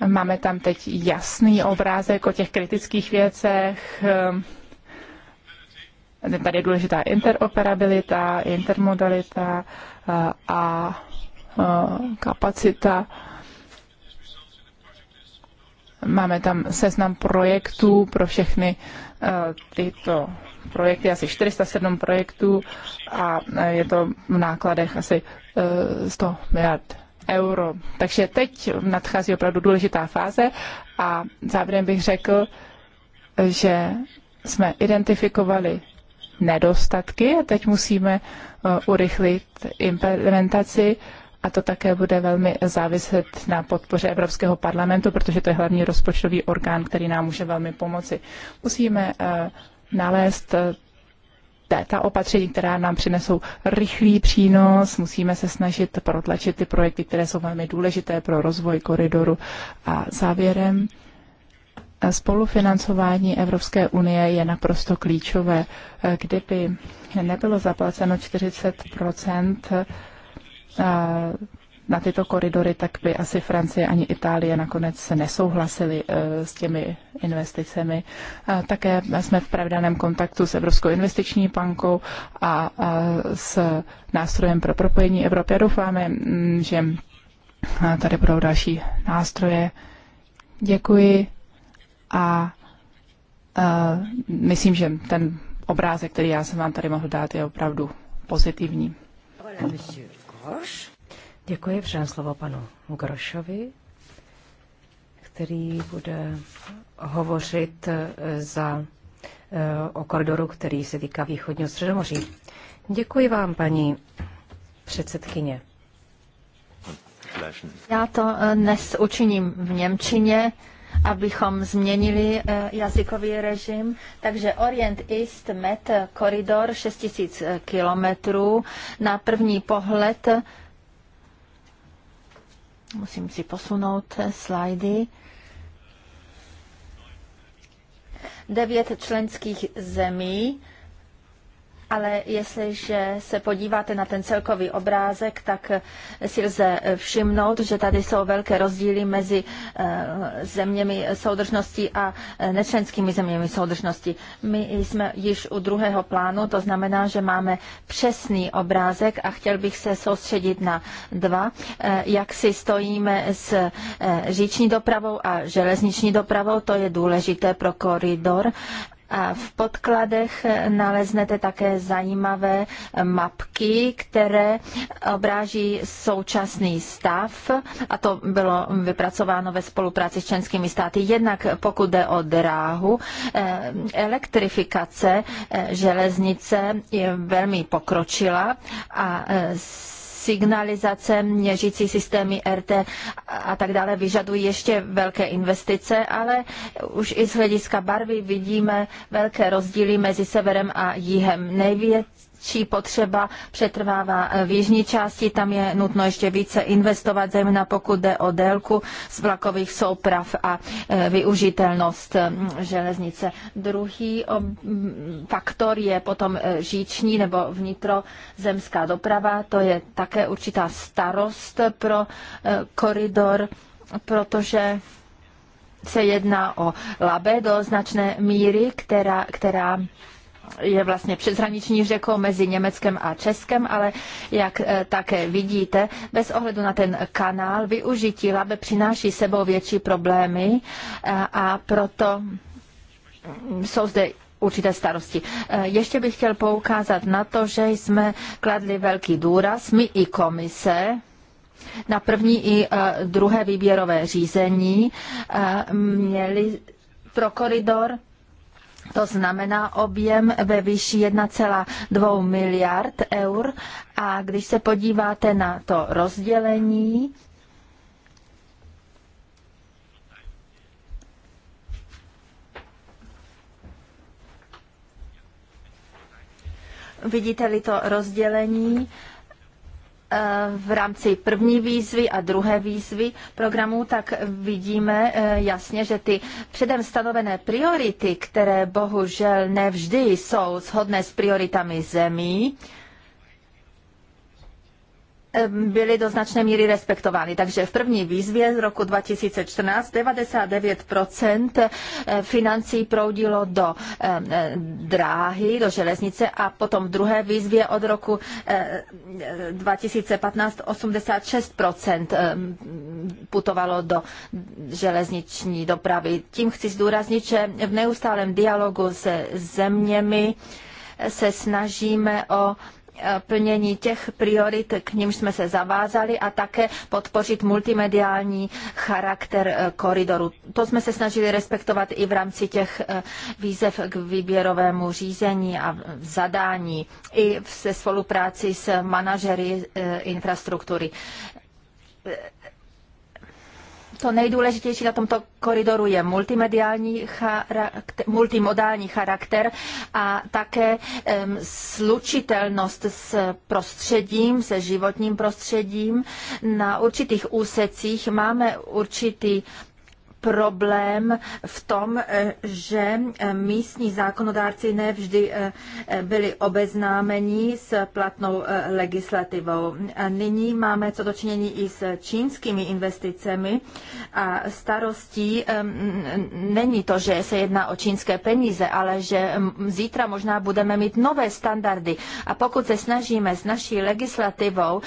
máme tam teď jasný obrázek o těch kritických věcech, Tady je důležitá interoperabilita, intermodalita a Eh, kapacita. Máme tam seznam projektů pro všechny eh, tyto projekty, asi 407 projektů a eh, je to v nákladech asi 100 miliard euro. Takže teď nadchází opravdu důležitá fáze a závěrem bych řekl, že jsme identifikovali nedostatky a teď musíme urychlit implementaci a to také bude velmi záviset na podpoře Evropského parlamentu, protože to je hlavní rozpočtový orgán, který nám může velmi pomoci. Musíme eh, nalézt eh, ta opatření, která nám přinesou rychlý přínos, musíme se snažit protlačit ty projekty, které jsou velmi důležité pro rozvoj koridoru. A závěrem, eh, spolufinancování Evropské unie je naprosto klíčové. Kdyby nebylo zaplaceno 40 na tyto koridory, tak by asi Francie ani Itálie nakonec nesouhlasili e, s těmi investicemi. Také jsme v pravidelném kontaktu s Evropskou investiční bankou a s nástrojem pro propojení Evropy. Doufáme, že tady budou další nástroje. Děkuji a myslím, že ten obrázek, který já jsem vám tady mohl dát, je opravdu pozitivní. Voilà, monsieur. Groš. Děkuji, předám slovo panu Grošovi, který bude hovořit eh, za eh, o koridoru, který se týká východního středomoří. Děkuji vám, paní předsedkyně. Já to eh, dnes učiním v Němčině abychom změnili eh, jazykový režim. Takže Orient East Met koridor 6000 eh, kilometrů. Na první pohled musím si posunout eh, slajdy. Devět členských zemí ale jestliže se podíváte na ten celkový obrázek, tak si lze všimnout, že tady jsou velké rozdíly mezi eh, zeměmi soudržnosti a eh, nečlenskými zeměmi soudržnosti. My jsme již u druhého plánu, to znamená, že máme přesný obrázek a chtěl bych se soustředit na dva, eh, jak si stojíme s říční dopravou a železniční dopravou, to je důležité pro koridor a v podkladech naleznete také zajímavé mapky, které obráží současný stav a to bylo vypracováno ve spolupráci s členskými státy. Jednak pokud jde o dráhu, eh, elektrifikace eh, železnice je velmi pokročila a signalizace, měřící systémy RT a tak dále vyžadují ještě velké investice, ale už i z hlediska barvy vidíme velké rozdíly mezi severem a jihem. Největší větší potřeba přetrvává v jižní části, tam je nutno ještě více investovat, zejména pokud jde o délku z vlakových souprav a e, využitelnost železnice. Druhý faktor je potom e, říční nebo vnitrozemská doprava, to je také určitá starost pro e, koridor, protože se jedná o labé do značné míry, která, která je vlastně přeshraniční řekou mezi Německem a Českem, ale jak eh, také vidíte, bez ohledu na ten kanál, využití Labe přináší sebou větší problémy eh, a proto mm, jsou zde určité starosti. Eh, ještě bych chtěl poukázat na to, že jsme kladli velký důraz, my i komise, na první i druhé výběrové řízení měli pro koridor to znamená objem ve výši 1,2 miliard eur. A když se podíváte na to rozdělení, Vidíte-li to rozdělení, v rámci první výzvy a druhé výzvy programu, tak vidíme eh, jasně, že ty předem stanovené priority, které bohužel nevždy jsou shodné s prioritami zemí, byly do značné míry respektovány. Takže v první výzvě z roku 2014 99% eh, financí proudilo do eh, dráhy, do železnice a potom v druhé výzvě od roku 2015 eh, 86% putovalo do železniční dopravy. Tím chci zdůraznit, že v neustálém dialogu se zeměmi se snažíme o plnění těch priorit, k nimž jsme se zavázali a také podpořit multimediální charakter eh, koridoru. To jsme se snažili respektovat i v rámci těch eh, výzev k výběrovému řízení a zadání i se spolupráci s manažery eh, infrastruktury to nejdůležitější na tomto koridoru je multimediální charakter, multimodální charakter a také um, slučitelnost s prostředím, se životním prostředím. Na určitých úsecích máme určitý problém v tom, eh, že eh, místní zákonodárci nevždy eh, byli obeznámeni s platnou legislativou. Nyní máme co dočinění i s čínskými investicemi a starostí není to, že se jedná o čínské peníze, ale že zítra možná budeme mít nové standardy. A pokud se snažíme s naší legislativou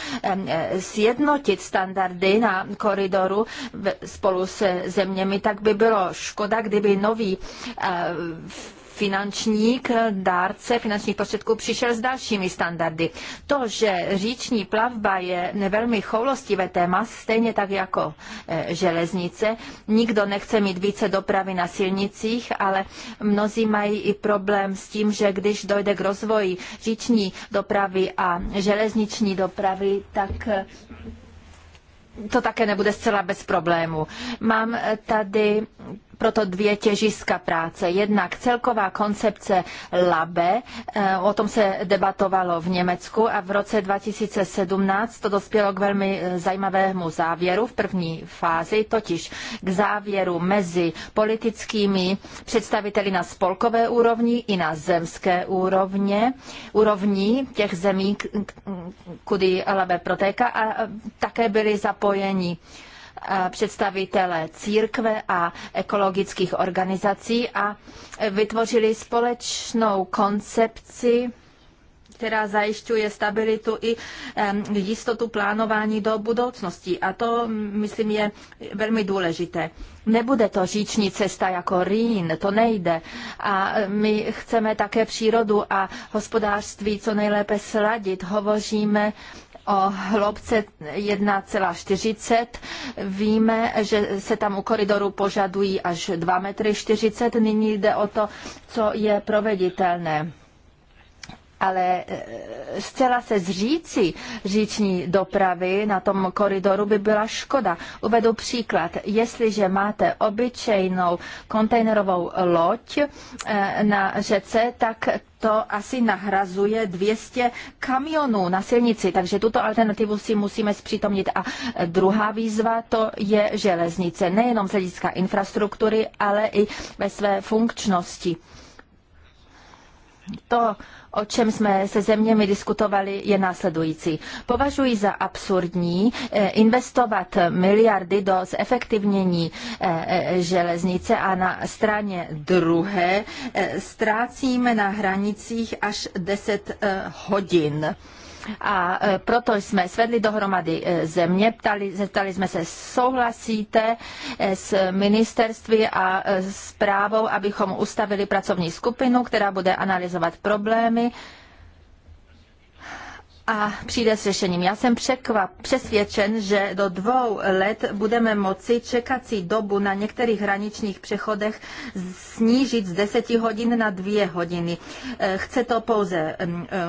sjednotit standardy na koridoru spolu se země zeměmi, tak by bylo škoda, kdyby nový eh, finančník, dárce finančních prostředků přišel s dalšími standardy. To, že říční plavba je velmi choulostivé téma, stejně tak jako eh, železnice, nikdo nechce mít více dopravy na silnicích, ale mnozí mají i problém s tím, že když dojde k rozvoji říční dopravy a železniční dopravy, tak to také nebude zcela bez problémů. Mám tady proto dvě těžiska práce. Jednak celková koncepce LABE, eh, o tom se debatovalo v Německu a v roce 2017 to dospělo k velmi eh, zajímavému závěru v první fázi, totiž k závěru mezi politickými představiteli na spolkové úrovni i na zemské úrovně, úrovni těch zemí, kudy LABE protéká a také byli zapojeni představitelé církve a ekologických organizací a vytvořili společnou koncepci která zajišťuje stabilitu i jistotu plánování do budoucnosti. A to, myslím, je velmi důležité. Nebude to říční cesta jako Rýn, to nejde. A my chceme také přírodu a hospodářství co nejlépe sladit. Hovoříme o hloubce 1,40. Víme, že se tam u koridoru požadují až 2,40 metry. Nyní jde o to, co je proveditelné ale e, zcela se zříci říční dopravy na tom koridoru by byla škoda. Uvedu příklad. Jestliže máte obyčejnou kontejnerovou loď e, na řece, tak to asi nahrazuje 200 kamionů na silnici, takže tuto alternativu si musíme zpřítomnit. A druhá výzva to je železnice, nejenom z hlediska infrastruktury, ale i ve své funkčnosti. To, o čem jsme se zeměmi diskutovali, je následující. Považuji za absurdní eh, investovat miliardy do zefektivnění eh, eh, železnice a na straně druhé ztrácíme na hranicích až 10 hodin a e, proto jsme svedli dohromady e, země, ptali, zeptali jsme se, souhlasíte e, s ministerství a s právou, abychom ustavili pracovní skupinu, která bude analyzovat problémy, a přijde s řešením. Já jsem překvap, přesvědčen, že do dvou let budeme moci čekací dobu na některých hraničních přechodech snížit z 10 hodin na 2 hodiny. Eh, chce to pouze mm, eh,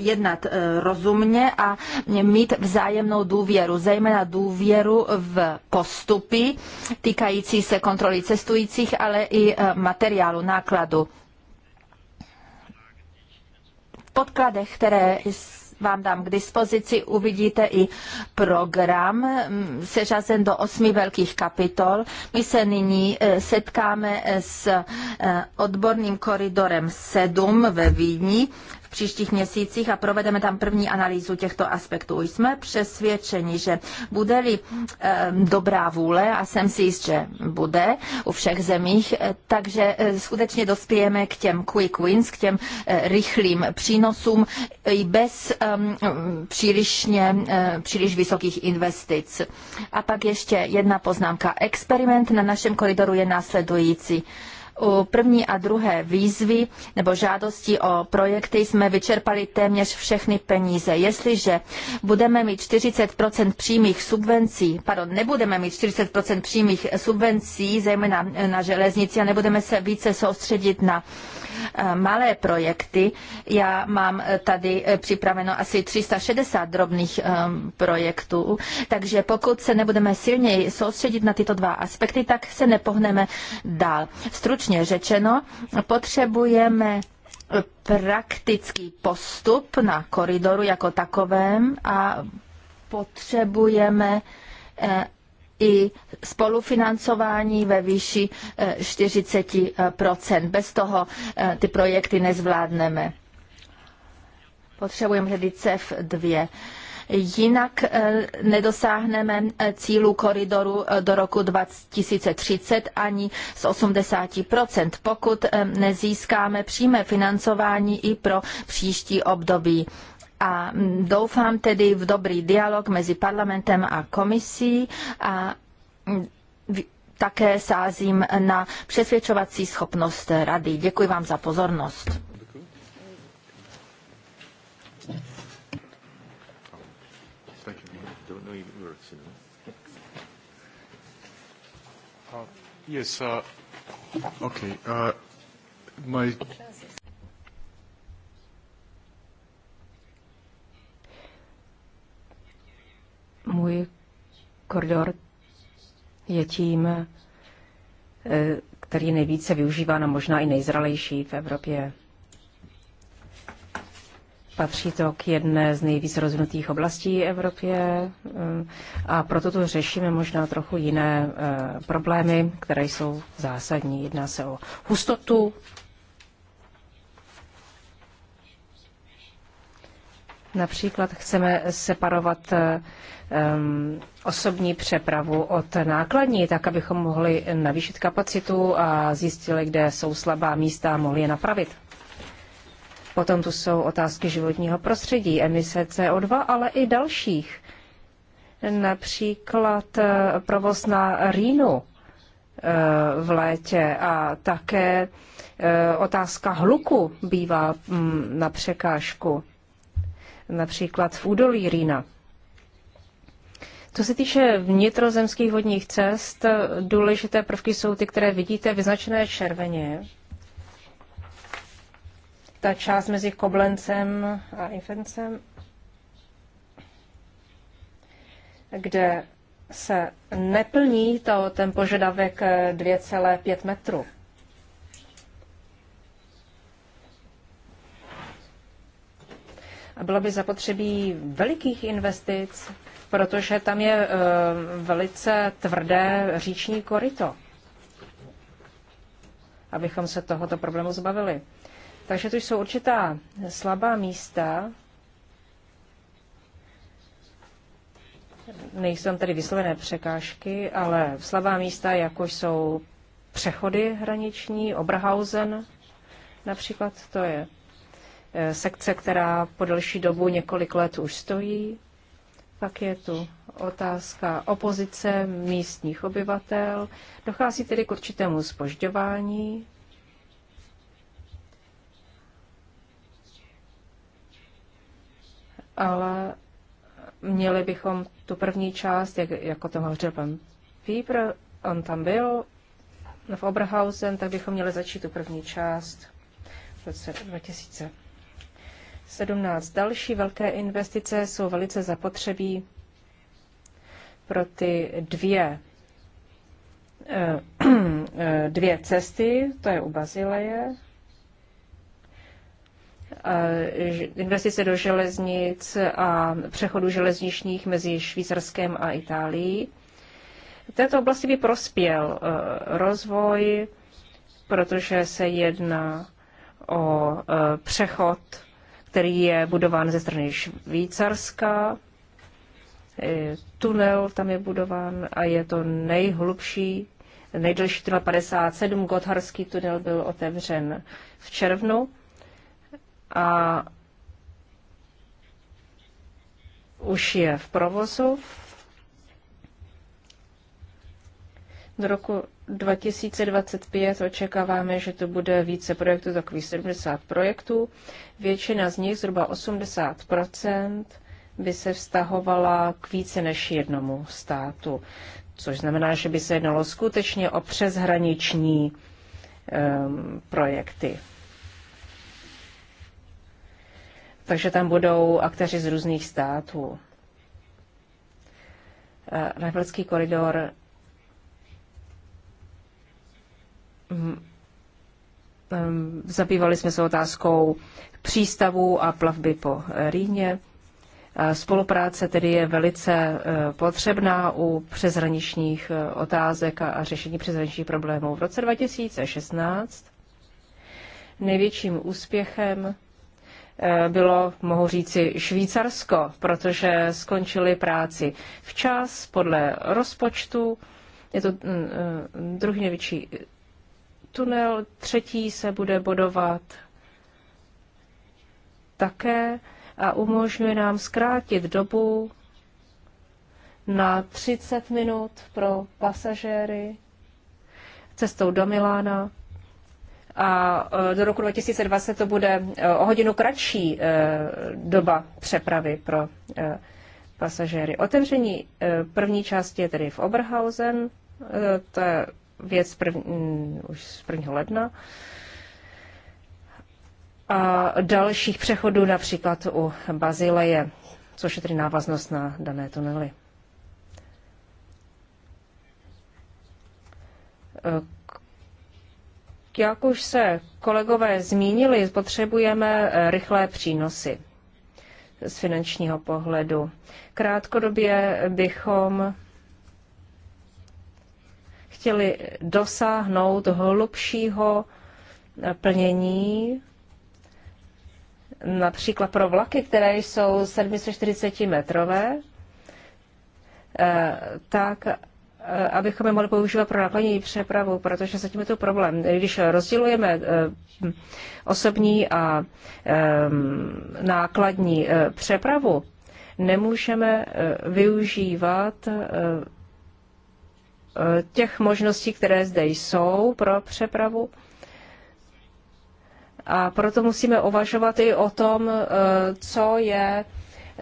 jednat eh, rozumně a mít vzájemnou důvěru, zejména důvěru v postupy týkající se kontroly cestujících, ale i materiálu, nákladu podkladech, které vám dám k dispozici, uvidíte i program seřazen do osmi velkých kapitol. My se nyní e, setkáme s e, odborným koridorem 7 ve Vídni, příštích měsících a provedeme tam první analýzu těchto aspektů. Jsme přesvědčeni, že bude-li eh, dobrá vůle, a jsem si jist, že bude u všech zemích, eh, takže eh, skutečně dospějeme k těm quick wins, k těm rychlým přínosům i bez ehm, přílišně, příliš vysokých investic. A pak ještě jedna poznámka. Experiment na našem koridoru je následující. U první a druhé výzvy nebo žádosti o projekty jsme vyčerpali téměř všechny peníze. Jestliže budeme mít 40% přímých subvencí, pardon, nebudeme mít 40% přímých subvencí, zejména na železnici a nebudeme se více soustředit na uh, Eh, malé projekty. Já mám eh, tady eh, připraveno asi 360 drobných projektů, takže pokud se nebudeme silněji soustředit na tyto dva aspekty, tak se nepohneme dál. Stručně řečeno, potřebujeme praktický postup na koridoru jako takovém a potřebujeme i spolufinancování ve výši 40 eh, Bez toho eh, ty projekty nezvládneme. Potřebujeme tedy CEF 2 jinak eh, nedosáhneme cílu koridoru do roku 2030 ani z 80 pokud nezískáme přímé financování i pro příští období a doufám tedy v dobrý dialog mezi parlamentem a komisí a také sázím na přesvědčovací schopnost rady. Děkuji vám za pozornost. Uh, yes, uh, okay. Uh, my Můj koridor je tím, eh, který nejvíce využívá na možná i nejzralejší v Evropě. Patří to k jedné z nejvíce rozvinutých oblastí Evropě eh, a proto tu řešíme možná trochu jiné eh, problémy, které jsou zásadní. Jedná se o hustotu, Například chceme separovat um, osobní přepravu od nákladní, tak abychom mohli navýšit kapacitu a zjistili, kde jsou slabá místa a mohli je napravit. Potom tu jsou otázky životního prostředí, emise CO2, ale i dalších. Například eh, provoz na Rýnu eh, v létě a také eh, otázka hluku bývá mm, na překážku. Například v údolí Rýna. Co se týče vnitrozemských vodních cest, důležité prvky jsou ty, které vidíte vyznačené červeně. Ta část mezi Koblencem a Infencem, kde se neplní to, ten požadavek 2,5 metru. A bylo by zapotřebí velikých investic, protože tam je eh, velice tvrdé říční koryto, abychom se tohoto problému zbavili. Takže tu jsou určitá slabá místa. Nejsou tam tedy vyslovené překážky, ale slabá místa, jako jsou přechody hraniční, Oberhausen například, to je eh, sekce, která po delší dobu několik let už stojí. Pak je tu otázka opozice místních obyvatel. Dochází tedy k určitému spožďování. Ale měli bychom tu první část, jak, jako to hovořil pan Pípr, on tam byl v Oberhausen, tak bychom měli začít tu první část v roce 2000. 17. Další velké investice jsou velice zapotřebí pro ty dvě, eh, dvě cesty, to je u Bazileje, investice do železnic a přechodu železničních mezi Švýcarskem a Itálií. V této oblasti by prospěl eh, rozvoj, protože se jedná o eh, přechod který je budován ze strany Švýcarska. E, tunel tam je budován a je to nejhlubší, nejdelší tunel 57. Gotharský tunel byl otevřen v červnu a už je v provozu. Do roku 2025 očekáváme, že to bude více projektů, takových 70 projektů. Většina z nich, zhruba 80 by se vztahovala k více než jednomu státu, což znamená, že by se jednalo skutečně o přeshraniční um, projekty. Takže tam budou akteři z různých států. Eh, Rybelský koridor Mm, mm, zabývali jsme se otázkou přístavů a plavby po Rýně. Spolupráce tedy je velice e, potřebná u přezraničních e, otázek a řešení přezraničních problémů. V roce 2016 největším úspěchem e, bylo, mohu říci, Švýcarsko, protože skončili práci včas podle rozpočtu. Je to mm, druhý největší tunel třetí se bude bodovat také a umožňuje nám zkrátit dobu na 30 minut pro pasažéry cestou do Milána a e, do roku 2020 to bude e, o hodinu kratší e, doba přepravy pro pasažéry. Otevření první části je tedy v Oberhausen, to je věc první, mm, už z 1. ledna. A dalších přechodů například u Bazileje, což je tedy návaznost na dané tunely. Jak už se kolegové zmínili, potřebujeme rychlé přínosy z finančního pohledu. Krátkodobě bychom chtěli dosáhnout hlubšího plnění, například pro vlaky, které jsou 740 metrové, eh, tak eh, abychom je mohli používat pro nákladní přepravu, protože zatím je to problém. Když rozdělujeme eh, osobní a nákladní přepravu, nemůžeme využívat Eh, těch možností, které zde jsou pro přepravu. A proto musíme uvažovat i o tom, eh, co je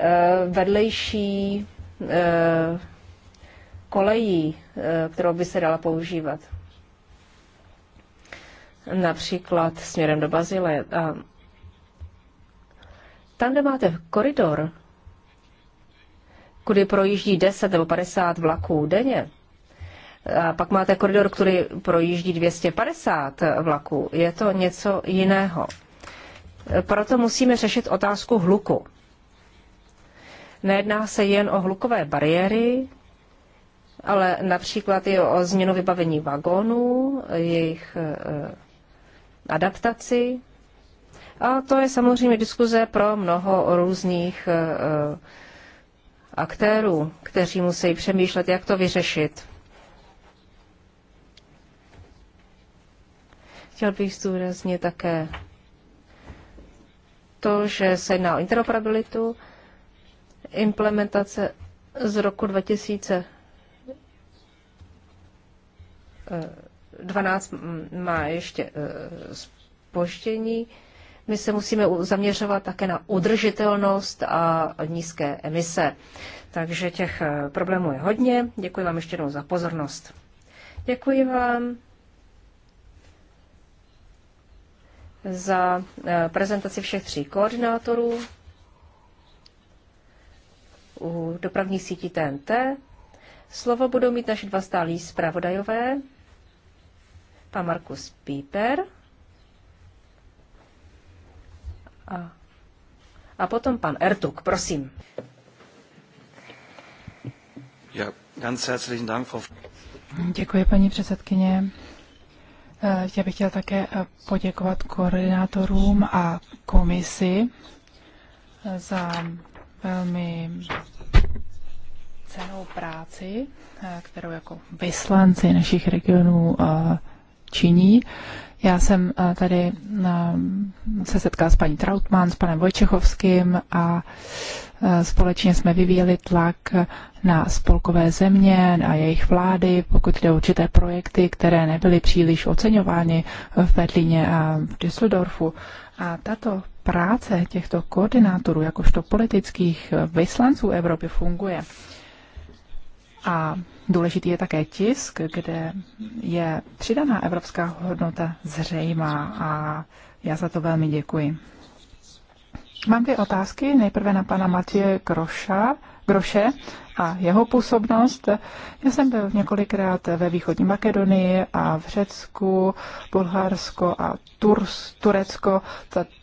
eh, vedlejší kolejí, kterou by se dala používat. Například směrem do Bazile. A tam, kde máte koridor, kudy projíždí 10 nebo 50 vlaků denně, a pak máte koridor, který projíždí 250 vlaků. Je to něco jiného. Proto musíme řešit otázku hluku. Nejedná se jen o hlukové bariéry, ale například i o změnu vybavení vagónů, jejich e, adaptaci. A to je samozřejmě diskuze pro mnoho různých e, e, aktérů, kteří musí přemýšlet, jak to vyřešit. Chtěl bych zdůraznit také to, že se jedná o interoperabilitu, implementace z roku 2012 eh, má ještě spoždění. Eh, My se musíme zaměřovat také na udržitelnost a nízké emise. Takže těch eh, problémů je hodně. Děkuji vám ještě jednou za pozornost. Děkuji vám. za eh, prezentaci všech tří koordinátorů u dopravní síti TNT. Slovo budou mít naše dva stálí zpravodajové, pan Markus Píper a, a potom pan Ertuk, prosím. Ja, ganz herzlichen Dank, Děkuji, paní předsedkyně. Eh, já bych chtěl také eh, poděkovat koordinátorům a komisi eh, za velmi cenou práci, kterou jako vyslanci našich regionů činí. Já jsem eh, tady eh, se setkala s paní Trautmann, s panem Vojčechovským a eh, společně jsme vyvíjeli tlak na spolkové země, na jejich vlády, pokud jde o určité projekty, které nebyly příliš oceňovány v Berlíně a v Düsseldorfu. A tato práce těchto koordinátorů, jakožto politických vyslanců Evropy, funguje. A důležitý je také tisk, kde je přidaná evropská hodnota zřejmá a já za to velmi děkuji. Mám dvě otázky. Nejprve na pana Matěje Groša, Groše a jeho působnost. Já jsem byl několikrát ve východní Makedonii a v Řecku, Bulharsko a Turs, Turecko.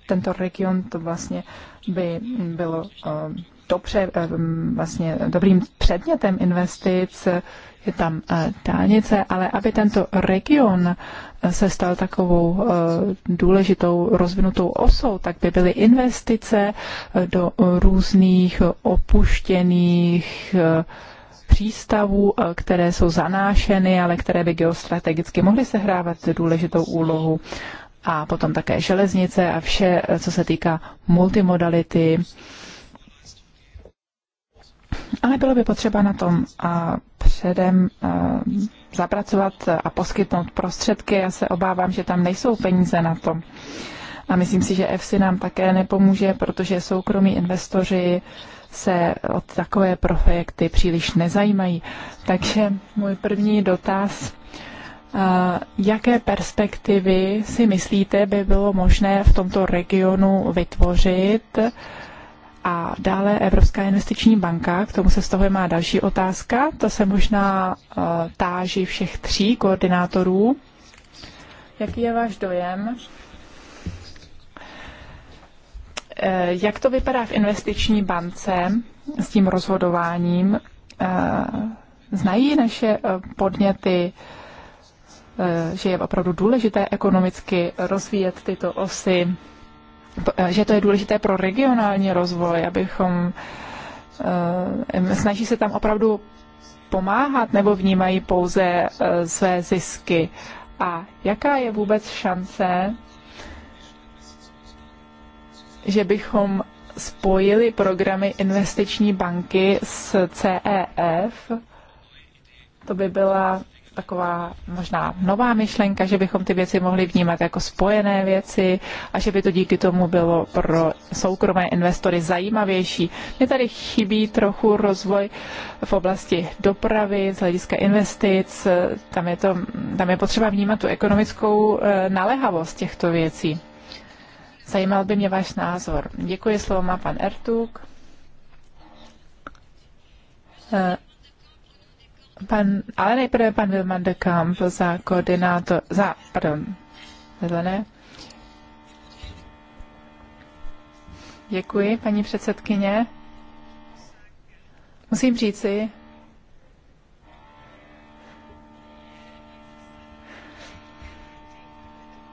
tento region to vlastně by bylo eh, dobře, eh, vlastně dobrým předmětem investic, je tam eh, dálnice, ale aby tento region eh, se stal takovou důležitou rozvinutou osou, tak by byly investice do různých opuštěných přístavů, které jsou zanášeny, ale které by geostrategicky mohly sehrávat důležitou úlohu. A potom také železnice a vše, co se týká multimodality, ale bylo by potřeba na tom předem zapracovat a poskytnout prostředky. Já se obávám, že tam nejsou peníze na to. A myslím si, že EFSI nám také nepomůže, protože soukromí investoři se od takové projekty příliš nezajímají. Takže můj první dotaz, jaké perspektivy si myslíte by bylo možné v tomto regionu vytvořit, a dále Evropská investiční banka, k tomu se z toho má další otázka, to se možná uh, táží všech tří koordinátorů. Jaký je váš dojem? Eh, jak to vypadá v investiční bance s tím rozhodováním? Eh, znají naše podněty, že je opravdu důležité ekonomicky rozvíjet tyto osy? že to je důležité pro regionální rozvoj, abychom eh, snaží se tam opravdu pomáhat nebo vnímají pouze eh, své zisky. A jaká je vůbec šance, že bychom spojili programy investiční banky s CEF? To by byla taková možná nová myšlenka, že bychom ty věci mohli vnímat jako spojené věci a že by to díky tomu bylo pro soukromé investory zajímavější. Mně tady chybí trochu rozvoj v oblasti dopravy, z hlediska investic, tam je, to, tam je potřeba vnímat tu ekonomickou eh, naléhavost těchto věcí. Zajímal by mě váš názor. Děkuji, slovo má pan Ertuk. Eh, Pan, ale nejprve pan Wilman de Kamp za koordinátor, za, pardon, vedle ne. Děkuji, paní předsedkyně. Musím říci,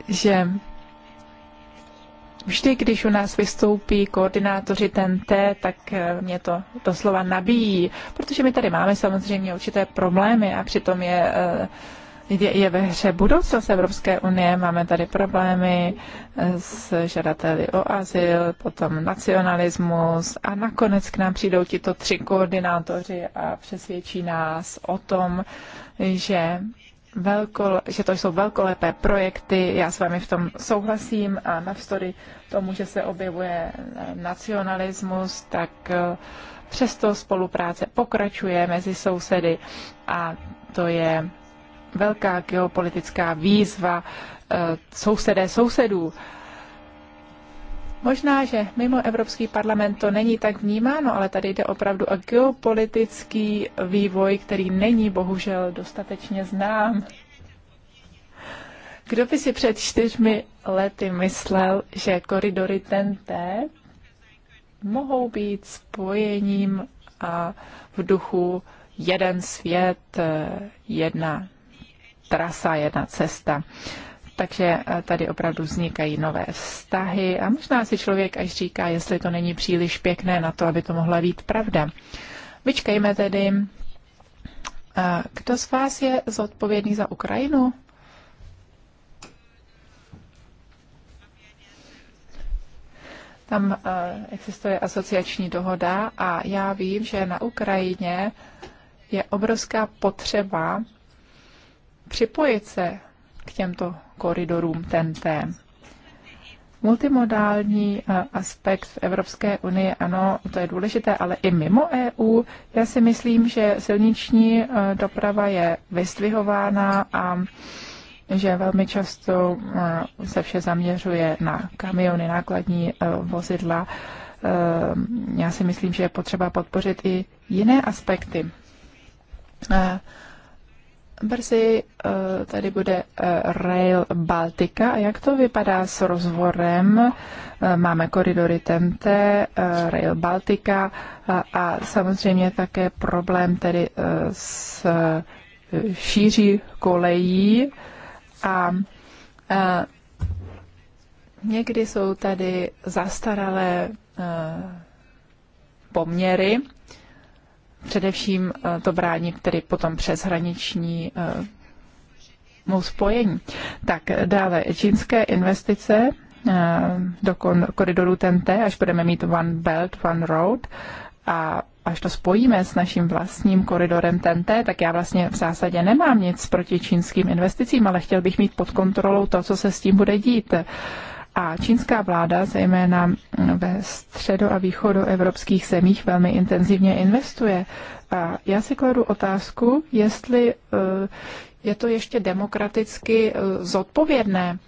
že Vždy, když u nás vystoupí koordinátoři TNT, tak eh, mě to doslova nabíjí, protože my tady máme samozřejmě určité problémy a přitom je eh, je, je ve hře budoucnost Evropské unie. Máme tady problémy eh, s žadateli o azyl, potom nacionalismus a nakonec k nám přijdou tito tři koordinátoři a přesvědčí nás o tom, že velko, že to jsou velkolepé projekty, já s vámi v tom souhlasím a navzdory tomu, že se objevuje eh, nacionalismus, tak eh, přesto spolupráce pokračuje mezi sousedy a to je velká geopolitická výzva eh, sousedé sousedů. Možná, že mimo Evropský parlament to není tak vnímáno, ale tady jde opravdu o geopolitický vývoj, který není bohužel dostatečně znám. Kdo by si před čtyřmi lety myslel, že koridory TNT mohou být spojením a v duchu jeden svět, eh, jedna trasa, jedna cesta takže eh, tady opravdu vznikají nové vztahy a možná si člověk až říká, jestli to není příliš pěkné na to, aby to mohla být pravda. Vyčkejme tedy. Kdo z vás je zodpovědný za Ukrajinu? Tam eh, existuje asociační dohoda a já vím, že na Ukrajině je obrovská potřeba připojit se k těmto koridorům TNT. Multimodální eh, aspekt v Evropské unii, ano, to je důležité, ale i mimo EU, já si myslím, že silniční eh, doprava je vystvihována a že velmi často eh, se vše zaměřuje na kamiony, nákladní vozidla. Já si myslím, že je potřeba podpořit i jiné aspekty. Brzy eh, tady bude eh, Rail Baltica. A jak to vypadá s rozvorem? Eh, máme koridory TMT, Rail Baltica a samozřejmě také problém tedy s šíří kolejí. A někdy jsou tady zastaralé poměry především eh, to bránit tedy potom přeshraniční eh, mu spojení. Tak dále čínské investice eh, do koridoru TNT, až budeme mít One Belt, One Road a až to spojíme s naším vlastním koridorem TNT, tak já vlastně v zásadě nemám nic proti čínským investicím, ale chtěl bych mít pod kontrolou to, co se s tím bude dít. A čínská vláda, zejména ve středo- a východu evropských zemích, velmi intenzivně investuje. A já si kladu otázku, jestli eh, je to ještě demokraticky eh, zodpovědné.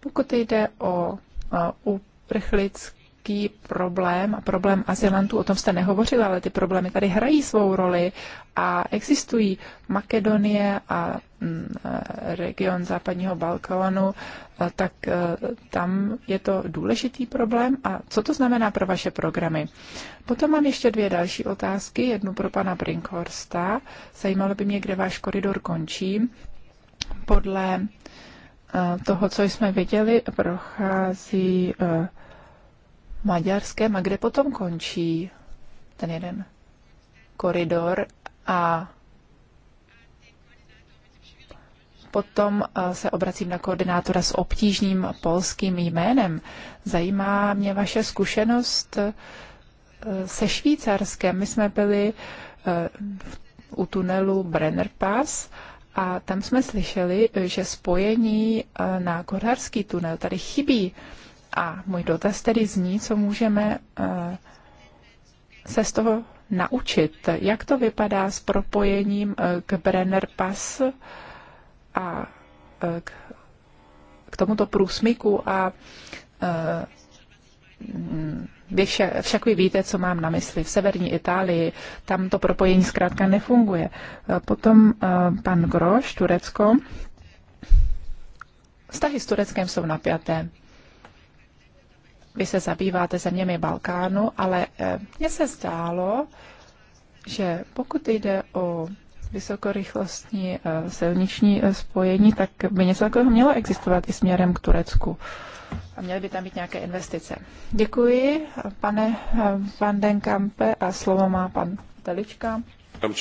Pokud jde o eh, uprchlické obrovský problém a problém azylantů, o tom jste nehovořil, ale ty problémy tady hrají svou roli a existují Makedonie a mm, eh, region západního Balkánu, eh, tak eh, tam je to důležitý problém. A co to znamená pro vaše programy? Potom mám ještě dvě další otázky, jednu pro pana Brinkhorsta. Zajímalo by mě, kde váš koridor končí. Podle toho, co jsme viděli, prochází Maďarském a kde potom končí ten jeden koridor a potom eh, se obracím na koordinátora s obtížným polským jménem. Zajímá mě vaše zkušenost eh, se Švýcarskem. My jsme byli eh, u tunelu Brenner Pass a tam jsme slyšeli, že spojení na Korharský tunel tady chybí. A můj dotaz tedy zní, co můžeme eh, se z toho naučit. Jak to vypadá s propojením eh, k Brenner Pass a eh, k, k tomuto průsmyku a vy však vy víte, co mám na mysli. V severní Itálii tam to propojení zkrátka nefunguje. Potom pan Groš, Turecko. Vztahy s Tureckem jsou napjaté. Vy se zabýváte zeměmi Balkánu, ale eh, mně se zdálo, že pokud jde o vysokorychlostní eh, silniční eh, spojení, tak by něco takového mělo existovat i směrem k Turecku. A měly by tam být nějaké investice. Děkuji, pane Van den a slovo má pan Telička. Uh,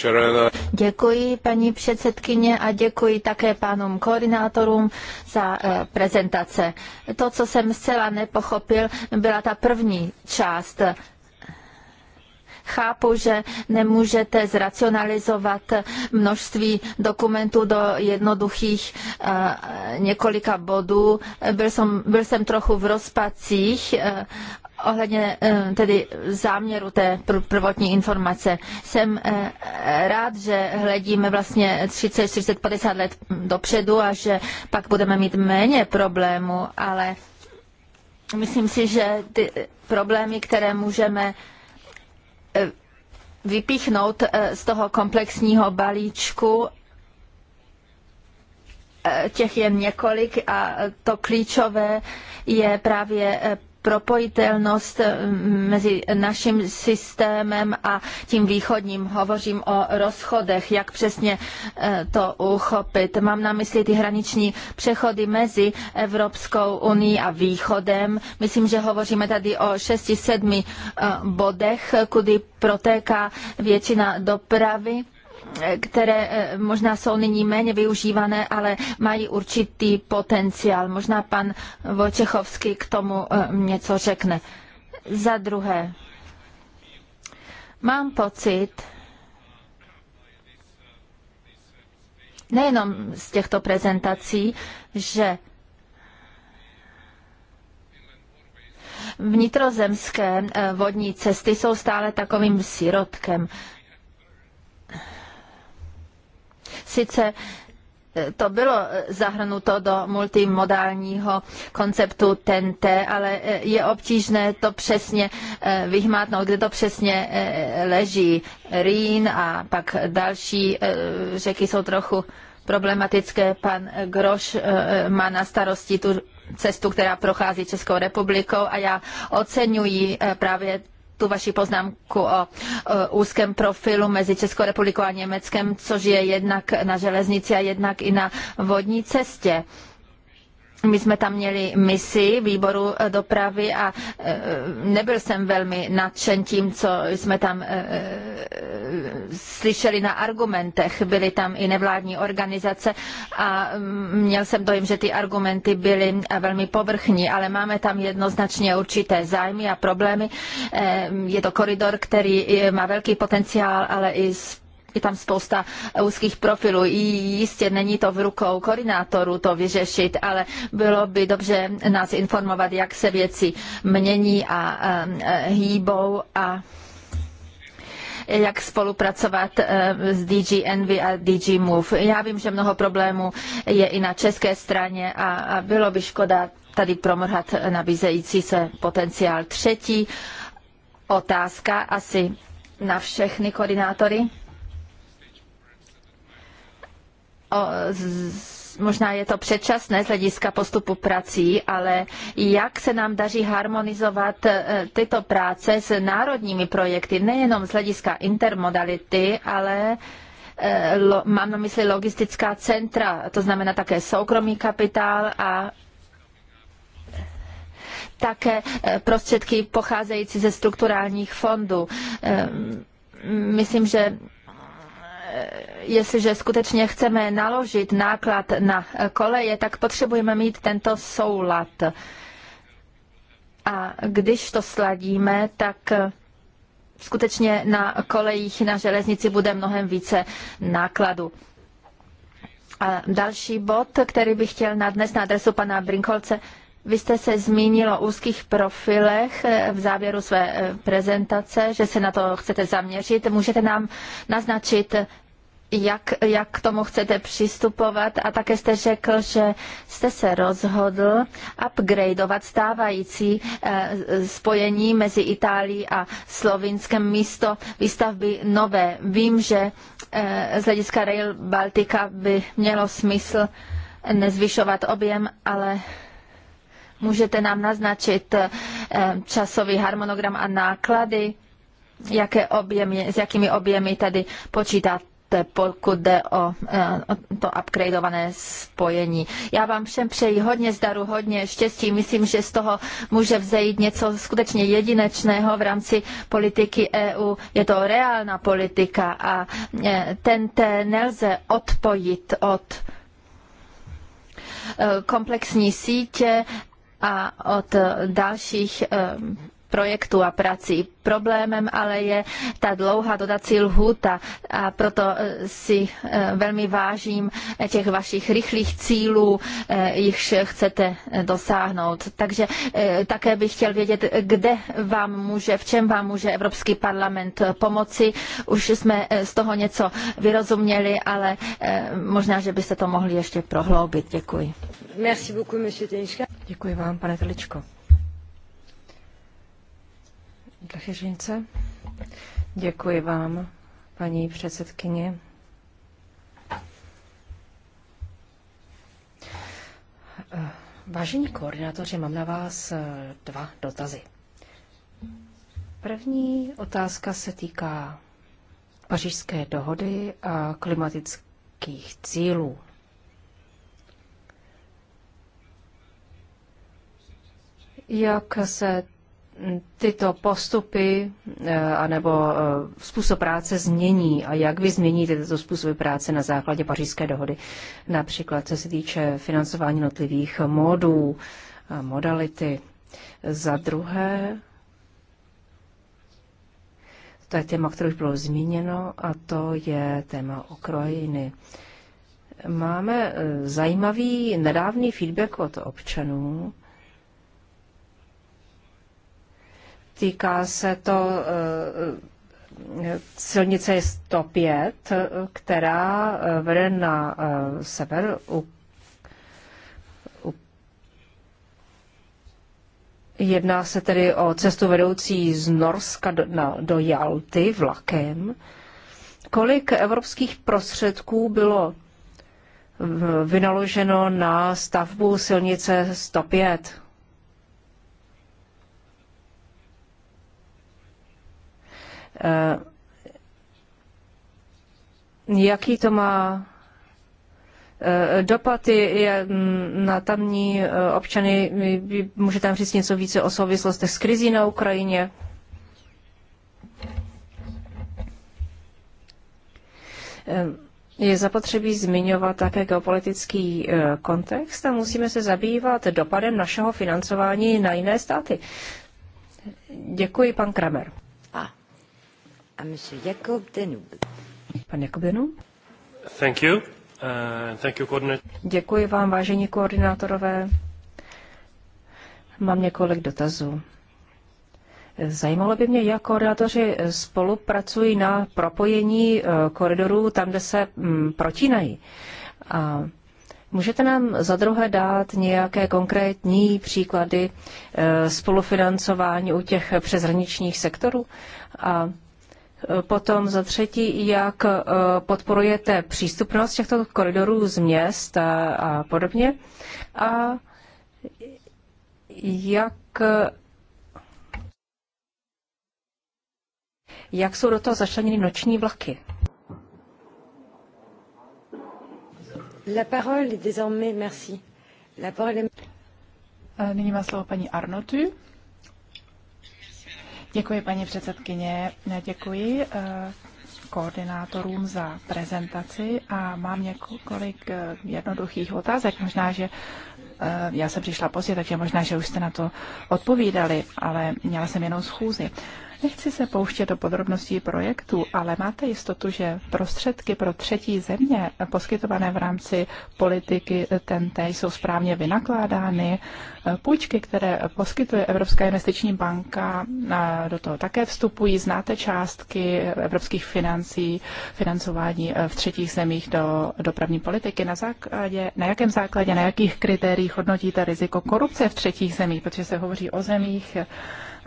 děkuji paní předsedkyně a děkuji také pánům koordinátorům za eh, prezentace. To, co jsem zcela nepochopil, byla ta první část Chápu, že nemůžete zracionalizovat množství dokumentů do jednoduchých eh, několika bodů. Byl jsem, byl jsem trochu v rozpacích eh, ohledně eh, tedy záměru té prvotní informace. Jsem rád, že hledíme vlastně 30, 40, 50 let dopředu a že pak budeme mít méně problémů, ale myslím si, že ty problémy, které můžeme vypíchnout eh, z toho komplexního balíčku eh, těch jen několik a to klíčové je právě eh, propojitelnost eh, mezi naším systémem a tím východním. Hovořím o rozchodech, jak přesně eh, to uchopit. Mám na mysli ty hraniční přechody mezi Evropskou unii a východem. Myslím, že hovoříme tady o 6-7 eh, bodech, kudy protéká většina dopravy které eh, možná jsou nyní méně využívané, ale mají určitý potenciál. Možná pan Vojčechovský k tomu eh, něco řekne. Za druhé, mám pocit, nejenom z těchto prezentací, že vnitrozemské eh, vodní cesty jsou stále takovým sirotkem. Sice e, to bylo e, zahrnuto do multimodálního konceptu TNT, ale e, je obtížné to přesně vyhmátnout, kde to přesně leží. Rýn a pak další řeky jsou trochu problematické. Pan Groš má na starosti tu cestu, která prochází Českou republikou a já oceňuji právě tu vaši poznámku o úzkém profilu mezi Českou republikou a Německem, což je jednak na železnici a jednak i na vodní cestě. My jsme tam měli misi výboru eh, dopravy a eh, nebyl jsem velmi nadšen tím, co jsme tam eh, slyšeli na argumentech. Byly tam i nevládní organizace a mm, měl jsem dojem, že ty argumenty byly velmi povrchní, ale máme tam jednoznačně určité zájmy a problémy. Je to koridor, který má velký potenciál, ale i je tam spousta úzkých profilů. I jistě není to v rukou koordinátorů to vyřešit, ale bylo by dobře nás informovat, jak se věci mění a eh, hýbou a jak spolupracovat eh, s DG Envy a DG Move. Já vím, že mnoho problémů je i na české straně a bylo by škoda tady promrhat nabízející se potenciál. Třetí otázka asi na všechny koordinátory o, z, možná je to předčasné z hlediska postupu prací, ale jak se nám daří harmonizovat e, tyto práce s národními projekty, nejenom z hlediska intermodality, ale e, lo, mám na mysli logistická centra, to znamená také soukromý kapitál a také e, prostředky pocházející ze strukturálních fondů. Myslím, že jestliže skutečně chceme naložit náklad na koleje, tak potřebujeme mít tento soulad. A když to sladíme, tak skutečně na kolejích na železnici bude mnohem více nákladu. A další bod, který bych chtěl na dnes na adresu pana Brinkolce, vy jste se zmínil o úzkých profilech eh, v závěru své eh, prezentace, že se na to chcete zaměřit. Můžete nám naznačit, jak, jak k tomu chcete přistupovat a také jste řekl, že jste se rozhodl upgradeovat stávající eh, spojení mezi Itálií a Slovinskem místo výstavby nové. Vím, že eh, z hlediska Rail Baltica by mělo smysl nezvyšovat objem, ale můžete nám naznačit eh, časový harmonogram a náklady, jaké objemy, s jakými objemy tady počítáte? pokud jde eh, o to upgradeované spojení. Já vám všem přeji hodně zdaru, hodně štěstí. Myslím, že z toho může vzejít něco skutečně jedinečného v rámci politiky EU. Je to reálná politika a eh, ten nelze odpojit od eh, komplexní sítě a od dalších projektů a prací. Problémem ale je ta dlouhá dodací lhůta a proto eh, si eh, velmi vážím eh, těch vašich rychlých cílů, jichž chcete dosáhnout. Takže také bych chtěl vědět, kde vám může, v čem vám může Evropský parlament pomoci. Už jsme z toho něco vyrozuměli, ale možná, že byste to mohli ještě prohloubit. Děkuji. Děkuji vám, pane Teličko. Drachežince, děkuji vám, paní předsedkyně. Vážení koordinátoři, mám na vás eh, dva dotazy. První otázka se týká pařížské dohody a klimatických cílů. Jak se tyto postupy eh, anebo eh, způsob práce změní a jak vy změníte tyto způsoby práce na základě pařížské dohody, například co se týče financování notlivých modů, modality. Za druhé, to je téma, které už bylo zmíněno, a to je téma Ukrajiny. Máme eh, zajímavý nedávný feedback od občanů, Týká se to eh, silnice 105, která eh, vede na eh, sever u Jedná se tedy o cestu vedoucí z Norska do, na, do Jalty vlakem. Kolik evropských prostředků bylo vynaloženo na stavbu silnice 105? Eh, jaký to má eh, dopad je na tamní eh, občany? Může tam říct něco více o souvislostech s krizí na Ukrajině? Je zapotřebí zmiňovat také geopolitický kontext a musíme se zabývat dopadem našeho financování na jiné státy. Děkuji, pan Kramer. Pan Thank you. Uh, thank you, Děkuji vám, vážení koordinátorové. Mám několik dotazů. Zajímalo by mě, jak koordinátoři spolupracují na propojení eh, koridorů tam, kde se mm, protínají. A můžete nám za druhé dát nějaké konkrétní příklady eh, spolufinancování u těch přeshraničních sektorů? A Potom za třetí, jak eh, podporujete přístupnost těchto koridorů z měst a, a podobně. A jak, jak jsou do toho začleněny noční vlaky? La parole est désormais, merci. La parole est... Eh, nyní má slovo paní Arnotu. Děkuji, paní předsedkyně. Děkuji eh, koordinátorům za prezentaci a mám několik eh, jednoduchých otázek. Možná, že eh, já jsem přišla pozdě, takže možná, že už jste na to odpovídali, ale měla jsem jenom schůzi. Nechci se pouštět do podrobností projektu, ale máte jistotu, že prostředky pro třetí země poskytované v rámci politiky TENTE jsou správně vynakládány. Půjčky, které poskytuje Evropská investiční banka, eh, do toho také vstupují. Znáte částky evropských financí, financování eh, v třetích zemích do dopravní politiky. Na, základě, na jakém základě, na jakých kritériích hodnotíte riziko korupce v třetích zemích, protože se hovoří o zemích,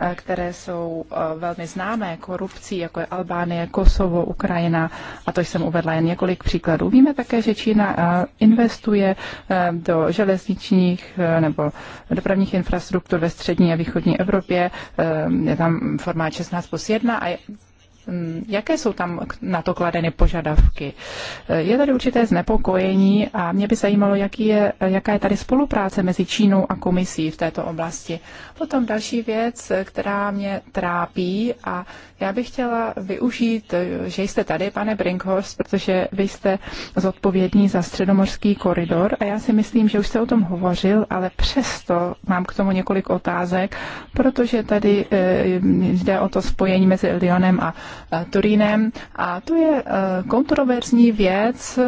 Eh, které jsou eh, velmi známé korupcí, jako je Albánie, Kosovo, Ukrajina, a to jsem uvedla jen několik příkladů. Víme také, že Čína eh, investuje do železničních nebo dopravních infrastruktur ve střední a východní Evropě. Je tam formát 16 plus 1 a Mm, jaké jsou tam na to kladeny požadavky? Eh, je tady určité znepokojení a mě by zajímalo, jaký je, eh, jaká je tady spolupráce mezi Čínou a komisí v této oblasti. Potom další věc, eh, která mě trápí a já bych chtěla využít, eh, že jste tady, pane Brinkhorst, protože vy jste zodpovědní za středomorský koridor a já si myslím, že už jste o tom hovořil, ale přesto mám k tomu několik otázek, protože tady eh, jde o to spojení mezi Lyonem a Turínem a to je eh, kontroverzní věc,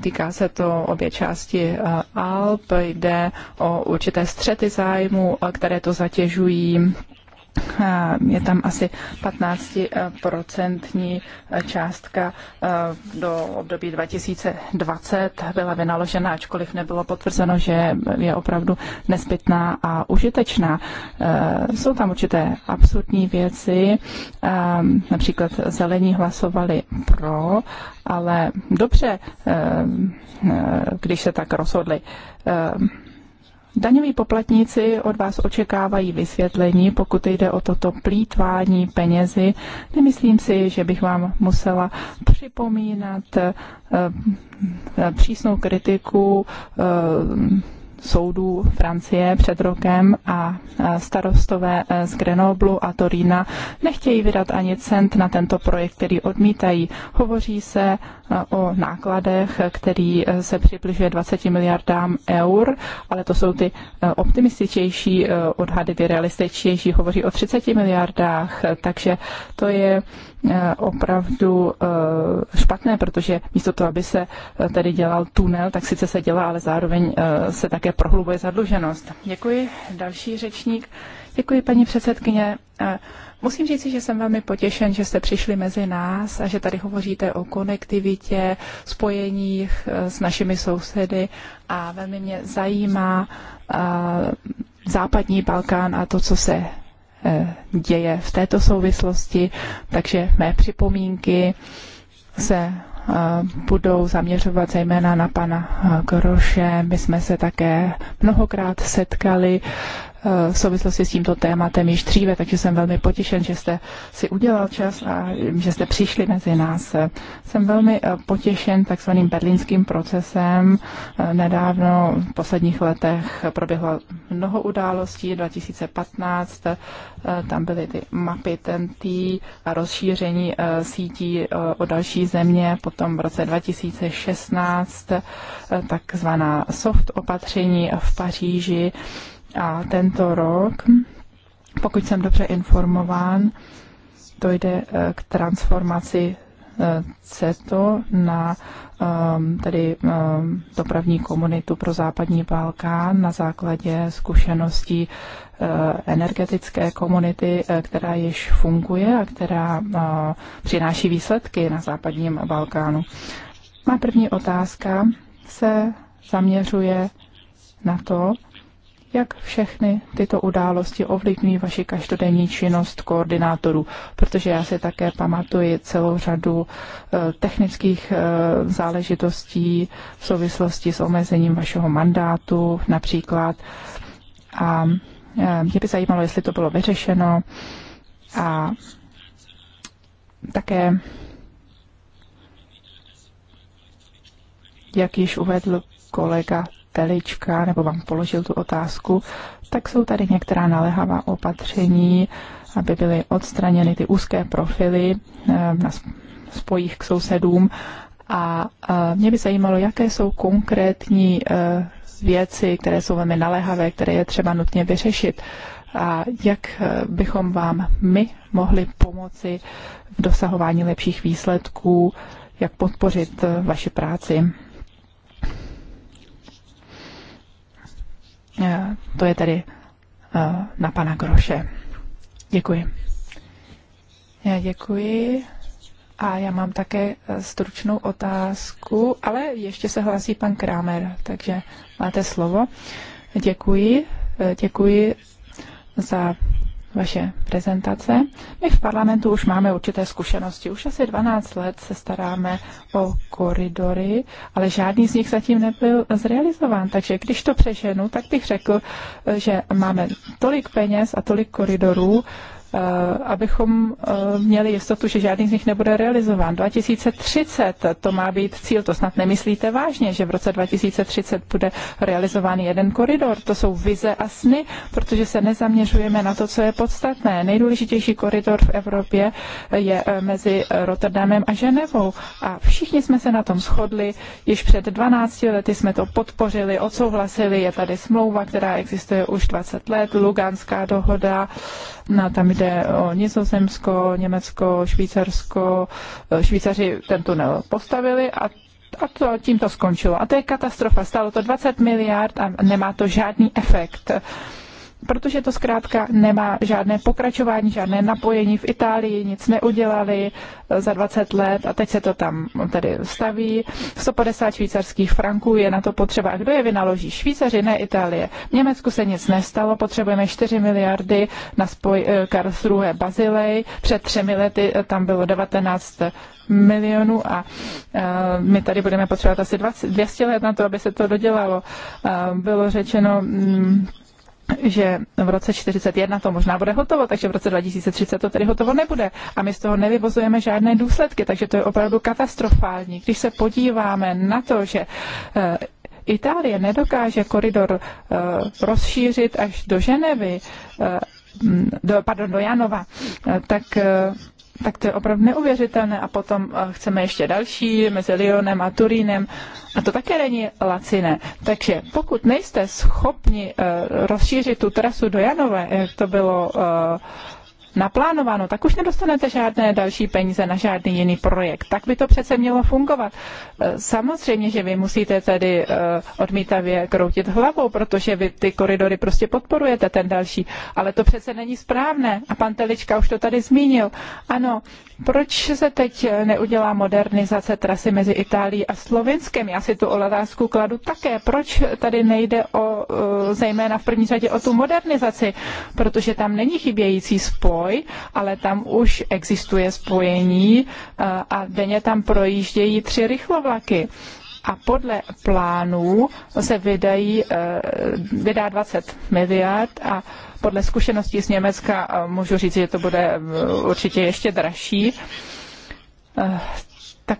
Týká se to obě části Alp, jde o určité střety zájmu, které to zatěžují je tam asi 15% eh, částka eh, do období 2020 byla vynaložena, ačkoliv nebylo potvrzeno, že je opravdu nezbytná a užitečná. Eh, jsou tam určité absurdní věci, ehm, například zelení hlasovali pro, ale dobře, ehm, když se tak rozhodli ehm, Daňoví poplatníci od vás očekávají vysvětlení, pokud jde o toto plítvání penězi. Nemyslím si, že bych vám musela připomínat eh, eh, přísnou kritiku eh, soudů Francie před rokem a starostové e, z Grenoblu a Torína nechtějí vydat ani cent na tento projekt, který odmítají. Hovoří se e, o nákladech, který e, se přibližuje 20 miliardám eur, ale to jsou ty optimističtější odhady, ty realističtější, hovoří o 30 miliardách, takže to je Eh, opravdu eh, špatné, protože místo toho, aby se eh, tedy dělal tunel, tak sice se dělá, ale zároveň se také prohlubuje zadluženost. Děkuji. Další řečník. Děkuji, paní předsedkyně. Musím říct, že jsem velmi potěšen, že jste přišli mezi nás a že tady hovoříte o konektivitě, spojeních s našimi sousedy a velmi mě zajímá západní Balkán a to, co se Eh, děje v této souvislosti, takže mé připomínky se eh, budou zaměřovat zejména na pana eh, Groše. My jsme se také mnohokrát setkali v souvislosti s tímto tématem již dříve, takže jsem velmi potěšen, že jste si udělal čas a že jste přišli mezi nás. Jsem velmi eh, potěšen takzvaným berlínským procesem. Eh, nedávno v posledních letech proběhlo mnoho událostí, 2015, eh, tam byly ty mapy TNT a rozšíření sítí o další země, potom v roce 2016 takzvaná soft opatření v Paříži, a tento rok, pokud jsem dobře informován, to jde eh, k transformaci eh, CETO na ehm, tedy ehm, dopravní komunitu pro západní Balkán na základě zkušeností eh, energetické komunity, která již funguje a která přináší výsledky na západním Balkánu. Má první otázka se zaměřuje na to, jak všechny tyto události ovlivňují vaši každodenní činnost koordinátorů, protože já si také pamatuji celou řadu eh, technických eh, záležitostí v souvislosti s omezením vašeho mandátu například. A eh, mě by zajímalo, jestli to bylo vyřešeno a také jak již uvedl kolega Telička, nebo vám položil tu otázku, tak jsou tady některá naléhavá opatření, aby byly odstraněny ty úzké profily eh, na spojích k sousedům. A eh, mě by zajímalo, jaké jsou konkrétní eh, věci, které jsou velmi naléhavé, které je třeba nutně vyřešit a jak bychom vám my mohli pomoci v dosahování lepších výsledků, jak podpořit vaši práci. Eh, to je tedy eh, na pana Groše. Děkuji. Já děkuji. A já mám také eh, stručnou otázku, ale ještě se hlásí pan Kramer, takže máte slovo. Děkuji. Děkuji za vaše prezentace. My v parlamentu už máme určité zkušenosti. Už asi 12 let se staráme o koridory, ale žádný z nich zatím nebyl zrealizován. Takže když to přeženu, tak bych řekl, že máme tolik peněz a tolik koridorů, Eh, abychom eh, měli jistotu, že žádný z nich nebude realizován. 2030 to má být cíl, to snad nemyslíte vážně, že v roce 2030 bude realizován jeden koridor. To jsou vize a sny, protože se nezaměřujeme na to, co je podstatné. Nejdůležitější koridor v Evropě eh, je mezi Rotterdamem a Ženevou a všichni jsme se na tom shodli. Již před 12 lety jsme to podpořili, odsouhlasili, je tady smlouva, která existuje už 20 let, Luganská dohoda, na no, tam jde o Nizozemsko, Německo, Švýcarsko. Švýcaři ten tunel no, postavili a a to, tím to skončilo. A to je katastrofa. stalo to 20 miliard a nemá to žádný efekt protože to zkrátka nemá žádné pokračování, žádné napojení. V Itálii nic neudělali za 20 let a teď se to tam tady staví. 150 švýcarských franků je na to potřeba. kdo je vynaloží? Švýcaři, ne Itálie. V Německu se nic nestalo, potřebujeme 4 miliardy na spoj eh, Karlsruhe Bazilej. Před třemi lety eh, tam bylo 19 milionů a eh, my tady budeme potřebovat asi 20, 200 let na to, aby se to dodělalo. Bylo řečeno, mm, že v roce 41 to možná bude hotovo, takže v roce 2030 to tedy hotovo nebude. A my z toho nevyvozujeme žádné důsledky, takže to je opravdu katastrofální. Když se podíváme na to, že eh, Itálie nedokáže koridor eh, rozšířit až do Ženevy, eh, do, pardon, do Janova, tak tak to je opravdu neuvěřitelné. A potom eh, chceme ještě další mezi Lyonem a Turínem. A to také není laciné. Takže pokud nejste schopni eh, rozšířit tu trasu do Janové, jak to bylo eh, naplánováno, tak už nedostanete žádné další peníze na žádný jiný projekt. Tak by to přece mělo fungovat. Eh, samozřejmě, že vy musíte tedy eh, odmítavě kroutit hlavou, protože vy ty koridory prostě podporujete ten další, ale to přece není správné. A pan Telička už to tady zmínil. Ano, proč se teď neudělá modernizace trasy mezi Itálií a Slovinskem? Já si tu otázku kladu také. Proč tady nejde o, e, zejména v první řadě o tu modernizaci? Protože tam není chybějící spoj, ale tam už existuje spojení e, a denně tam projíždějí tři rychlovlaky a podle plánů se vydají, eh, vydá 20 miliard a podle zkušeností z Německa můžu říct, že to bude eh, určitě ještě dražší. Eh, tak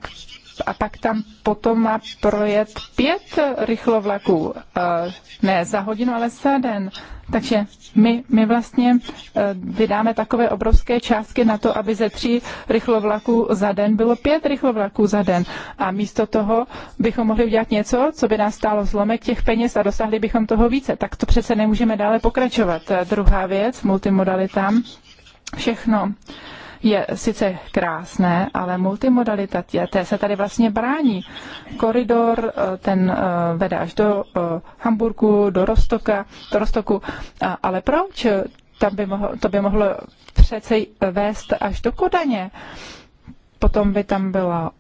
a pak tam potom má projet pět rychlovlaků. Eh, ne za hodinu, ale za den. Takže my, my vlastně eh, vydáme takové obrovské částky na to, aby ze tří rychlovlaků za den bylo pět rychlovlaků za den. A místo toho bychom mohli udělat něco, co by nás stálo zlomek těch peněz a dosáhli bychom toho více. Tak to přece nemůžeme dále pokračovat. Eh, druhá věc, multimodalitám, všechno je sice krásné, ale multimodalita té se tady vlastně brání. Koridor eh, ten eh, vede až do eh, Hamburgu, do Rostoka, do Rostoku, ale proč? Tam by mohlo, to by mohlo přece vést až do Kodaně. Potom by tam byla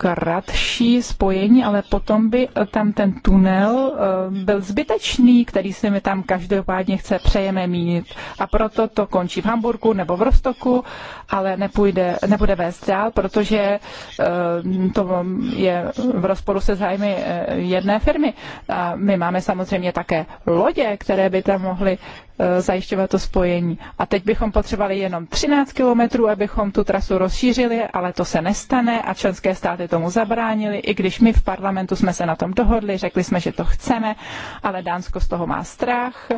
kratší spojení, ale potom by tam ten tunel eh, byl zbytečný, který si my tam každopádně chce přejeme mít. A proto to končí v Hamburgu nebo v Rostoku, ale nepůjde, nebude vést dál, protože eh, to je v rozporu se zájmy eh, jedné firmy. A my máme samozřejmě také lodě, které by tam mohly Eh, zajišťovat to spojení. A teď bychom potřebovali jenom 13 kilometrů, abychom tu trasu rozšířili, ale to se nestane a členské státy tomu zabránili, i když my v parlamentu jsme se na tom dohodli, řekli jsme, že to chceme, ale Dánsko z toho má strach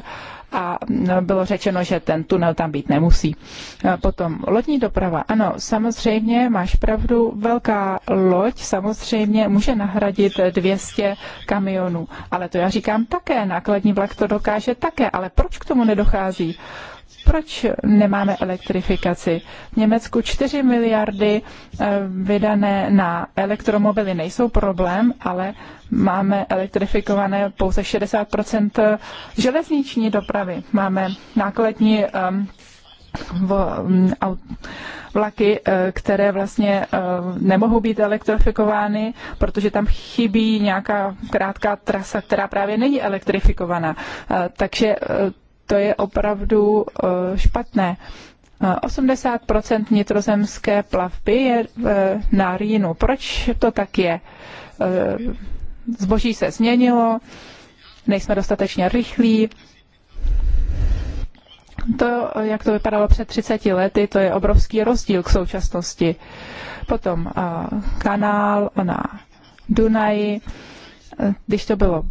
a bylo řečeno, že ten tunel tam být nemusí. Potom lodní doprava. Ano, samozřejmě máš pravdu, velká loď samozřejmě může nahradit 200 kamionů. Ale to já říkám také, nákladní vlak to dokáže také, ale proč k tomu nedochází? proč nemáme elektrifikaci? V Německu 4 miliardy eh, vydané na elektromobily nejsou problém, ale máme elektrifikované pouze 60 eh, železniční dopravy. Máme nákladní ehm, hm, vlaky, eh, které vlastně nemohou být elektrifikovány, protože tam chybí nějaká krátká trasa, která právě není elektrifikovaná. Takže to je opravdu eh, špatné. 80 eh, nitrozemské plavby je eh, na Rýnu. Proč to tak je? Zboží se změnilo, nejsme dostatečně rychlí. To, jak to vypadalo před 30 lety, to je obrovský rozdíl k současnosti. Potom kanál na Dunaji, když to bylo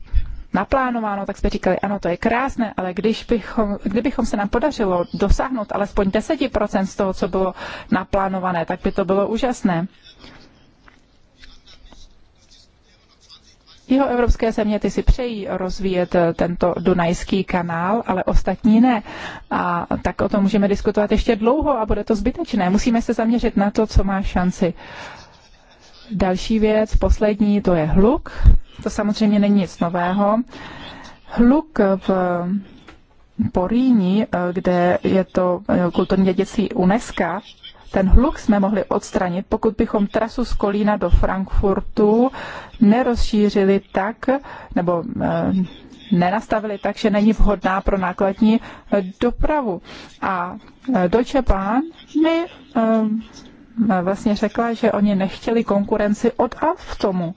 naplánováno, tak jsme říkali, ano, to je krásné, ale když bychom, kdybychom se nám podařilo dosáhnout alespoň 10% z toho, co bylo naplánované, tak by to bylo úžasné. Jeho evropské země ty si přejí rozvíjet eh, tento Dunajský kanál, ale ostatní ne. A tak o tom můžeme diskutovat ještě dlouho a bude to zbytečné. Musíme se zaměřit na to, co má šanci. Uh, Další věc, poslední, to je hluk. To samozřejmě není nic nového. Hluk v Poríní, kde je to eh, kulturní dědictví UNESCO, ten hluk jsme mohli odstranit, pokud bychom trasu z Kolína do Frankfurtu nerozšířili tak, nebo eh, nenastavili tak, že není vhodná pro nákladní eh, dopravu. A Deutsche Bahn mi Eh, vlastně řekla, že oni nechtěli konkurenci od tomu.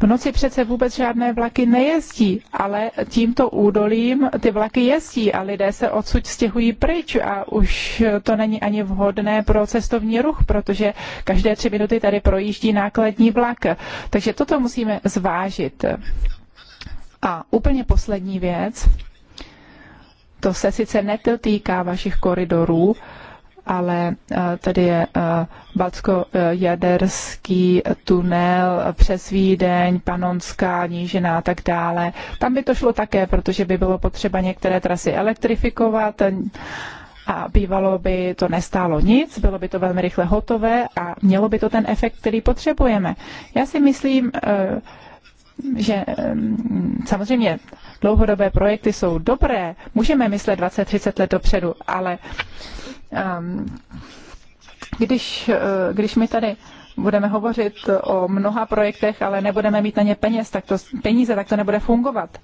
V noci přece vůbec žádné vlaky nejezdí, ale tímto údolím ty vlaky jezdí a lidé se odsud stěhují pryč a už to není ani vhodné pro cestovní ruch, protože každé tři minuty tady projíždí nákladní vlak. Takže toto musíme zvážit. A úplně poslední věc, to se sice netýká vašich koridorů, ale eh, tady je eh, Balcko-Jaderský tunel přes Vídeň, Panonská, Nížina a tak dále. Tam by to šlo také, protože by bylo potřeba některé trasy elektrifikovat eh, a bývalo by to nestálo nic, bylo by to velmi rychle hotové a mělo by to ten efekt, který potřebujeme. Já si myslím, že samozřejmě dlouhodobé projekty jsou dobré, můžeme myslet 20-30 let dopředu, ale Ehm, když, eh, když my tady budeme hovořit o mnoha projektech, ale nebudeme mít na ně peněz, tak to, peníze, tak to nebude fungovat.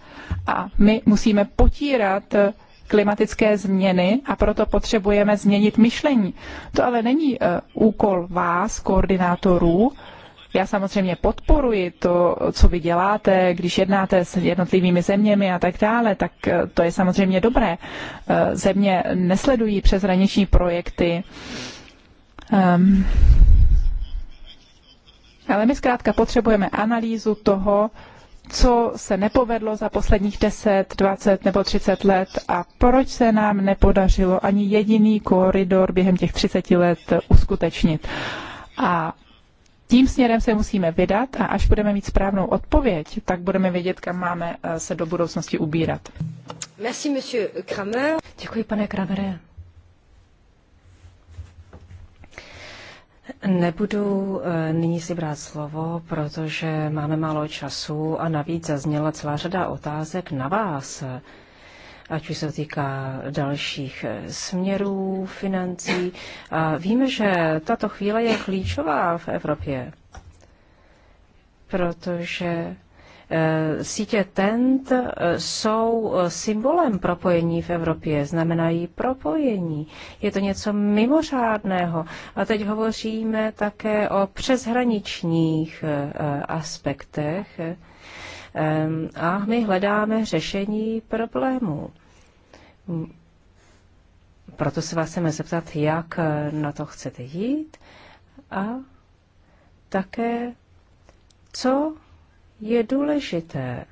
A my musíme potírat eh, klimatické změny a proto potřebujeme změnit myšlení. To ale není eh, úkol vás, koordinátorů, já samozřejmě podporuji to, co vy děláte, když jednáte s jednotlivými zeměmi a tak dále, tak eh, to je samozřejmě dobré. Eh, země nesledují přeshraniční projekty. Um, ale my zkrátka potřebujeme analýzu toho, co se nepovedlo za posledních 10, 20 nebo 30 let a proč se nám nepodařilo ani jediný koridor během těch 30 let uskutečnit. A tím směrem se musíme vydat a až budeme mít správnou odpověď, tak budeme vědět, kam máme eh, se do budoucnosti ubírat. Merci, monsieur Kramer. Děkuji, pane Kramere. Nebudu eh, nyní si brát slovo, protože máme málo času a navíc zazněla celá řada otázek na vás ať už se týká dalších eh, směrů, financí. A víme, že tato chvíle je klíčová v Evropě, protože eh, sítě TENT eh, jsou symbolem propojení v Evropě, znamenají propojení. Je to něco mimořádného. A teď hovoříme také o přeshraničních aspektech a my hledáme řešení problémů. Proto se vás chceme zeptat, jak eh, na to chcete jít a také, co je důležité.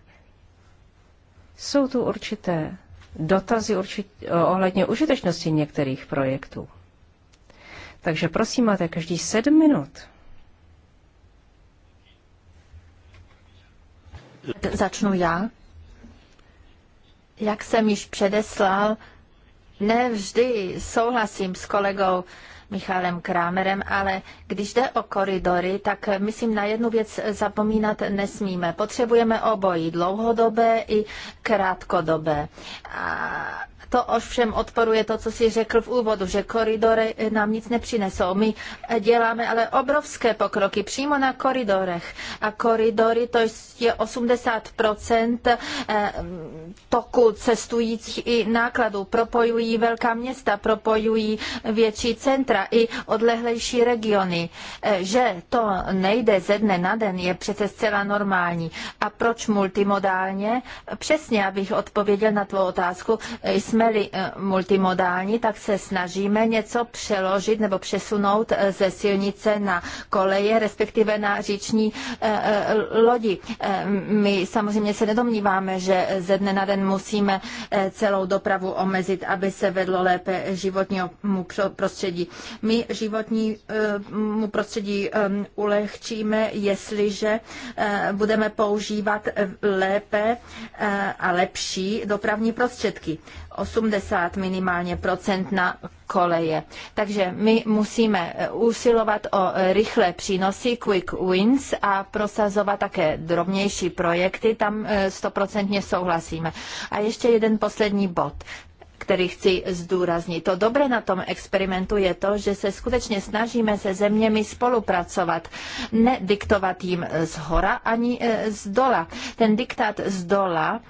Jsou tu určité dotazy určit, eh, ohledně užitečnosti některých projektů. Takže prosím, máte každý sedm minut. Začnu já. Jak jsem již předeslal, nevždy souhlasím s kolegou Michalem Krámerem, ale když jde o koridory, tak myslím na jednu věc zapomínat nesmíme. Potřebujeme obojí, dlouhodobé i krátkodobé. A to ovšem odporuje to, co si řekl v úvodu, že koridory nám nic nepřinesou. My děláme ale obrovské pokroky přímo na koridorech. A koridory to je 80 eh, toku cestujících i nákladů. Propojují velká města, propojují větší centra i odlehlejší regiony. Eh, že to nejde ze dne na den, je přece zcela normální. A proč multimodálně? Přesně, abych odpověděl na tvou otázku, jsme jsme-li eh, multimodální, tak se snažíme něco přeložit nebo přesunout eh, ze silnice na koleje, respektive na říční eh, lodi. My samozřejmě se nedomníváme, že ze dne na den musíme celou dopravu omezit, aby se vedlo lépe životnímu prostředí. My životnímu prostředí ulehčíme, jestliže budeme používat lépe a lepší dopravní prostředky. 80 minimálně procent na koleje. Takže my musíme eh, usilovat o eh, rychlé přínosy, quick wins a prosazovat také drobnější projekty, tam eh, stoprocentně souhlasíme. A ještě jeden poslední bod který chci zdůraznit. To dobré na tom experimentu je to, že se skutečně snažíme se zeměmi spolupracovat, nediktovat jim z hora ani z dola. Ten diktát z dola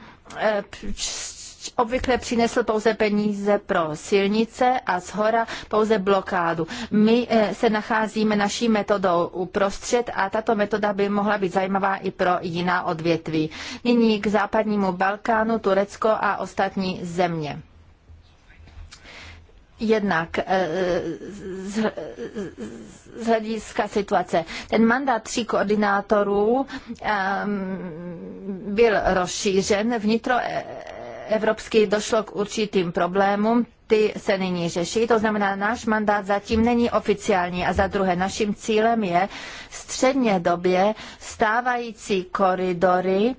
obvykle přinesl pouze peníze pro silnice a zhora pouze blokádu. My eh, se nacházíme naší metodou uprostřed a tato metoda by mohla být zajímavá i pro jiná odvětví. Nyní k západnímu Balkánu, Turecko a ostatní země. Jednak eh, z hlediska situace. Ten mandát tří koordinátorů ehm, byl rozšířen vnitro eh, evropský došlo k určitým problémům, ty se nyní řeší, to znamená, náš mandát zatím není oficiální a za druhé naším cílem je středně době stávající koridory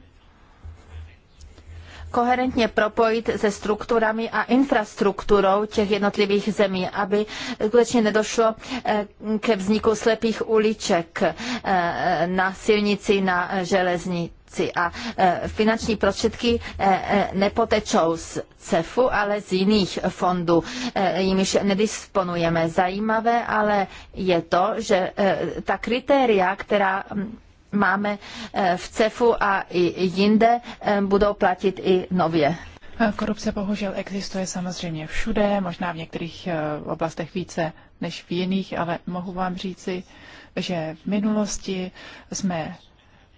koherentně propojit se strukturami a infrastrukturou těch jednotlivých zemí, aby skutečně nedošlo eh, ke vzniku slepých uliček eh, na silnici, na železnici práci a e, finanční prostředky e, e, nepotečou z CEFu, ale z jiných fondů, jimiž nedisponujeme. Zajímavé ale je to, že ta kritéria, která máme v CEFu a i jinde, budou platit i nově. Korupce bohužel existuje samozřejmě všude, možná v některých oblastech více než v jiných, ale mohu vám říci, že v minulosti jsme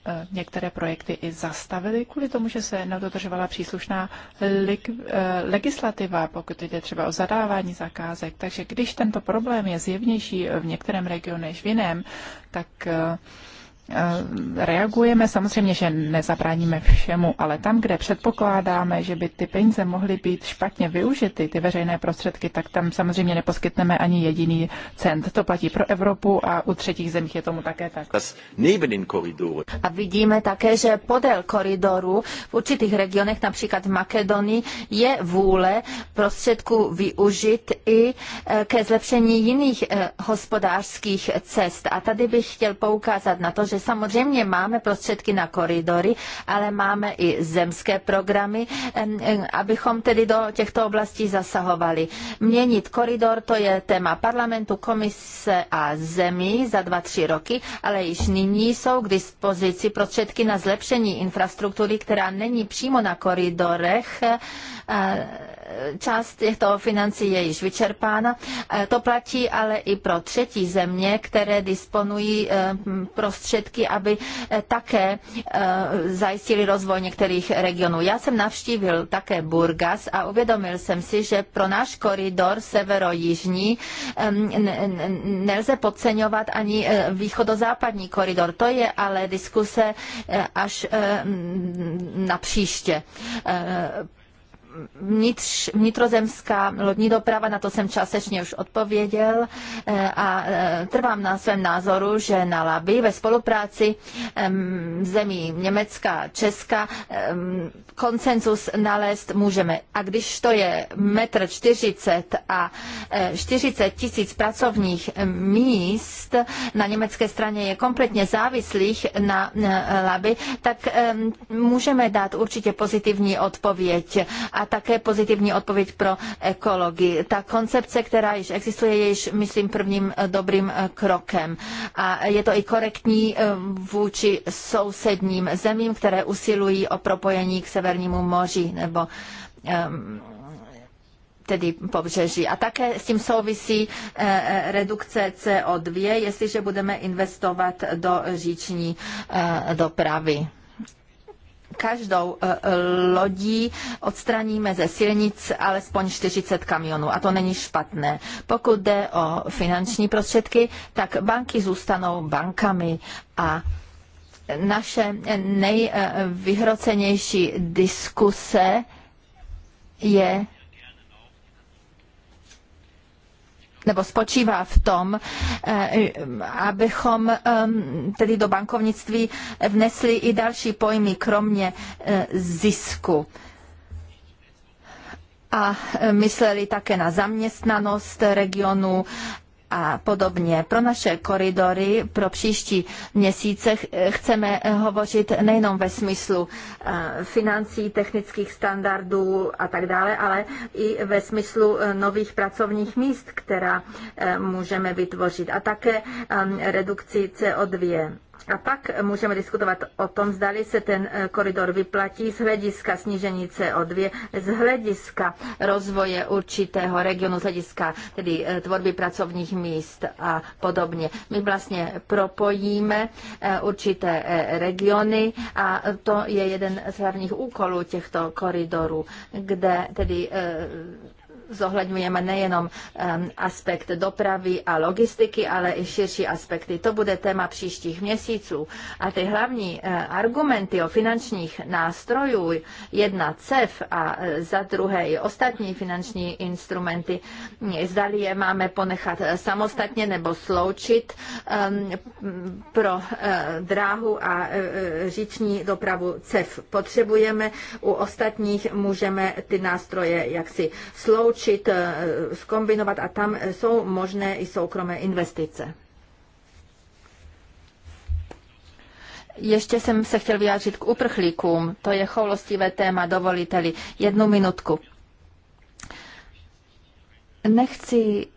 Eh, některé projekty i zastavili kvůli tomu, že se nedodržovala příslušná eh, legislativa, pokud jde třeba o zadávání zakázek. Takže když tento problém je zjevnější v některém regionu než v jiném, tak eh, Eh, reagujeme. Samozřejmě, že nezabráníme všemu, ale tam, kde předpokládáme, že by ty peníze mohly být špatně využity, ty veřejné prostředky, tak tam samozřejmě neposkytneme ani jediný cent. To platí pro Evropu a u třetích zemích je tomu také tak. A vidíme také, že podél koridoru v určitých regionech, například v Makedonii, je vůle prostředku využit i eh, ke zlepšení jiných eh, hospodářských cest. A tady bych chtěl poukázat na to, že samozřejmě máme prostředky na koridory, ale máme i zemské programy, abychom tedy do těchto oblastí zasahovali. Měnit koridor, to je téma parlamentu, komise a zemí za dva, tři roky, ale již nyní jsou k dispozici prostředky na zlepšení infrastruktury, která není přímo na koridorech, část těchto financí je již vyčerpána. E, to platí ale i pro třetí země, které disponují e, prostředky, aby e, také zajistili rozvoj některých regionů. Já jsem navštívil také Burgas a uvědomil jsem si, že pro náš koridor severo-jižní nelze podceňovat ani východozápadní koridor. To je ale diskuse až na příště vnitř, vnitrozemská lodní doprava, na to jsem částečně už odpověděl eh, a eh, trvám na svém názoru, že na Labi ve spolupráci zemí Německa Česka konsenzus nalézt můžeme. A když to je metr 40 a 40 eh, tisíc pracovních míst na německé straně je kompletně závislých na Labi, tak můžeme dát určitě pozitivní odpověď. A také pozitivní odpověď pro ekologii. Ta koncepce, která již existuje, je již, myslím, prvním eh, dobrým eh, krokem. A je to i korektní eh, vůči sousedním zemím, které usilují o propojení k Severnímu moři nebo um, tedy pobřeží. A také s tím souvisí redukce CO2, jestliže budeme investovat do říční dopravy každou eh, lodí odstraníme ze silnic alespoň 40 kamionů a to není špatné. Pokud jde o finanční prostředky, tak banky zůstanou bankami a naše nejvyhrocenější diskuse je nebo spočívá v tom, eh, abychom ehm, tedy do bankovnictví vnesli i další pojmy, kromě eh, zisku a eh, mysleli také na zaměstnanost regionu a podobně. Pro naše koridory pro příští měsíce chceme hovořit nejenom ve smyslu eh, financí, technických standardů a tak dále, ale i ve smyslu eh, nových pracovních míst, která eh, můžeme vytvořit a také redukci CO2. A pak můžeme diskutovat o tom, zdali se ten eh, koridor vyplatí z hlediska snížení CO2, z hlediska rozvoje určitého regionu, z hlediska tedy eh, tvorby pracovních míst a podobně. My vlastně propojíme eh, určité regiony a to je jeden z hlavních úkolů těchto koridorů, kde tedy zohledňujeme nejenom ehm, aspekt dopravy a logistiky, ale i širší aspekty. To bude téma příštích měsíců. A ty hlavní eh, argumenty o finančních nástrojů, jedna CEF a eh, za druhé i ostatní finanční instrumenty, zdali je máme ponechat eh, samostatně nebo sloučit ehm, pro dráhu a říční dopravu CEF. Potřebujeme, u ostatních můžeme ty nástroje jaksi sloučit sloučit, eh, skombinovat a tam jsou možné i soukromé investice. Ještě jsem se chtěl vyjádřit k uprchlíkům. To je choulostivé téma, dovoliteli. Jednu minutku. Nechci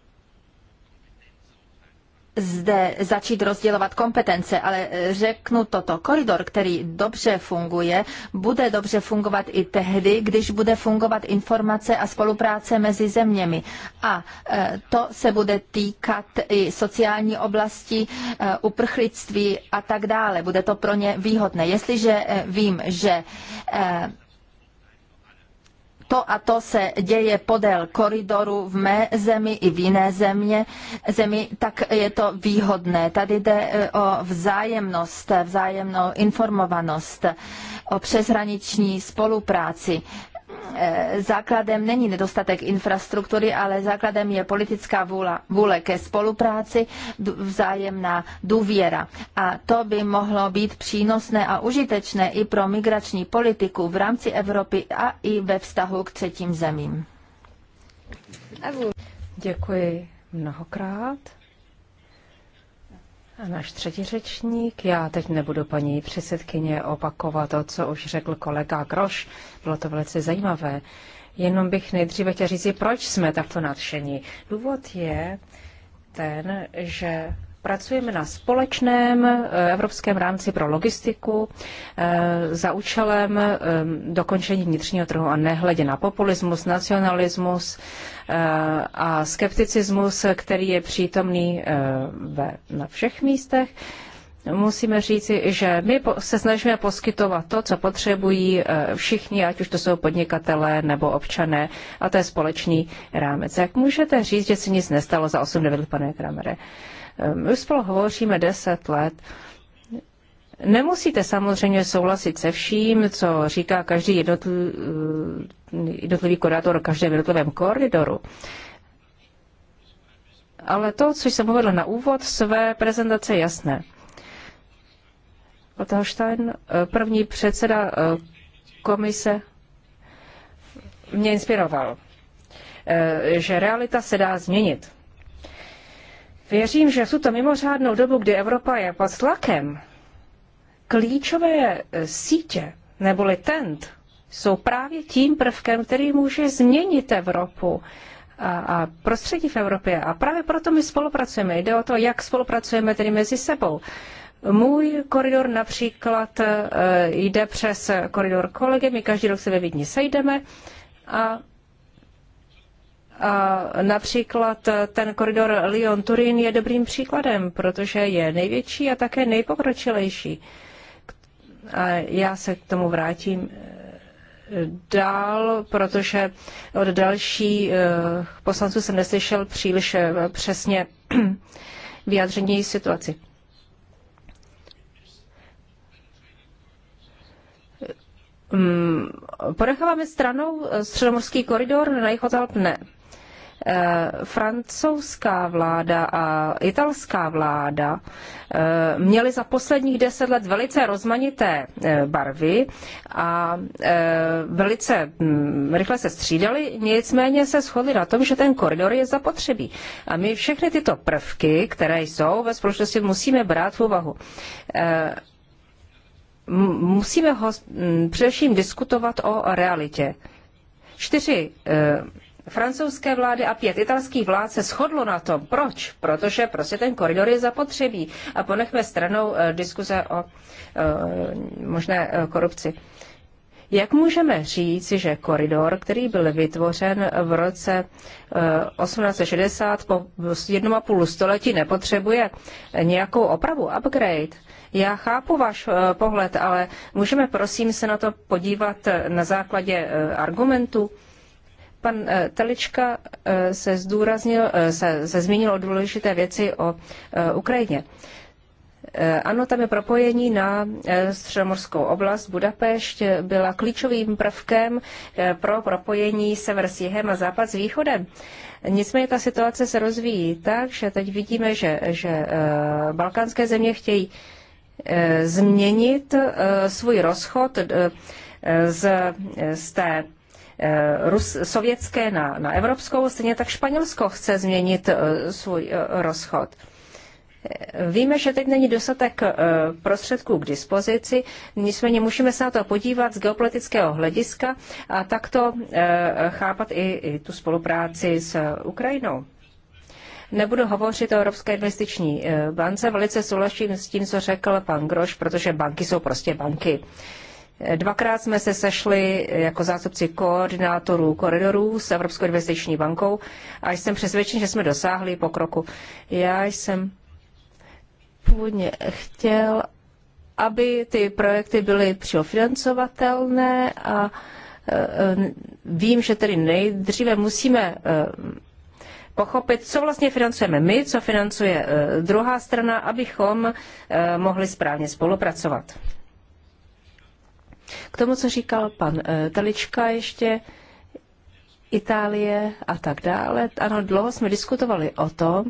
zde začít rozdělovat kompetence, ale e, řeknu toto. Koridor, který dobře funguje, bude dobře fungovat i tehdy, když bude fungovat informace a spolupráce mezi zeměmi. A e, to se bude týkat i sociální oblasti, e, uprchlictví a tak dále. Bude to pro ně výhodné. Jestliže vím, že to a to se děje podél koridoru v mé zemi i v jiné země, zemi, tak je to výhodné. Tady jde e, o vzájemnost, vzájemnou informovanost, o přeshraniční spolupráci. Eh, základem není nedostatek infrastruktury, ale základem je politická vůle, vůle ke spolupráci, vzájemná důvěra. A to by mohlo být přínosné a užitečné i pro migrační politiku v rámci Evropy a i ve vztahu k třetím zemím. Děkuji mnohokrát. A náš třetí řečník, já teď nebudu paní předsedkyně opakovat to, co už řekl kolega Groš, bylo to velice zajímavé. Jenom bych nejdříve chtěl říct, proč jsme takto nadšení. Důvod je ten, že Pracujeme na společném eh, evropském rámci pro logistiku eh, za účelem eh, dokončení vnitřního trhu a nehledě na populismus, nacionalismus a skepticismus, který je přítomný ve, na všech místech. Musíme říci, že my se snažíme poskytovat to, co potřebují všichni, ať už to jsou podnikatelé nebo občané, a to je společný rámec. Jak můžete říct, že se nic nestalo za 8 let, pane Kramere? Ehm, my spolu hovoříme deset let. Nemusíte samozřejmě souhlasit se vším, co říká každý jednotlivý kurátor o každém jednotlivém koridoru. Ale to, co jsem uvedl na úvod své prezentace, je jasné. Otahštajn, eh, první předseda eh, komise, mě inspiroval, eh, že realita se dá změnit. Věřím, že v tuto mimořádnou dobu, kdy Evropa je pod tlakem, klíčové e, sítě neboli tent jsou právě tím prvkem, který může změnit Evropu a, a prostředí v Evropě. A právě proto my spolupracujeme. Jde o to, jak spolupracujeme tedy mezi sebou. Můj koridor například e, jde přes koridor kolegy, my každý rok se ve Vídni sejdeme a například ten koridor Lyon-Turín je dobrým příkladem, protože je největší a také nejpokročilejší. A já se k tomu vrátím eh, dál, protože od dalších eh, poslanců jsem neslyšel příliš eh, přesně vyjádření situaci. Mm, ponecháváme stranou středomorský koridor na jich ne. Eh, francouzská vláda a italská vláda eh, měly za posledních deset let velice rozmanité eh, barvy a velice hm, rychle se střídali, nicméně se shodli na tom, že ten koridor je zapotřebí. A my všechny tyto prvky, které jsou ve společnosti, musíme brát v úvahu musíme ho hm, především diskutovat o realitě. Čtyři francouzské vlády a pět italských vlád se shodlo na tom. Proč? Protože prostě ten koridor je zapotřebí. A ponechme stranou eh, diskuze o eh, možné eh, korupci. Jak můžeme říci, že koridor, který byl vytvořen v roce 1860 po jednom a půl století, nepotřebuje nějakou opravu, upgrade? Já chápu váš pohled, ale můžeme prosím se na to podívat na základě argumentů? Pan eh, Telička eh, se, zdůraznil, eh, se, se zmínil o důležité věci o Ukrajině. Ano, tam je propojení na středomorskou oblast. Budapešť byla klíčovým prvkem pro propojení sever s jihem a západ s východem. Nicméně ta situace se rozvíjí tak, že teď vidíme, že, že balkánské země chtějí změnit svůj rozchod z, z té Eh, Rus, sovětské na, na evropskou, stejně tak Španělsko chce změnit eh, svůj eh, rozchod. Víme, že teď není dostatek prostředků k dispozici, nicméně musíme se na to podívat z geopolitického hlediska a takto chápat i, i tu spolupráci s Ukrajinou. Nebudu hovořit o Evropské investiční bance, velice souhlasím s tím, co řekl pan Groš, protože banky jsou prostě banky. Dvakrát jsme se sešli jako zástupci koordinátorů koridorů s Evropskou investiční bankou a jsem přesvědčen, že jsme dosáhli pokroku. Já jsem původně chtěl, aby ty projekty byly přiofinancovatelné a e, e, vím, že tedy nejdříve musíme e, pochopit, co vlastně financujeme my, co financuje druhá strana, abychom mohli správně spolupracovat. K tomu, co říkal pan eh, Telička ještě, Itálie a tak dále. Ano, dlouho jsme diskutovali o tom,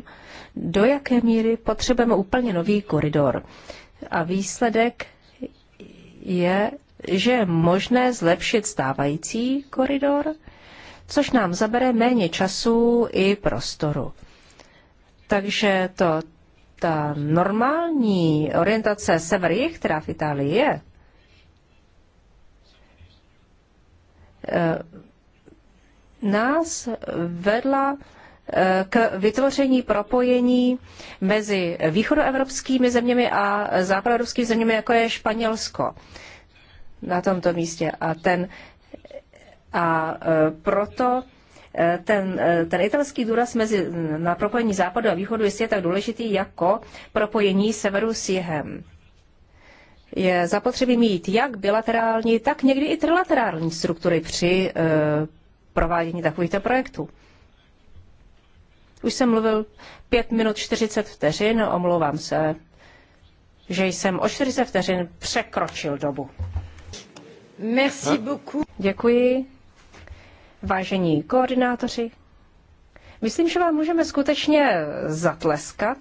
do jaké míry potřebujeme úplně nový koridor. A výsledek je, že je možné zlepšit stávající koridor, což nám zabere méně času i prostoru. Takže to, ta normální orientace sever která v Itálii je, Eh, nás vedla eh, k vytvoření propojení mezi východoevropskými zeměmi a západoevropskými zeměmi, jako je Španělsko na tomto místě. A, ten, a eh, proto ten, ten italský důraz mezi, na propojení západu a východu jistě je tak důležitý jako propojení severu s jihem je zapotřebí mít jak bilaterální, tak někdy i trilaterální struktury při e, provádění takovýchto projektů. Už jsem mluvil 5 minut 40 vteřin, omlouvám se, že jsem o 40 vteřin překročil dobu. Merci beaucoup. Děkuji. Vážení koordinátoři, myslím, že vám můžeme skutečně zatleskat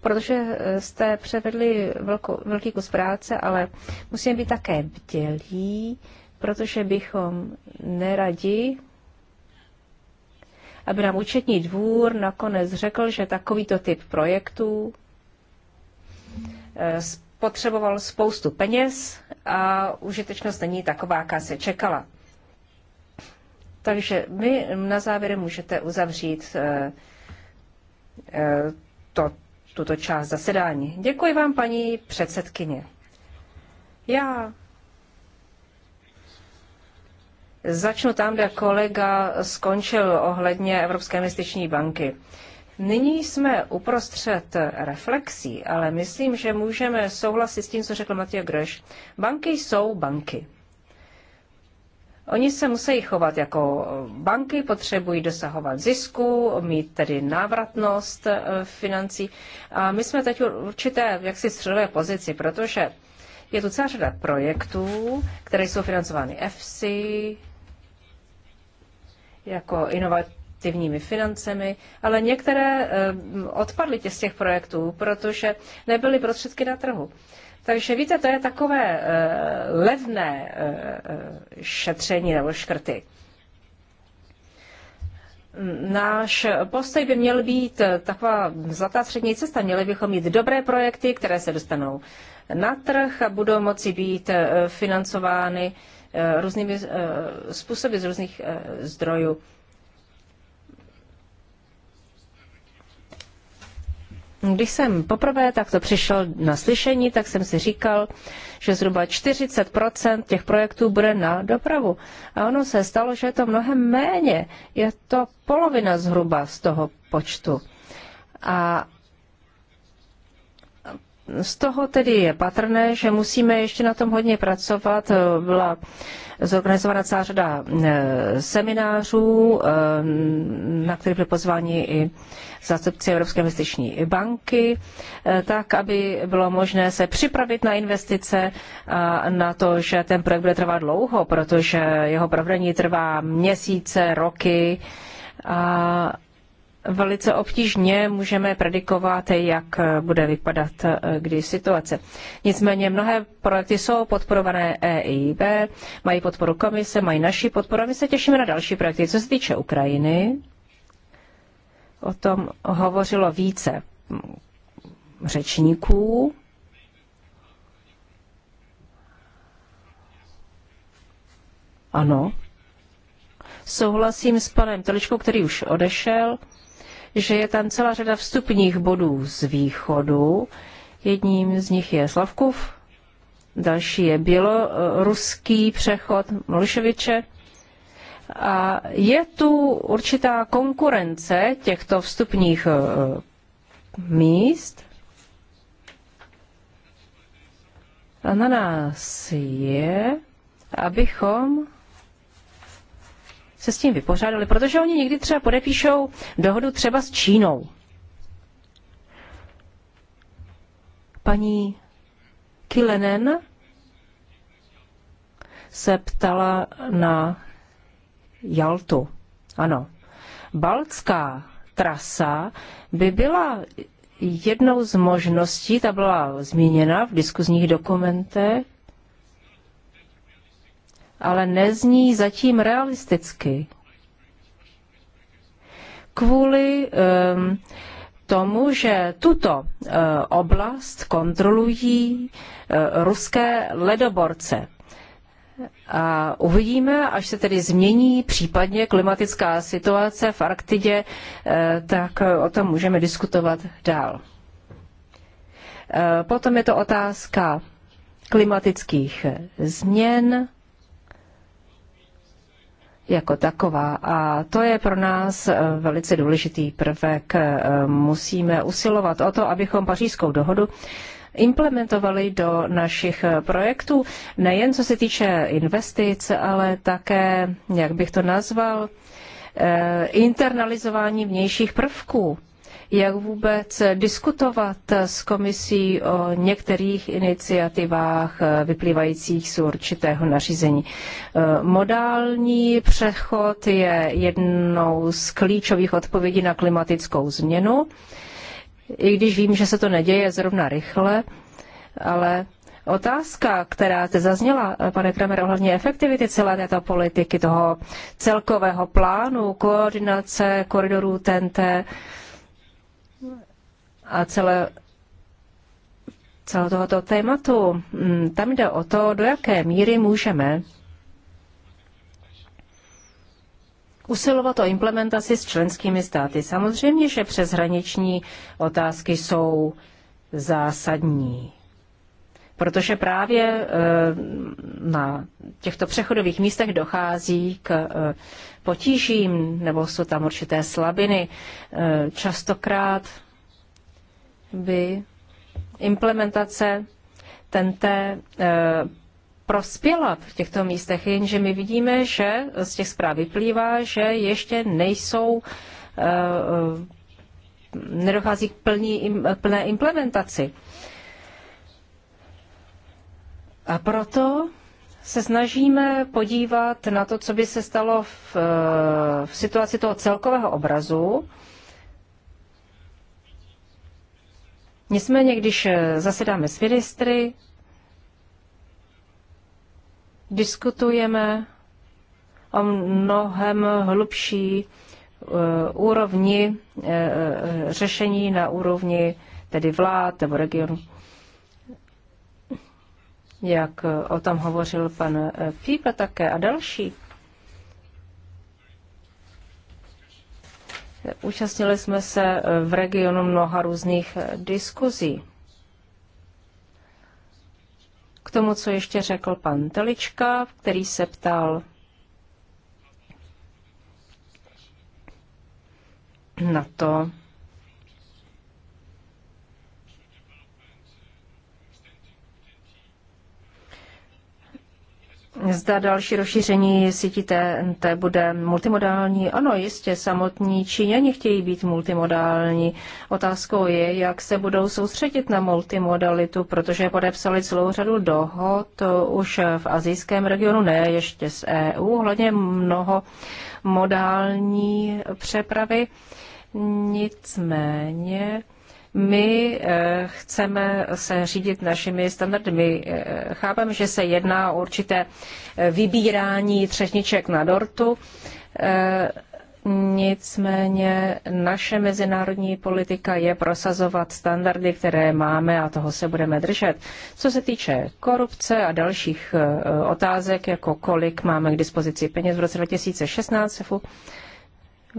protože eh, jste převedli velko, velký kus práce, ale musíme být také bdělí, protože bychom neradi, aby nám účetní dvůr nakonec řekl, že takovýto typ projektů eh, potřeboval spoustu peněz a užitečnost není taková, jaká se čekala. Takže my na závěr můžete uzavřít eh, to, tuto část zasedání. Děkuji vám, paní předsedkyně. Já začnu tam, kde kolega skončil ohledně Evropské investiční banky. Nyní jsme uprostřed reflexí, ale myslím, že můžeme souhlasit s tím, co řekl Matěj Greš. Banky jsou banky. Oni se musí chovat jako banky, potřebují dosahovat zisku, mít tedy návratnost eh, financí. A my jsme teď určité jaksi středové pozici, protože je tu celá řada projektů, které jsou financovány EFSI, jako inovativními financemi, ale některé eh, odpadly z těch projektů, protože nebyly prostředky na trhu. Takže víte, to je takové eh, levné eh, eh, šetření nebo škrty. Náš postoj by měl být taková zlatá střední cesta. Měli bychom mít dobré projekty, které se dostanou na trh a budou moci být financovány různými způsoby z různých zdrojů. Když jsem poprvé takto přišel na slyšení, tak jsem si říkal, že zhruba 40% těch projektů bude na dopravu. A ono se stalo, že je to mnohem méně. Je to polovina zhruba z toho počtu. A z toho tedy je patrné, že musíme ještě na tom hodně pracovat. Byla zorganizována celá řada e, seminářů, e, na které byly pozváni i zástupci Evropské investiční banky, e, tak, aby bylo možné se připravit na investice a na to, že ten projekt bude trvat dlouho, protože jeho provedení trvá měsíce, roky a velice obtížně můžeme predikovat, jak bude vypadat eh, kdy situace. Nicméně mnohé projekty jsou podporované EIB, mají podporu komise, mají naši podporu a my se těšíme na další projekty. Co se týče Ukrajiny, o tom hovořilo více řečníků. Ano. Souhlasím s panem Teličkou, který už odešel že je tam celá řada vstupních bodů z východu. Jedním z nich je Slavkov, další je běloruský přechod Mlševiče. A je tu určitá konkurence těchto vstupních eh, míst. A na nás je, abychom se s tím vypořádali, protože oni někdy třeba podepíšou dohodu třeba s Čínou. Paní Kilenen se ptala na Jaltu. Ano. Baltská trasa by byla jednou z možností, ta byla zmíněna v diskuzních dokumentech, ale nezní zatím realisticky. Kvůli um, tomu, že tuto uh, oblast kontrolují uh, ruské ledoborce. A uvidíme, až se tedy změní případně klimatická situace v Arktidě, eh, tak o tom můžeme diskutovat dál. Potom je to otázka klimatických změn jako taková. A to je pro nás eh, velice důležitý prvek. Eh, musíme usilovat o to, abychom pařížskou dohodu implementovali do našich eh, projektů, nejen co se týče investic, ale také, jak bych to nazval, internalizování vnějších prvků jak vůbec diskutovat s komisí o některých iniciativách eh, vyplývajících z určitého nařízení. Eh, modální přechod je jednou z klíčových odpovědí na klimatickou změnu. I když vím, že se to neděje zrovna rychle, ale Otázka, která zde zazněla, eh, pane Kramer, ohledně efektivity celé této politiky, toho celkového plánu, koordinace koridorů TNT, a celé, celé tohoto tématu. Mm, tam jde o to, do jaké míry můžeme usilovat o implementaci s členskými státy. Samozřejmě, že přeshraniční otázky jsou zásadní. Protože právě eh, na těchto přechodových místech dochází k eh, potížím, nebo jsou tam určité slabiny. Eh, častokrát by implementace TNT eh, prospěla v těchto místech, jenže my vidíme, že z těch zpráv vyplývá, že ještě nejsou, eh, nedochází k plní, plné implementaci. A proto se snažíme podívat na to, co by se stalo v, eh, v situaci toho celkového obrazu, Nicméně, když eh, zasedáme s ministry, diskutujeme o mnohem hlubší eh, úrovni eh, řešení na úrovni tedy vlád nebo regionu. Jak o tom hovořil pan Fípa také a další. Účastnili jsme se eh, v regionu mnoha různých eh, diskuzí. K tomu, co ještě řekl pan Telička, který se ptal na to, Zda další rozšíření sítí TNT bude multimodální? Ano, jistě, samotní Číňani chtějí být multimodální. Otázkou je, jak se budou soustředit na multimodalitu, protože podepsali celou řadu dohod už v azijském regionu, ne ještě z EU, hledně mnoho modální přepravy. Nicméně my eh, chceme se řídit našimi standardy. My eh, chápeme, že se jedná o určité eh, vybírání třešniček na dortu. Nicméně naše mezinárodní politika je prosazovat standardy, které máme a toho se budeme držet. Co se týče korupce a dalších otázek, jako kolik máme k dispozici peněz v roce 2016,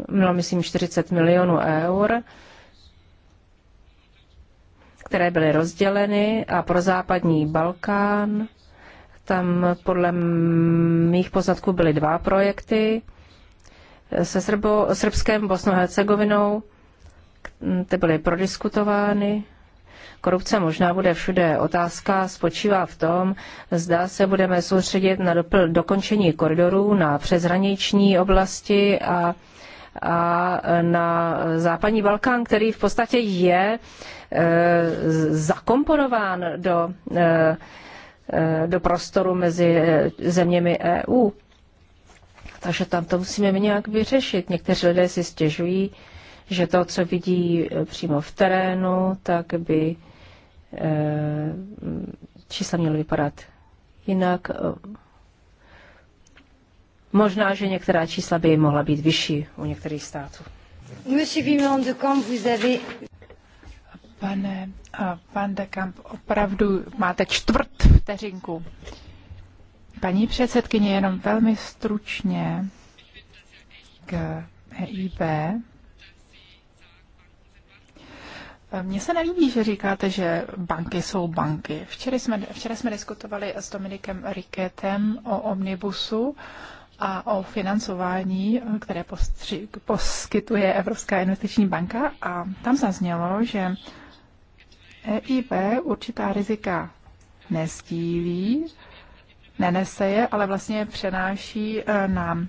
bylo myslím 40 milionů eur, které byly rozděleny a pro západní Balkán tam podle mých poznatků byly dva projekty se Srbo, Srbskem, Bosnou Hercegovinou. Ty byly prodiskutovány. Korupce možná bude všude. Otázka spočívá v tom, zda se budeme soustředit na dokončení koridorů, na přezhraniční oblasti a a e, na západní Balkán, který v podstatě je e, zakomponován do, e, do prostoru mezi zeměmi EU. Takže tam to musíme nějak vyřešit. Někteří lidé si stěžují, že to, co vidí přímo v terénu, tak by čísla měly vypadat jinak. Možná, že některá čísla by mohla být vyšší u některých států. Pane pan de Kamp, opravdu máte čtvrt vteřinku. Paní předsedkyně, jenom velmi stručně k EIB. Mně se nelíbí, že říkáte, že banky jsou banky. Včera jsme, včera jsme diskutovali s Dominikem Riketem o omnibusu a o financování, které poskytuje Evropská investiční banka a tam zaznělo, že EIB určitá rizika nezdílí, nenese je, ale vlastně je přenáší e, na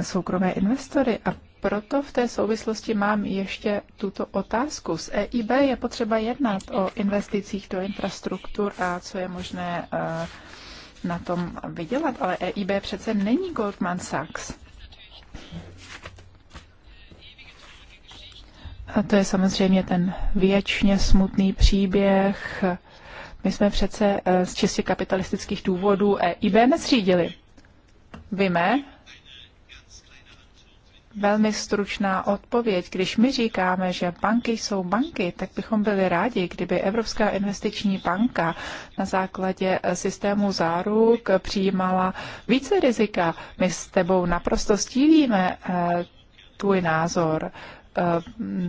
soukromé investory a proto v té souvislosti mám ještě tuto otázku. Z EIB je potřeba jednat o investicích do infrastruktur a co je možné uh, na tom vydělat, ale EIB přece není Goldman Sachs. A to je samozřejmě ten věčně smutný příběh. My jsme přece eh, z čistě kapitalistických důvodů EIB nezřídili. Víme, velmi stručná odpověď. Když my říkáme, že banky jsou banky, tak bychom byli rádi, kdyby Evropská investiční banka na základě eh, systému záruk přijímala více rizika. My s tebou naprosto stílíme eh, tvůj názor. Eh,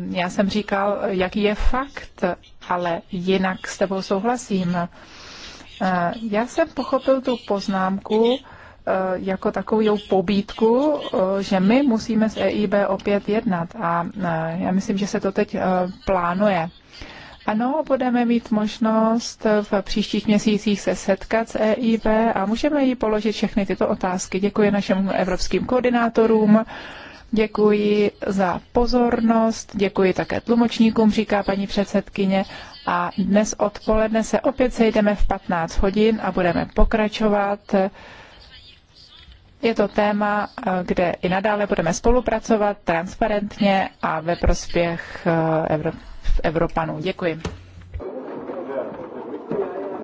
já jsem říkal, jaký je fakt, ale jinak s tebou souhlasím. Já jsem pochopil tu poznámku, Eh, jako takovou pobídku, eh, že my musíme s EIB opět jednat. A eh, já myslím, že se to teď plánuje. Ano, budeme mít možnost v příštích měsících se setkat s EIB a můžeme jí položit všechny tyto otázky. Děkuji našim evropským koordinátorům, děkuji za pozornost, děkuji také tlumočníkům, říká paní předsedkyně. A dnes odpoledne se opět sejdeme v 15 hodin a budeme pokračovat. Je to téma, eh, kde i nadále budeme spolupracovat transparentně a ve prospěch eh, Evropanů. Děkuji.